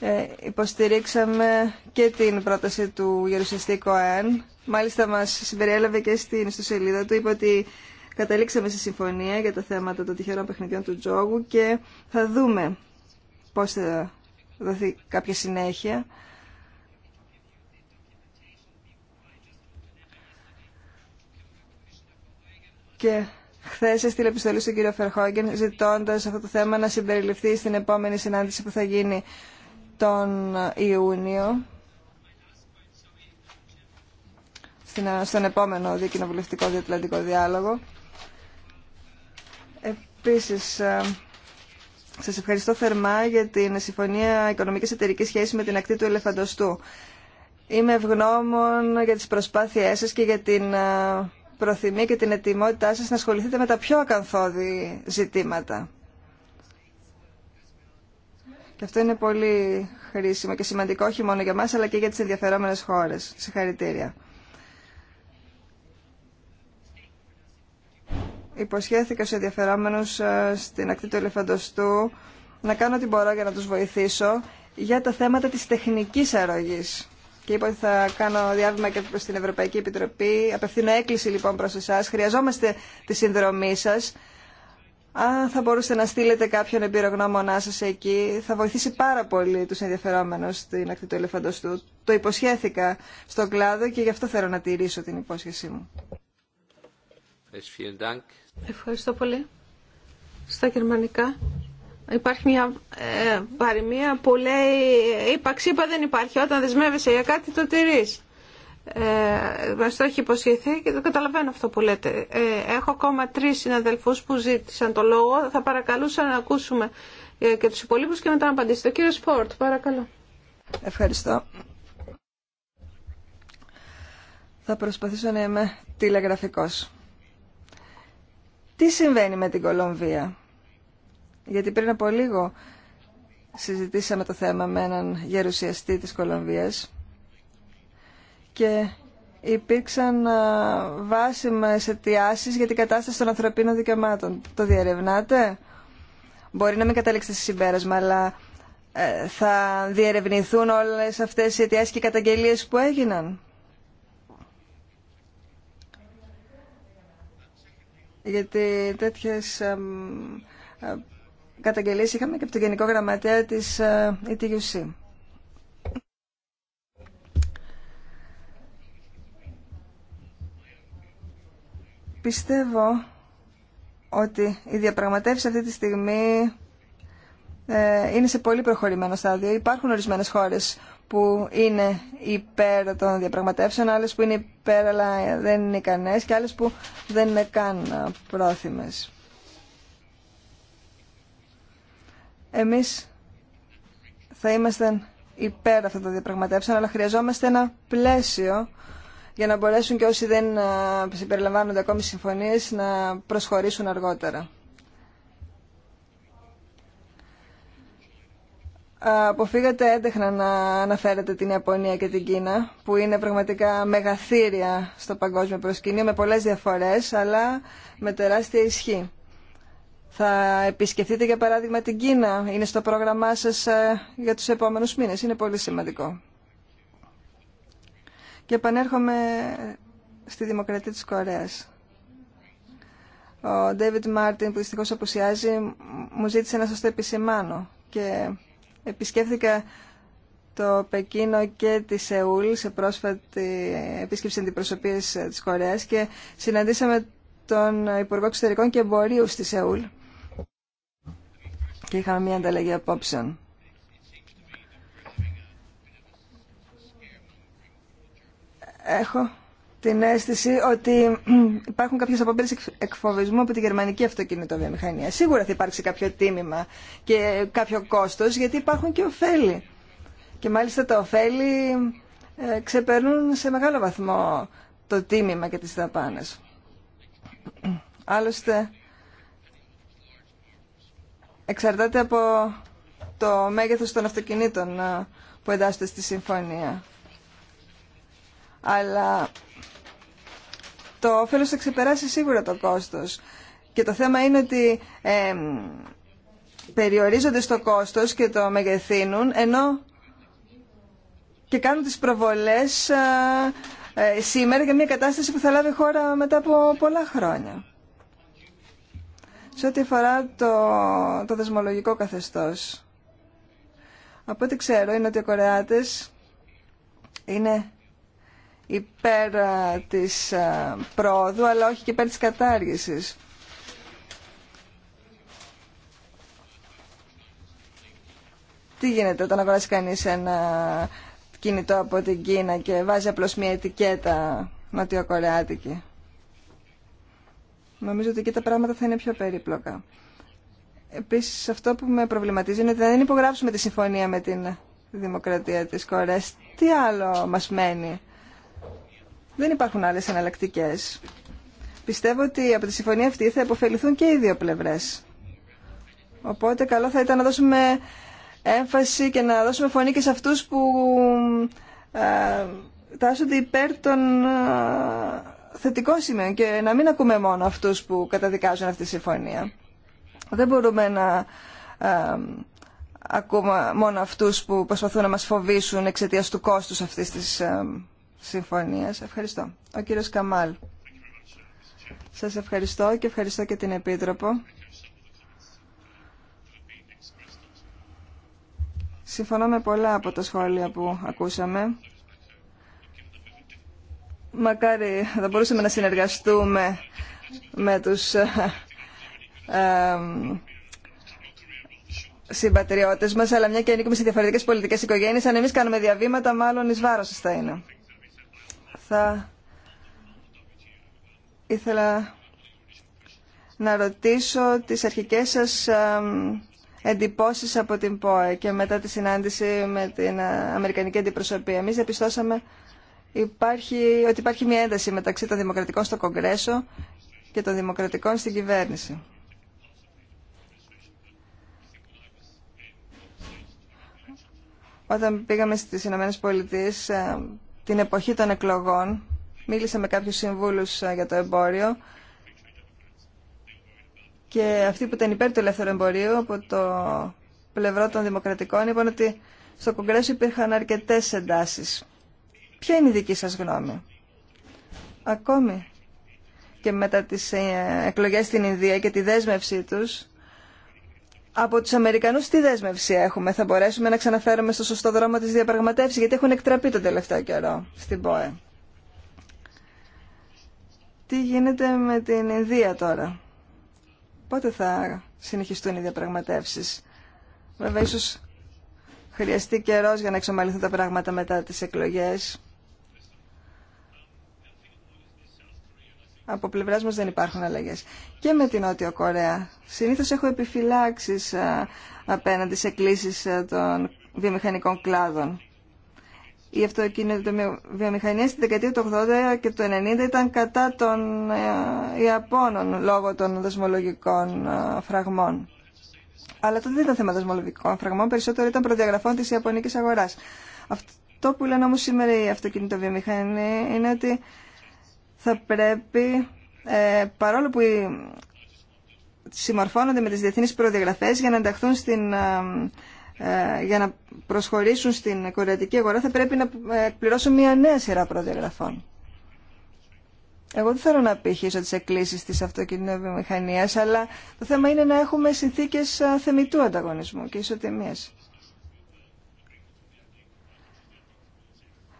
ε, υποστηρίξαμε και την πρόταση του Γερουσιαστή ΚΟΕΝ. Μάλιστα μας συμπεριέλαβε και στην ιστοσελίδα του. Είπε ότι καταλήξαμε στη συμφωνία για τα θέματα των τυχερών παιχνιδιών του τζόγου και θα δούμε πώς θα δοθεί κάποια συνέχεια. Και χθε έστειλε επιστολή στον κύριο Φερχόγγεν ζητώντα αυτό το θέμα να συμπεριληφθεί στην επόμενη συνάντηση που θα γίνει τον Ιούνιο. Στον επόμενο διακοινοβουλευτικό διατλαντικό διάλογο. Επίσης, ε, σας ευχαριστώ θερμά για την Συμφωνία Οικονομικής Εταιρικής Σχέσης με την ακτή του Ελεφαντοστού. Είμαι ευγνώμων για τις προσπάθειές σας και για την ε, προθυμεί και την ετοιμότητά σας να ασχοληθείτε με τα πιο ακαθόδη ζητήματα. Και αυτό είναι πολύ χρήσιμο και σημαντικό όχι μόνο για μας αλλά και για τις ενδιαφερόμενες χώρες. Συγχαρητήρια. Υποσχέθηκα στους ενδιαφερόμενους ε, στην ακτή του Ελεφαντοστού να κάνω ό,τι μπορώ για να τους βοηθήσω για τα θέματα της τεχνικής αρρωγής και είπα ότι θα κάνω διάβημα και προς την Ευρωπαϊκή Επιτροπή. Απευθύνω έκκληση λοιπόν προς εσάς. Χρειαζόμαστε τη συνδρομή σας. Αν θα μπορούσατε να στείλετε κάποιον εμπειρογνώμονά σας εκεί, θα βοηθήσει πάρα πολύ τους ενδιαφερόμενους στην ακτή του ελεφαντοστού. Το υποσχέθηκα στον κλάδο και γι' αυτό θέλω να τηρήσω την υπόσχεσή μου. Ευχαριστώ πολύ. Στα γερμανικά, Υπάρχει μια ε, παροιμία που λέει ξύπα δεν υπάρχει, όταν δεσμεύεσαι για κάτι το τηρείς». Ε, μας το έχει υποσχεθεί και δεν καταλαβαίνω αυτό που λέτε. Ε, έχω ακόμα τρεις συναδελφούς που ζήτησαν το λόγο. Θα παρακαλούσα να ακούσουμε ε, και τους υπολείπους και μετά να απαντήσετε. Κύριε Σπορτ, παρακαλώ. Ευχαριστώ. Θα προσπαθήσω να είμαι τηλεγραφικός. Τι συμβαίνει με την Κολομβία γιατί πριν από λίγο συζητήσαμε το θέμα με έναν γερουσιαστή της Κολομβίας και υπήρξαν βάσιμες αιτιάσεις για την κατάσταση των ανθρωπίνων δικαιωμάτων. Το διαρευνάτε? Μπορεί να μην καταλήξετε σε συμπέρασμα, αλλά ε, θα διερευνηθούν όλες αυτές οι αιτιάσεις και οι καταγγελίες που έγιναν. Γιατί τέτοιες καταγγελίες είχαμε και από το Γενικό Γραμματέα της ε, ETUC. Πιστεύω ότι η διαπραγματεύση αυτή τη στιγμή ε, είναι σε πολύ προχωρημένο στάδιο. Υπάρχουν ορισμένες χώρες που είναι υπέρ των διαπραγματεύσεων, άλλες που είναι υπέρ αλλά δεν είναι ικανές και άλλες που δεν είναι καν πρόθυμες. Εμείς θα είμαστε υπέρ αυτών των διαπραγματεύσεων, αλλά χρειαζόμαστε ένα πλαίσιο για να μπορέσουν και όσοι δεν συμπεριλαμβάνονται ακόμη συμφωνίες να προσχωρήσουν αργότερα. Αποφύγατε έντεχνα να αναφέρετε την Ιαπωνία και την Κίνα, που είναι πραγματικά μεγαθύρια στο παγκόσμιο προσκήνιο, με πολλές διαφορές, αλλά με τεράστια ισχύ. Θα επισκεφτείτε για παράδειγμα την Κίνα. Είναι στο πρόγραμμά σας ε, για τους επόμενους μήνες. Είναι πολύ σημαντικό. Και επανέρχομαι στη Δημοκρατία της Κορέας. Ο Ντέιβιτ Μάρτιν που δυστυχώς απουσιάζει μου ζήτησε να σας το επισημάνω και επισκέφθηκα το Πεκίνο και τη Σεούλ σε πρόσφατη επίσκεψη αντιπροσωπείας ε, της Κορέας και συναντήσαμε τον Υπουργό Εξωτερικών και Εμπορίου στη Σεούλ και είχαμε μια ανταλλαγή απόψεων. Έχω την αίσθηση ότι υπάρχουν κάποιες απόπειρες εκφοβισμού από τη γερμανική αυτοκινητοβιομηχανία. Σίγουρα θα υπάρξει κάποιο τίμημα και κάποιο κόστος, γιατί υπάρχουν και ωφέλη. Και μάλιστα τα ωφέλη ε, ξεπερνούν σε μεγάλο βαθμό το τίμημα και τις δαπάνες. Άλλωστε, εξαρτάται από το μέγεθος των αυτοκινήτων ε, που εντάσσεται στη συμφωνία. Αλλά το όφελος θα ξεπεράσει σίγουρα το κόστος. Και το θέμα είναι ότι περιορίζονται στο κόστος και το μεγεθύνουν, ενώ και κάνουν τις προβολές ε, ε, σήμερα για μια κατάσταση που θα λάβει χώρα μετά από πολλά χρόνια. Σε ό,τι αφορά το, το δεσμολογικό καθεστώς, από ό,τι ξέρω είναι ότι οι Κορεάτες είναι υπέρ ε, της ε, πρόοδου, αλλά όχι και υπέρ της κατάργησης. Τι γίνεται όταν αγοράσει κανείς ένα κινητό από την Κίνα και βάζει απλώς μια ετικέτα νοτιοκορεάτικη. Νομίζω ότι εκεί τα πράγματα θα είναι πιο περίπλοκα. Επίση αυτό που με προβληματίζει είναι ότι δεν υπογράψουμε τη συμφωνία με την δημοκρατία της Κορέας. Τι άλλο μας μένει. Δεν υπάρχουν άλλες εναλλακτικέ. Πιστεύω ότι από τη συμφωνία αυτή θα υποφεληθούν και οι δύο πλευρές. Οπότε καλό θα ήταν να δώσουμε έμφαση και να δώσουμε φωνή και σε αυτού που ε, τάσσονται υπέρ των ε, θετικό σημείο και να μην ακούμε μόνο αυτούς που καταδικάζουν αυτή τη συμφωνία. Δεν μπορούμε να ακούμε μόνο αυτούς που προσπαθούν να μας φοβήσουν εξαιτία του κόστους αυτής της συμφωνίας. Ευχαριστώ. Ο κύριος Καμάλ. Σας ευχαριστώ και ευχαριστώ και την Επίτροπο. Συμφωνώ με πολλά από τα σχόλια που ακούσαμε Μακάρι θα μπορούσαμε να συνεργαστούμε με τους ε, ε, ε, συμπατριώτες μας, αλλά μια και ανήκουμε σε διαφορετικές πολιτικές οικογένειες, αν εμείς κάνουμε διαβήματα, μάλλον ει βάρο θα είναι. Θα ήθελα να ρωτήσω τις αρχικές σας εντυπώσεις από την ΠΟΕ και μετά τη συνάντηση με την Αμερικανική Αντιπροσωπεία. Εμείς διαπιστώσαμε υπάρχει, ότι υπάρχει μια ένταση μεταξύ των δημοκρατικών στο Κογκρέσο και των δημοκρατικών στην κυβέρνηση. Όταν πήγαμε στις Ηνωμένες Πολιτείες ε, την εποχή των εκλογών, μίλησα με κάποιους συμβούλους ε, για το εμπόριο και αυτοί που ήταν υπέρ του ελεύθερου εμπορίου από το πλευρό των δημοκρατικών είπαν ότι στο Κογκρέσο υπήρχαν αρκετές εντάσεις. Ποια είναι η δική σας γνώμη. Ακόμη και μετά τις ε, εκλογές στην Ινδία και τη δέσμευσή τους, από τους Αμερικανούς τι δέσμευση έχουμε. Θα μπορέσουμε να ξαναφέρουμε στο σωστό δρόμο της διαπραγματεύσης γιατί έχουν εκτραπεί τον τελευταίο καιρό στην ΠΟΕ. Τι γίνεται με την Ινδία τώρα. Πότε θα συνεχιστούν οι διαπραγματεύσεις. Βέβαια, ίσως χρειαστεί καιρός για να εξομαλυνθούν τα πράγματα μετά τις εκλογές. από πλευρά μα δεν υπάρχουν αλλαγέ. Και με την Νότιο Κορέα. Συνήθω έχω επιφυλάξει απέναντι σε κλήσει των βιομηχανικών κλάδων. Η αυτοκινητοβιομηχανία στη δεκαετία του 80 και του 90 ήταν κατά των Ιαπώνων λόγω των δεσμολογικών φραγμών. Αλλά τότε δεν ήταν θέμα δοσμολογικών φραγμών, περισσότερο ήταν προδιαγραφών τη Ιαπωνική αγορά. Αυτό που λένε όμω σήμερα οι αυτοκινητοβιομηχανοί είναι ότι θα πρέπει, ε, παρόλο που συμμορφώνονται με τις διεθνείς προδιαγραφές για να ενταχθούν στην, ε, ε, για να προσχωρήσουν στην κορεατική αγορά θα πρέπει να εκπληρώσουν μια νέα σειρά προδιαγραφών. Εγώ δεν θέλω να πηχήσω τις εκκλήσεις της αυτοκινητοβιομηχανίας, αλλά το θέμα είναι να έχουμε συνθήκες θεμητού ανταγωνισμού και ισοτιμίας.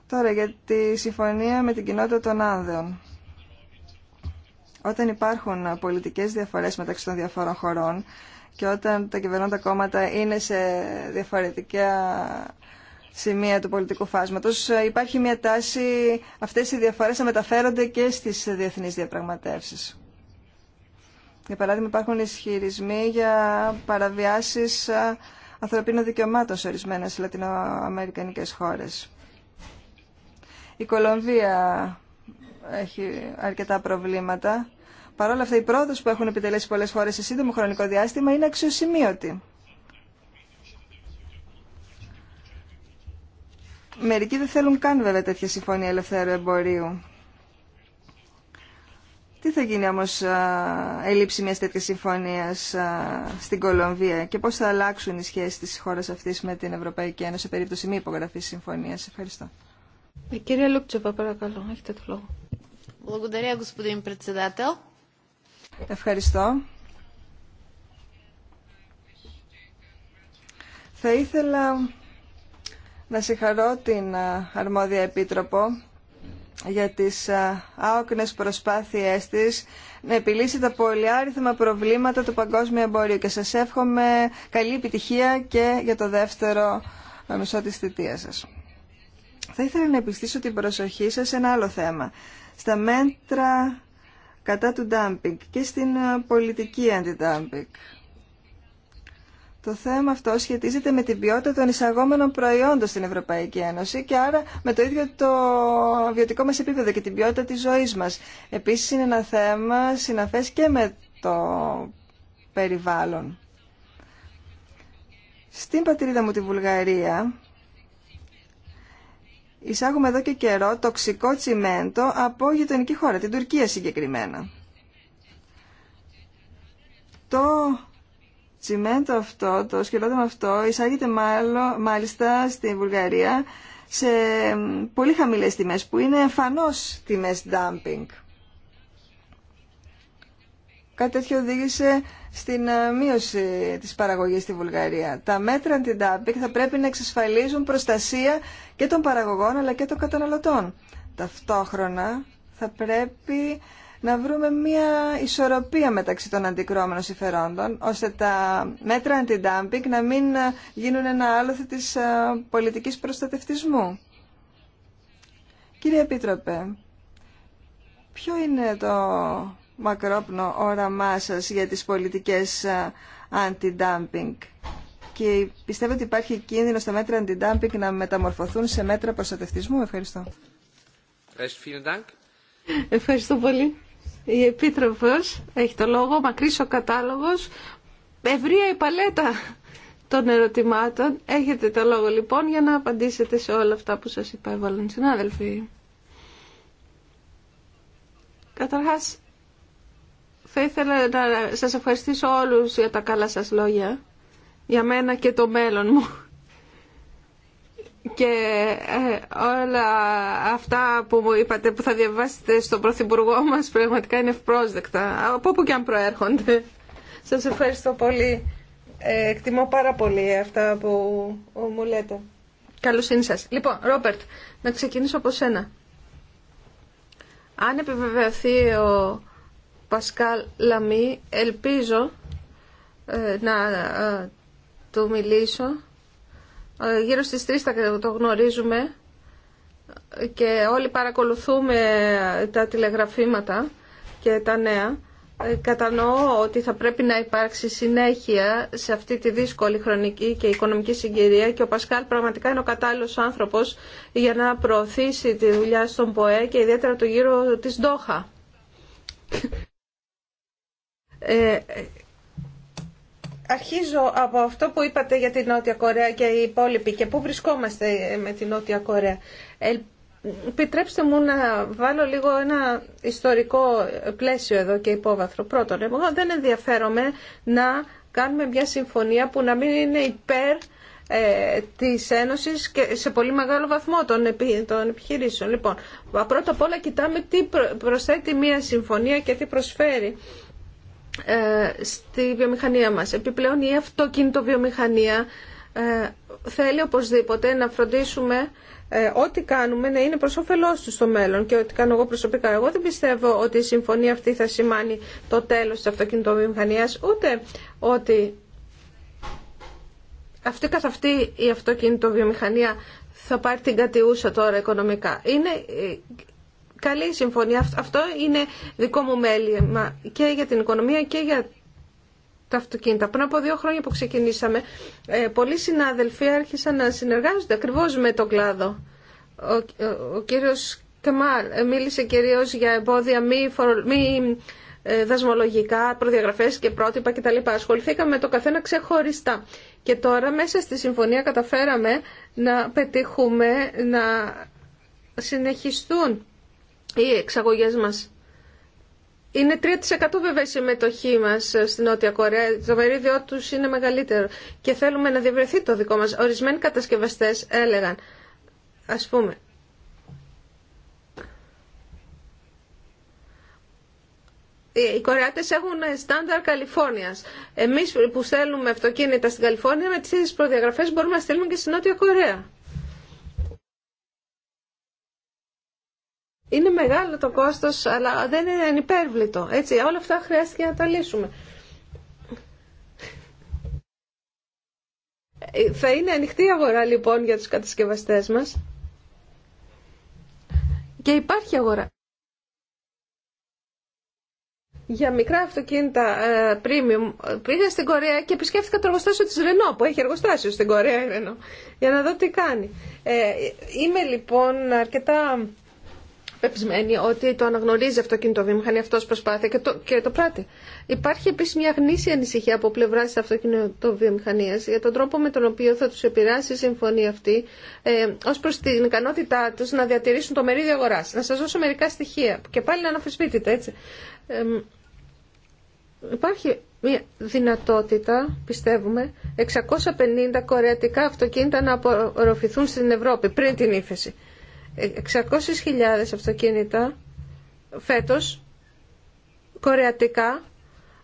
Τώρα για τη συμφωνία με την κοινότητα των Άνδεων. Όταν υπάρχουν πολιτικές διαφορές μεταξύ των διαφορών χωρών και όταν τα κυβερνώντα κόμματα είναι σε διαφορετικά σημεία του πολιτικού φάσματος, υπάρχει μια τάση αυτές οι διαφορές να μεταφέρονται και στις διεθνείς διαπραγματεύσεις. Για παράδειγμα υπάρχουν ισχυρισμοί για παραβιάσεις ανθρωπίνων δικαιωμάτων σε ορισμένες λατινοαμερικανικές χώρες. Η Κολομβία έχει αρκετά προβλήματα Παρ' όλα αυτά, η πρόοδο που έχουν επιτελέσει πολλές χώρες σε σύντομο χρονικό διάστημα είναι αξιοσημείωτη. Μερικοί δεν θέλουν καν βέβαια τέτοια συμφωνία ελευθέρου εμπορίου. Τι θα γίνει όμως η ελήψη μιας τέτοιας συμφωνίας στην Κολομβία και πώς θα αλλάξουν οι σχέσεις της χώρας αυτής με την Ευρωπαϊκή Ένωση σε περίπτωση μη υπογραφής συμφωνίας. Ευχαριστώ. Ε, κυρία παρακαλώ, το λόγο. Ευχαριστώ. Θα ήθελα να συγχαρώ την αρμόδια επίτροπο για τις άοκνες προσπάθειές της να επιλύσει τα πολυάριθμα προβλήματα του παγκόσμιου εμπορίου και σας εύχομαι καλή επιτυχία και για το δεύτερο μισό της θητείας σας. Θα ήθελα να επιστήσω την προσοχή σας σε ένα άλλο θέμα. Στα μέτρα κατά του ντάμπινγκ και στην ε, πολιτική αντιντάμπινγκ. Το θέμα αυτό σχετίζεται με την ποιότητα των εισαγόμενων προϊόντων στην Ευρωπαϊκή Ένωση και άρα με το ίδιο το βιωτικό μας επίπεδο και την ποιότητα της ζωής μας. Επίσης είναι ένα θέμα συναφές και με το περιβάλλον. Στην πατρίδα μου τη Βουλγαρία εισάγουμε εδώ και καιρό τοξικό τσιμέντο από γειτονική χώρα, την Τουρκία συγκεκριμένα. Το τσιμέντο αυτό, το σκελοτόμο αυτό, εισάγεται μάλιστα στη Βουλγαρία σε πολύ χαμηλές τιμές, που είναι εμφανώς τιμές dumping. Κάτι τέτοιο οδήγησε στην ε, μείωση της παραγωγής στη Βουλγαρία. Τα μέτρα αντι-dumping θα πρέπει να εξασφαλίζουν προστασία και των παραγωγών αλλά και των καταναλωτών. Ταυτόχρονα θα πρέπει να βρούμε μια ισορροπία μεταξύ των αντικρώμενων συμφερόντων, ώστε τα μέτρα αντι-dumping να μην ε, γίνουν ένα άλοθη της ε, πολιτικής προστατευτισμού. Κύριε Επίτροπε, ποιο είναι το μακρόπνο όραμά σας για τις πολιτικές αντι-dumping και πιστεύω ότι υπάρχει κίνδυνο στα μέτρα αντι-dumping να μεταμορφωθούν σε μέτρα προστατευτισμού. Ευχαριστώ. Ευχαριστώ πολύ. Η Επίτροπος έχει το λόγο, μακρύς ο κατάλογος, Ευρία η παλέτα των ερωτημάτων. Έχετε το λόγο λοιπόν για να απαντήσετε σε όλα αυτά που σας είπα έβαλαν συνάδελφοι. Καταρχάς θα ήθελα να σας ευχαριστήσω όλους για τα καλά σας λόγια, για μένα και το μέλλον μου. Και ε, όλα αυτά που μου είπατε που θα διαβάσετε στον Πρωθυπουργό μας πραγματικά είναι ευπρόσδεκτα, από όπου και αν προέρχονται. Σας ευχαριστώ πολύ. Ε, εκτιμώ πάρα πολύ αυτά που μου λέτε. Καλωσύνη σας. Λοιπόν, Ρόπερτ, να ξεκινήσω από σένα. Αν επιβεβαιωθεί ο Πασκάλ Λαμή. Ελπίζω ε, να ε, του μιλήσω. Ε, γύρω στις 3 θα το γνωρίζουμε και όλοι παρακολουθούμε τα τηλεγραφήματα και τα νέα. Κατανοώ ότι θα πρέπει να υπάρξει συνέχεια σε αυτή τη δύσκολη χρονική και οικονομική συγκυρία και ο Πασκάλ πραγματικά είναι ο κατάλληλος άνθρωπος για να προωθήσει τη δουλειά στον ΠΟΕ και ιδιαίτερα το γύρο της Ντόχα. Ε, αρχίζω από αυτό που είπατε για την Νότια Κορέα και οι υπόλοιποι και πού βρισκόμαστε με την Νότια Κορέα. Ε, επιτρέψτε μου να βάλω λίγο ένα ιστορικό πλαίσιο εδώ και υπόβαθρο. Πρώτον, εγώ δεν ενδιαφέρομαι να κάνουμε μια συμφωνία που να μην είναι υπέρ ε, της Ένωσης και σε πολύ μεγάλο βαθμό των, επι, των επιχειρήσεων. Λοιπόν, πρώτα απ' όλα κοιτάμε τι προσθέτει μια συμφωνία και τι προσφέρει ε, στη βιομηχανία μας. Επιπλέον η αυτοκινητοβιομηχανία ε, θέλει οπωσδήποτε να φροντίσουμε ε, ό,τι κάνουμε να είναι προς όφελός του στο μέλλον και ό,τι κάνω εγώ προσωπικά. Εγώ δεν πιστεύω ότι η συμφωνία αυτή θα σημάνει το τέλος της αυτοκινητοβιομηχανίας ούτε ότι αυτή καθ' αυτή η αυτοκινητοβιομηχανία θα πάρει την κατιούσα τώρα οικονομικά. Είναι καλή συμφωνία. Αυτό είναι δικό μου μέλημα και για την οικονομία και για τα αυτοκίνητα. Πριν από δύο χρόνια που ξεκινήσαμε, ε, πολλοί συνάδελφοι άρχισαν να συνεργάζονται ακριβώ με τον κλάδο. Ο, ο, ο κύριος Καμάλ ε, μίλησε κυρίω για εμπόδια μη, μη ε, δασμολογικά, προδιαγραφές και πρότυπα κτλ. Ασχοληθήκαμε με το καθένα ξεχωριστά. Και τώρα μέσα στη συμφωνία καταφέραμε να πετύχουμε να συνεχιστούν οι εξαγωγέ μας. Είναι 3% βέβαια η συμμετοχή μα ε, στην Νότια Κορέα. Το μερίδιο του είναι μεγαλύτερο. Και θέλουμε να διευρεθεί το δικό μα. Ορισμένοι κατασκευαστέ έλεγαν, α πούμε, «Ε, οι Κορεάτε έχουν στάνταρ Καλιφόρνια. Εμεί που στέλνουμε αυτοκίνητα στην Καλιφόρνια με τι ίδιε προδιαγραφέ μπορούμε να στείλουμε και στην Νότια Κορέα. Είναι μεγάλο το κόστος, αλλά δεν είναι ανυπέρβλητο. Έτσι, όλα αυτά χρειάστηκε να τα λύσουμε. Θα είναι ανοιχτή αγορά λοιπόν για τους κατασκευαστές μας. Και υπάρχει αγορά. Για μικρά αυτοκίνητα ε, premium πήγα στην Κορέα και επισκέφθηκα το εργοστάσιο της Ρενό που έχει εργοστάσιο στην Κορέα Ρενό για να δω τι κάνει. Ε, είμαι λοιπόν αρκετά πεπισμένη ότι το αναγνωρίζει αυτό βιομηχανία αυτό προσπάθεια και το, και το πράττει. Υπάρχει επίση μια γνήσια ανησυχία από πλευρά τη αυτοκινητοβιομηχανία για τον τρόπο με τον οποίο θα του επηρεάσει η συμφωνία αυτή ε, ω προ την ικανότητά του να διατηρήσουν το μερίδιο αγορά. Να σα δώσω μερικά στοιχεία και πάλι να αναφεσπίτητε. έτσι. Ε, υπάρχει μια δυνατότητα, πιστεύουμε, 650 κορεατικά αυτοκίνητα να απορροφηθούν στην Ευρώπη πριν την ύφεση. 600.000 αυτοκίνητα φέτος κορεατικά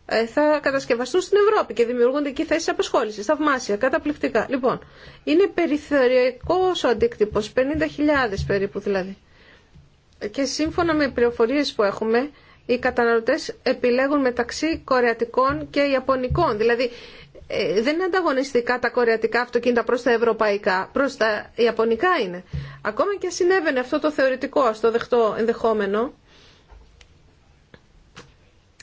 ε, θα κατασκευαστούν στην Ευρώπη και δημιουργούνται εκεί θέσει απασχόληση. Θαυμάσια, καταπληκτικά. Λοιπόν, είναι περιθωριακό ο αντίκτυπο, 50.000 περίπου δηλαδή. Και σύμφωνα με πληροφορίε που έχουμε, οι καταναλωτέ επιλέγουν μεταξύ κορεατικών και ιαπωνικών. Δηλαδή, ε, δεν είναι ανταγωνιστικά τα κορεατικά αυτοκίνητα προς τα ευρωπαϊκά, προς τα ιαπωνικά είναι. Ακόμα και συνέβαινε αυτό το θεωρητικό, ας το δεχτώ ενδεχόμενο,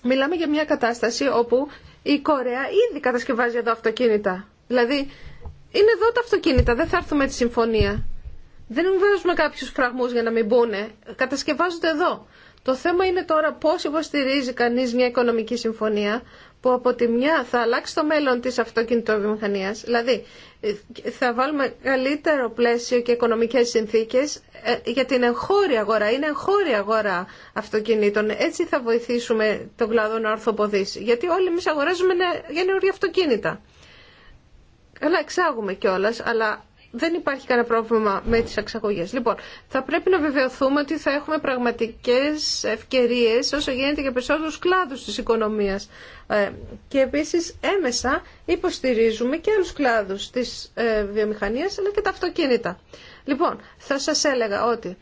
μιλάμε για μια κατάσταση όπου η Κορέα ήδη κατασκευάζει εδώ αυτοκίνητα. Δηλαδή, είναι εδώ τα αυτοκίνητα, δεν θα έρθουμε τη συμφωνία. Δεν βάζουμε κάποιους φραγμούς για να μην μπουν. Κατασκευάζονται εδώ. Το θέμα είναι τώρα πώς υποστηρίζει κανείς μια οικονομική συμφωνία που από τη μια θα αλλάξει το μέλλον της αυτοκινητοβιομηχανίας, δηλαδή ε, θα βάλουμε καλύτερο πλαίσιο και οικονομικές συνθήκες ε, για την εγχώρια αγορά. Είναι εγχώρια αγορά αυτοκινήτων. Έτσι θα βοηθήσουμε τον κλάδο να ορθοποδήσει. Γιατί όλοι εμείς αγοράζουμε για νεωρία αυτοκίνητα. Καλά, εξάγουμε κιόλα, αλλά δεν υπάρχει κανένα πρόβλημα με τις εξαγωγές. Λοιπόν, θα πρέπει να βεβαιωθούμε ότι θα έχουμε πραγματικές ευκαιρίες όσο γίνεται για περισσότερους κλάδους της οικονομίας. Ε, και επίσης έμεσα υποστηρίζουμε και άλλους κλάδους της ε, βιομηχανίας αλλά και τα αυτοκίνητα. Λοιπόν, θα σας έλεγα ότι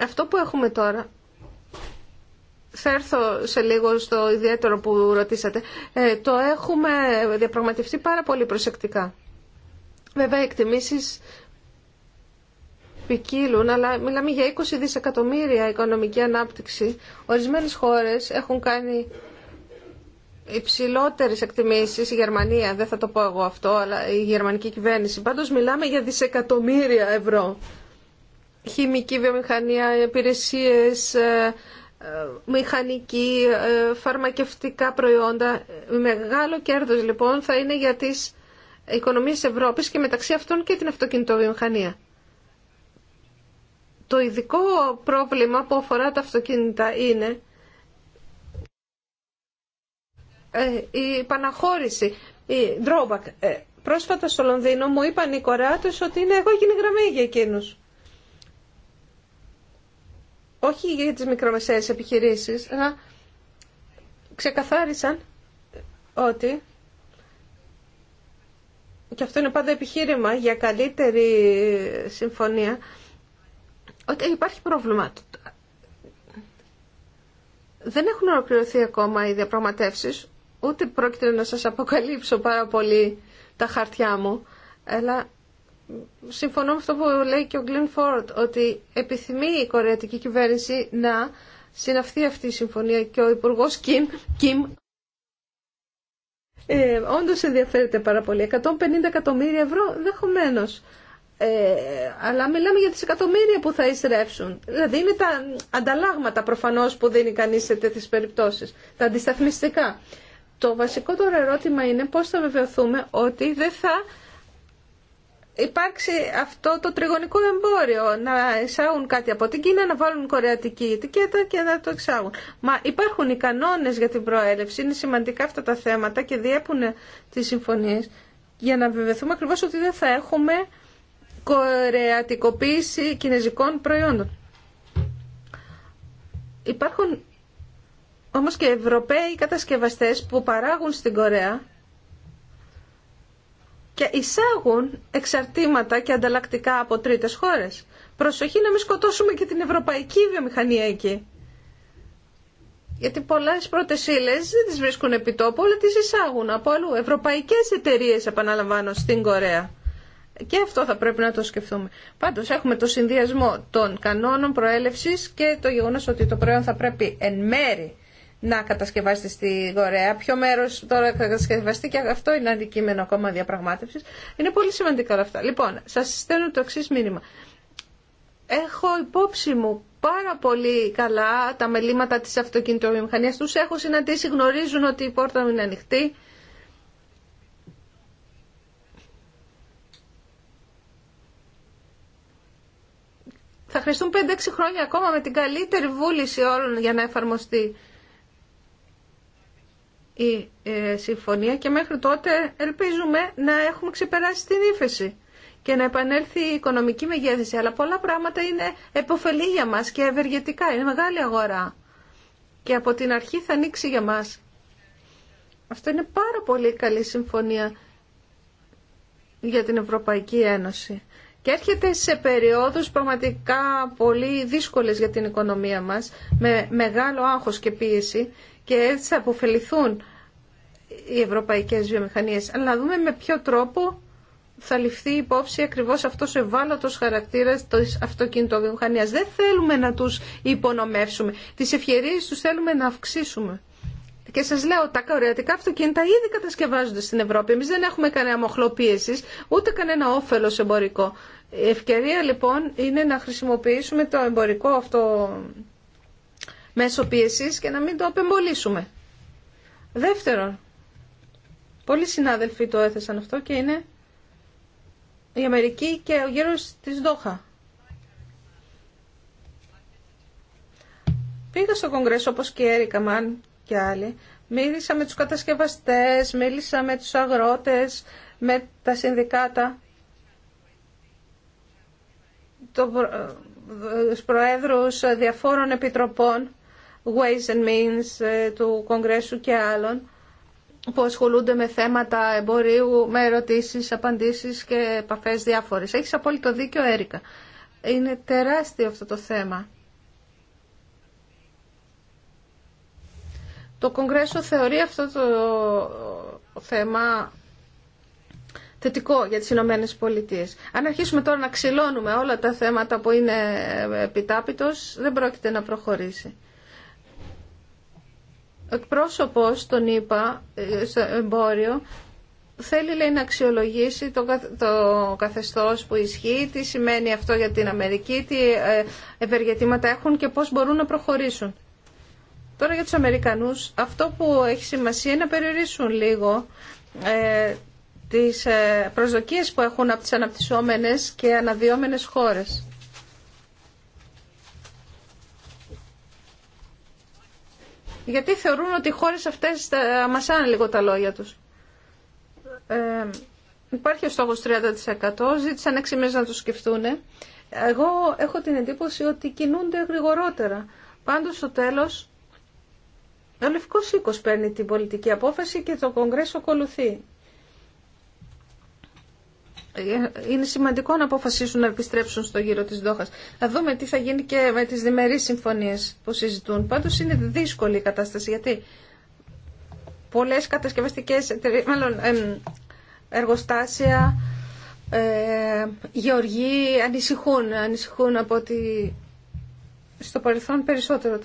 αυτό που έχουμε τώρα θα έρθω σε λίγο στο ιδιαίτερο που ρωτήσατε. Ε, το έχουμε διαπραγματευτεί πάρα πολύ προσεκτικά. Βέβαια, οι εκτιμήσεις ποικίλουν, αλλά μιλάμε για 20 δισεκατομμύρια οικονομική ανάπτυξη. Ορισμένες χώρες έχουν κάνει υψηλότερε εκτιμήσει, η Γερμανία, δεν θα το πω εγώ αυτό, αλλά η γερμανική κυβέρνηση. Πάντως μιλάμε για δισεκατομμύρια ευρώ. Χημική βιομηχανία, υπηρεσίε, ε, ε, μηχανική, ε, φαρμακευτικά προϊόντα. Μεγάλο κέρδος λοιπόν θα είναι για τις οικονομίε Ευρώπης και μεταξύ αυτών και την αυτοκινητοβιομηχανία. Το ειδικό πρόβλημα που αφορά τα αυτοκίνητα είναι ε, η παναχώρηση, η drawback. Ε, πρόσφατα στο Λονδίνο μου είπαν οι κοράτες ότι είναι εγώ έγινε γραμμή για εκείνους. Όχι για τις μικρομεσαίες επιχειρήσεις, αλλά ξεκαθάρισαν ότι και αυτό είναι πάντα επιχείρημα για καλύτερη συμφωνία, ότι υπάρχει πρόβλημα. Δεν έχουν ολοκληρωθεί ακόμα οι διαπραγματεύσεις, ούτε πρόκειται να σας αποκαλύψω πάρα πολύ τα χαρτιά μου, αλλά συμφωνώ με αυτό που λέει και ο Γκλίν Φόρτ, ότι επιθυμεί η κορεατική κυβέρνηση να συναυθεί αυτή η συμφωνία και ο Υπουργός Κιμ, Κιμ ε, όντως ενδιαφέρεται πάρα πολύ. 150 εκατομμύρια ευρώ δεχομένω. Ε, αλλά μιλάμε για τις εκατομμύρια που θα εισρέψουν. Δηλαδή είναι τα ανταλλάγματα προφανώς που δίνει κανείς σε τέτοιες περιπτώσεις. Τα αντισταθμιστικά. Το βασικό τώρα ερώτημα είναι πώς θα βεβαιωθούμε ότι δεν θα υπάρξει αυτό το τριγωνικό εμπόριο, να εισάγουν κάτι από την Κίνα, να βάλουν κορεατική ετικέτα και να το εξάγουν. Μα υπάρχουν οι κανόνες για την προέλευση, είναι σημαντικά αυτά τα θέματα και διέπουν τις συμφωνίες για να βεβαιωθούμε ακριβώς ότι δεν θα έχουμε κορεατικοποίηση κινέζικων προϊόντων. Υπάρχουν όμως και Ευρωπαίοι κατασκευαστές που παράγουν στην Κορέα και εισάγουν εξαρτήματα και ανταλλακτικά από τρίτες χώρες. Προσοχή να μην σκοτώσουμε και την ευρωπαϊκή βιομηχανία εκεί. Γιατί πολλέ πρώτε ύλε δεν τι βρίσκουν επί τόπου, αλλά τι εισάγουν από αλλού. Ευρωπαϊκέ εταιρείε, επαναλαμβάνω, στην Κορέα. Και αυτό θα πρέπει να το σκεφτούμε. Πάντως έχουμε το συνδυασμό των κανόνων προέλευση και το γεγονό ότι το προϊόν θα πρέπει εν μέρη να κατασκευάσετε στη Γορέα. Ποιο μέρο τώρα θα κατασκευαστεί και αυτό είναι αντικείμενο ακόμα διαπραγμάτευση. Είναι πολύ σημαντικά όλα αυτά. Λοιπόν, σα στέλνω το εξή μήνυμα. Έχω υπόψη μου πάρα πολύ καλά τα μελήματα της αυτοκινητοβιομηχανία. του έχω συναντήσει, γνωρίζουν ότι η πόρτα μου είναι ανοιχτή. Θα χρειαστούν 5-6 χρόνια ακόμα με την καλύτερη βούληση όλων για να εφαρμοστεί η ε, συμφωνία και μέχρι τότε ελπίζουμε να έχουμε ξεπεράσει την ύφεση και να επανέλθει η οικονομική μεγέθυνση. Αλλά πολλά πράγματα είναι επωφελή για μας και ευεργετικά. Είναι μεγάλη αγορά. Και από την αρχή θα ανοίξει για μας. Αυτό είναι πάρα πολύ καλή συμφωνία για την Ευρωπαϊκή Ένωση. Και έρχεται σε περιόδους πραγματικά πολύ δύσκολες για την οικονομία μας, με μεγάλο άγχος και πίεση και έτσι θα αποφεληθούν οι ευρωπαϊκές βιομηχανίες, αλλά να δούμε με ποιο τρόπο θα ληφθεί υπόψη ακριβώς αυτός ο ευάλωτος χαρακτήρας της αυτοκινητοβιομηχανίας. Δεν θέλουμε να τους υπονομεύσουμε. Τις ευκαιρίες τους θέλουμε να αυξήσουμε. Και σας λέω, τα καωριατικά αυτοκίνητα ήδη κατασκευάζονται στην Ευρώπη. Εμεί δεν έχουμε κανένα μοχλό ούτε κανένα όφελος εμπορικό. Η ευκαιρία λοιπόν είναι να χρησιμοποιήσουμε το εμπορικό αυτό μέσο πίεση και να μην το απεμπολίσουμε. Δεύτερον, Πολλοί συνάδελφοι το έθεσαν αυτό και είναι η Αμερική και ο γέρος της Δόχα. Πήγα στο Κογκρέσο όπως και η Έρικα Μάν και άλλοι. Μίλησα με τους κατασκευαστές, μίλησα με τους αγρότες, με τα συνδικάτα. Το ε, προέδρους διαφόρων επιτροπών, Ways and Means ε, του Κογκρέσου και άλλων που ασχολούνται με θέματα εμπορίου, με ερωτήσεις, απαντήσεις και επαφές διάφορες. Έχεις απόλυτο δίκιο, Έρικα. Είναι τεράστιο αυτό το θέμα. Το Κογκρέσο θεωρεί αυτό το θέμα θετικό για τις Ηνωμένε Πολιτείε. Αν αρχίσουμε τώρα να ξυλώνουμε όλα τα θέματα που είναι επιτάπητος, δεν πρόκειται να προχωρήσει εκπρόσωπος τον είπα ε, στο εμπόριο θέλει λέει να αξιολογήσει το, το καθεστώς που ισχύει, τι σημαίνει αυτό για την Αμερική, τι ε, ευεργετήματα έχουν και πώς μπορούν να προχωρήσουν. Τώρα για τους Αμερικανούς, αυτό που έχει σημασία είναι να περιορίσουν λίγο ε, τις ε, προσδοκίες που έχουν από τις αναπτυσσόμενες και αναδυόμενες χώρες. γιατί θεωρούν ότι οι χώρε αυτές αμασάνε λίγο τα λόγια τους. Ε, υπάρχει ο στόχο 30%, ζήτησαν 6 μήνε να το σκεφτούν. Εγώ έχω την εντύπωση ότι κινούνται γρηγορότερα. Πάντως στο τέλος ο Λευκός Οίκο παίρνει την πολιτική απόφαση και το Κογκρέσο ακολουθεί είναι σημαντικό να αποφασίσουν να επιστρέψουν στο γύρο της Δόχας. Θα δούμε τι θα γίνει και με τις διμερείς συμφωνίες που συζητούν. Πάντως είναι δύσκολη η κατάσταση γιατί πολλές κατασκευαστικές, μάλλον εργοστάσια, ε, γεωργοί ανησυχούν, ανησυχούν από ότι στο παρελθόν περισσότερο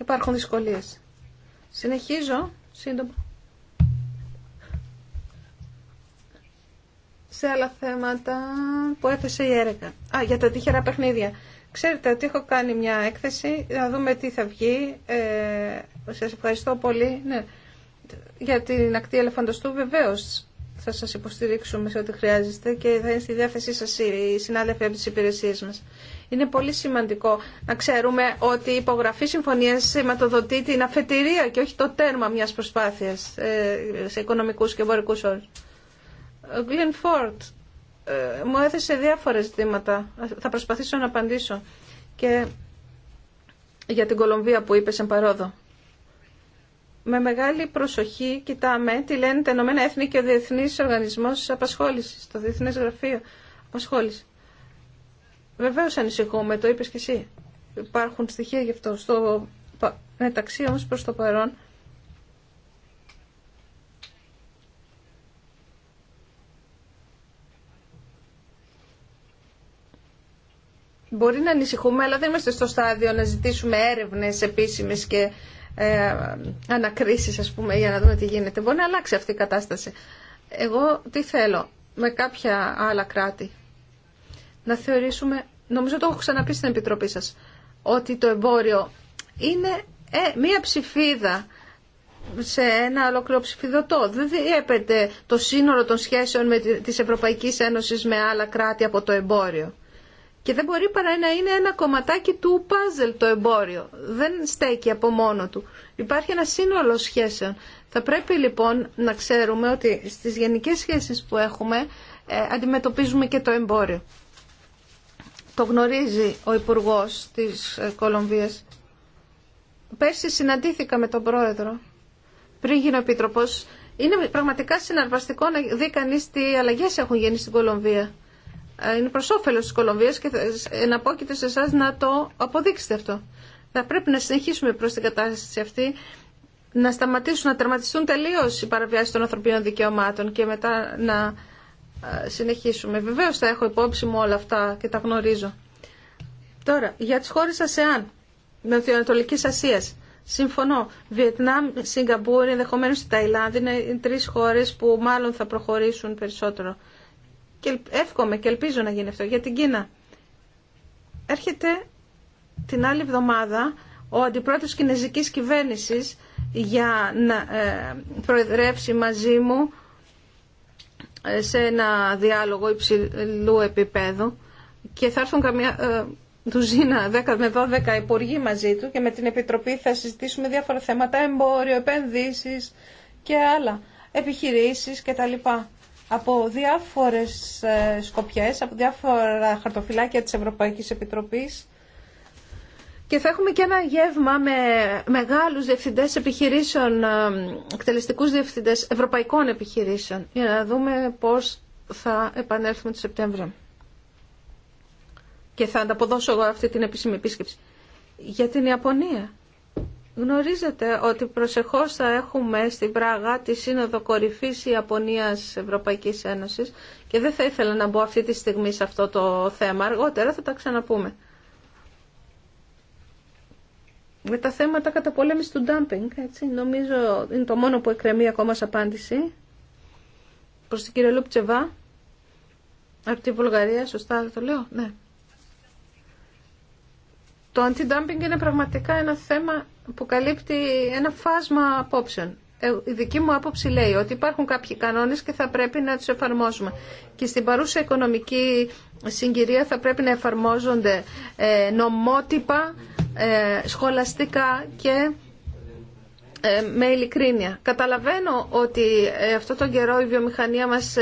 Υπάρχουν δυσκολίες. Συνεχίζω σύντομα. σε άλλα θέματα που έθεσε η Έρεκα. Α, για τα τυχερά παιχνίδια. Ξέρετε ότι έχω κάνει μια έκθεση, να δούμε τι θα βγει. Ε, σας ευχαριστώ πολύ. Ναι. Για την ακτή ελεφαντοστού βεβαίως θα σας υποστηρίξουμε σε ό,τι χρειάζεστε και θα είναι στη διάθεσή σας οι συνάδελφοι από τις υπηρεσίες μας. Είναι πολύ σημαντικό να ξέρουμε ότι η υπογραφή συμφωνίας σηματοδοτεί την αφετηρία και όχι το τέρμα μιας προσπάθειας ε, σε οικονομικούς και εμπορικούς όρους. Γκλίν Φόρτ ε, μου έθεσε διάφορα ζητήματα. Θα προσπαθήσω να απαντήσω. Και για την Κολομβία που είπε σε παρόδο. Με μεγάλη προσοχή κοιτάμε τι λένε τα Ηνωμένα Έθνη και ο Διεθνή Οργανισμό Απασχόληση, το Διεθνέ Γραφείο Απασχόληση. Βεβαίω ανησυχούμε, το είπε και εσύ. Υπάρχουν στοιχεία γι' αυτό. Στο μεταξύ όμω προ το παρόν Μπορεί να ανησυχούμε, αλλά δεν είμαστε στο στάδιο να ζητήσουμε έρευνες επίσημες και ε, ανακρίσεις, ας πούμε, για να δούμε τι γίνεται. Μπορεί να αλλάξει αυτή η κατάσταση. Εγώ τι θέλω με κάποια άλλα κράτη. Να θεωρήσουμε, νομίζω το έχω ξαναπεί στην Επιτροπή σας, ότι το εμπόριο είναι ε, μία ψηφίδα σε ένα ολόκληρο ψηφιδωτό. Δεν διέπεται το σύνορο των σχέσεων με της Ευρωπαϊκής με άλλα κράτη από το εμπόριο. Και δεν μπορεί παρά να είναι ένα κομματάκι του πάζελ το εμπόριο. Δεν στέκει από μόνο του. Υπάρχει ένα σύνολο σχέσεων. Θα πρέπει λοιπόν να ξέρουμε ότι στις γενικές σχέσεις που έχουμε ε, αντιμετωπίζουμε και το εμπόριο. Το γνωρίζει ο Υπουργός της ε, Κολομβίας. Πέρσι συναντήθηκα με τον Πρόεδρο πριν γίνω Επίτροπος. Είναι πραγματικά συναρπαστικό να δει κανεί τι αλλαγές έχουν γίνει στην Κολομβία είναι προ όφελο τη Κολομβία και εναπόκειται σε εσά να το αποδείξετε αυτό. Θα πρέπει να συνεχίσουμε προ την κατάσταση αυτή, να σταματήσουν να τερματιστούν τελείω οι παραβιάσει των ανθρωπίνων δικαιωμάτων και μετά να συνεχίσουμε. Βεβαίω θα έχω υπόψη μου όλα αυτά και τα γνωρίζω. Τώρα, για τι χώρε ΑΣΕΑΝ, Νοτιοανατολική Ασία. Συμφωνώ. Βιετνάμ, Σιγκαπούρη, ενδεχομένω η Ταϊλάνδη είναι τρει χώρε που μάλλον θα προχωρήσουν περισσότερο και εύχομαι και ελπίζω να γίνει αυτό για την Κίνα. Έρχεται την άλλη εβδομάδα ο αντιπρόεδρος κινέζικης κυβέρνησης για να ε, προεδρεύσει μαζί μου ε, σε ένα διάλογο υψηλού επίπεδου και θα έρθουν καμιά ε, 10 με 12 υπουργοί μαζί του και με την Επιτροπή θα συζητήσουμε διάφορα θέματα, εμπόριο, επενδύσεις και άλλα, επιχειρήσεις κτλ από διάφορες ε, σκοπιές, από διάφορα χαρτοφυλάκια της Ευρωπαϊκής Επιτροπής και θα έχουμε και ένα γεύμα με μεγάλους διευθυντές επιχειρήσεων, ε, εκτελεστικούς διευθυντές ευρωπαϊκών επιχειρήσεων για να δούμε πώς θα επανέλθουμε το Σεπτέμβριο. Και θα ανταποδώσω εγώ αυτή την επίσημη επίσκεψη. Για την Ιαπωνία. Γνωρίζετε ότι προσεχώς θα έχουμε στην Πράγα τη Σύνοδο Κορυφής Ιαπωνίας Ευρωπαϊκής Ένωσης και δεν θα ήθελα να μπω αυτή τη στιγμή σε αυτό το θέμα. Αργότερα θα τα ξαναπούμε. Με τα θέματα πολέμηση του ντάμπινγκ, έτσι, νομίζω είναι το μόνο που εκκρεμεί ακόμα σε απάντηση. Προς την κυρία Λούπτσεβά, από τη Βουλγαρία, σωστά το λέω, ναι. Το αντι είναι πραγματικά ένα θέμα αποκαλύπτει ένα φάσμα απόψεων. Ε, η δική μου άποψη λέει ότι υπάρχουν κάποιοι κανόνες και θα πρέπει να τους εφαρμόσουμε. Και στην παρούσα οικονομική συγκυρία θα πρέπει να εφαρμόζονται ε, νομότυπα, ε, σχολαστικά και με ειλικρίνεια. Καταλαβαίνω ότι αυτό τον καιρό η βιομηχανία μας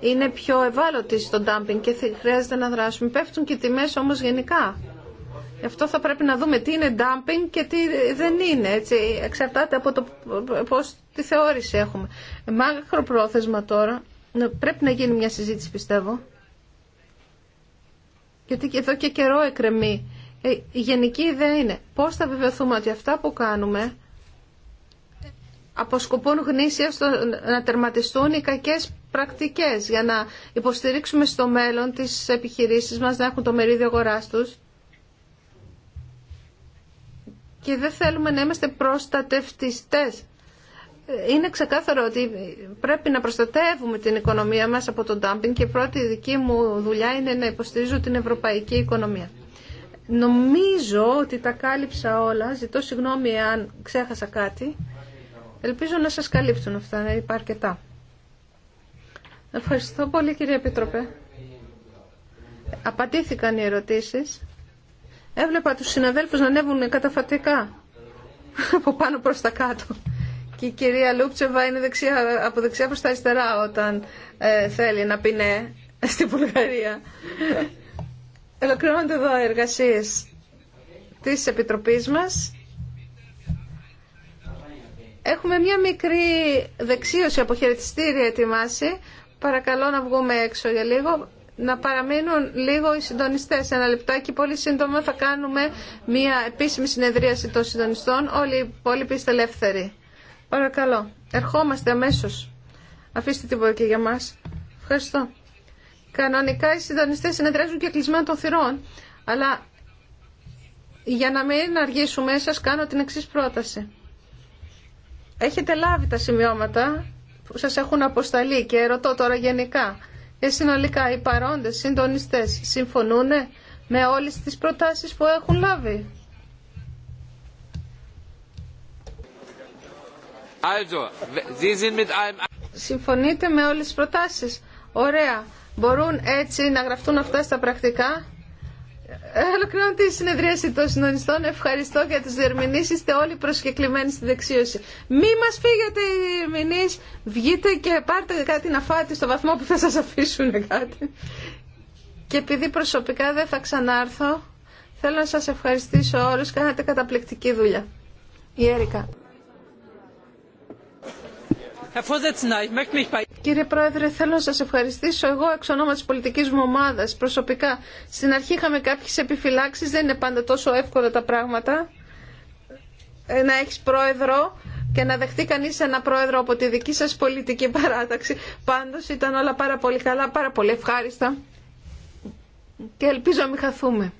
είναι πιο ευάλωτη στο ντάμπινγκ και χρειάζεται να δράσουμε. Πέφτουν και οι τιμές όμως γενικά. Αυτό θα πρέπει να δούμε τι είναι dumping και τι δεν είναι. Έτσι. Εξαρτάται από το πώς τη θεώρηση έχουμε. Μάκρο πρόθεσμα τώρα. Πρέπει να γίνει μια συζήτηση πιστεύω. Γιατί εδώ και καιρό εκρεμεί. Ε, η γενική ιδέα είναι πώς θα βεβαιωθούμε ότι αυτά που κάνουμε αποσκοπούν γνήσια στο να τερματιστούν οι κακές πρακτικές για να υποστηρίξουμε στο μέλλον τις επιχειρήσεις μας να έχουν το μερίδιο αγοράς τους και δεν θέλουμε να είμαστε προστατευτιστές. Είναι ξεκάθαρο ότι πρέπει να προστατεύουμε την οικονομία μας από τον ντάμπινγκ και η πρώτη δική μου δουλειά είναι να υποστηρίζω την ευρωπαϊκή οικονομία. Νομίζω ότι τα κάλυψα όλα. Ζητώ συγγνώμη αν ξέχασα κάτι. Ελπίζω να σας καλύψουν αυτά, να είπα αρκετά. Ευχαριστώ πολύ κύριε Επίτροπε. Απαντήθηκαν οι ερωτήσεις. Έβλεπα τους συναδέλφους να ανέβουν καταφατικά από πάνω προς τα κάτω. Και η κυρία Λούπτσεβα είναι δεξιά, από δεξιά προς τα αριστερά όταν ε, θέλει να πει ναι στη Βουλγαρία. Ελοκληρώνονται εδώ οι εργασίες της Επιτροπής μας. Έχουμε μια μικρή δεξίωση από χαιρετιστήρια ετοιμάσει. Παρακαλώ να βγούμε έξω για λίγο να παραμείνουν λίγο οι συντονιστέ. Ένα λεπτάκι, πολύ σύντομα θα κάνουμε μια επίσημη συνεδρίαση των συντονιστών. Όλοι οι υπόλοιποι είστε ελεύθεροι. Παρακαλώ. Ερχόμαστε αμέσω. Αφήστε την πόρτα για μα. Ευχαριστώ. Κανονικά οι συντονιστέ συνεδριάζουν και κλεισμένο των θυρών. Αλλά για να μην αργήσουμε, σα κάνω την εξή πρόταση. Έχετε λάβει τα σημειώματα που σας έχουν αποσταλεί και ρωτώ τώρα γενικά. Ε, συνολικά οι παρόντες συντονιστές συμφωνούν με όλες τις προτάσεις που έχουν λάβει. Also, Sie Συμφωνείτε με όλες τις προτάσεις. Ωραία. Μπορούν έτσι να γραφτούν αυτά στα πρακτικά Ολοκληρώνω τη συνεδρίαση των συντονιστών. Ευχαριστώ για τις διερμηνεί. Είστε όλοι προσκεκλημένοι στη δεξίωση. Μη μα φύγετε οι διερμηνεί. Βγείτε και πάρτε κάτι να φάτε στο βαθμό που θα σα αφήσουν κάτι. Και επειδή προσωπικά δεν θα ξανάρθω, θέλω να σα ευχαριστήσω όλους. Κάνατε καταπληκτική δουλειά. Η Έρικα. Κύριε Πρόεδρε, θέλω να σας ευχαριστήσω εγώ εξ ονόμα της πολιτικής μου ομάδας προσωπικά. Στην αρχή είχαμε κάποιες επιφυλάξεις, δεν είναι πάντα τόσο εύκολα τα πράγματα ε, να έχεις πρόεδρο και να δεχτεί κανείς ένα πρόεδρο από τη δική σας πολιτική παράταξη. Πάντως ήταν όλα πάρα πολύ καλά, πάρα πολύ ευχάριστα και ελπίζω να μην χαθούμε.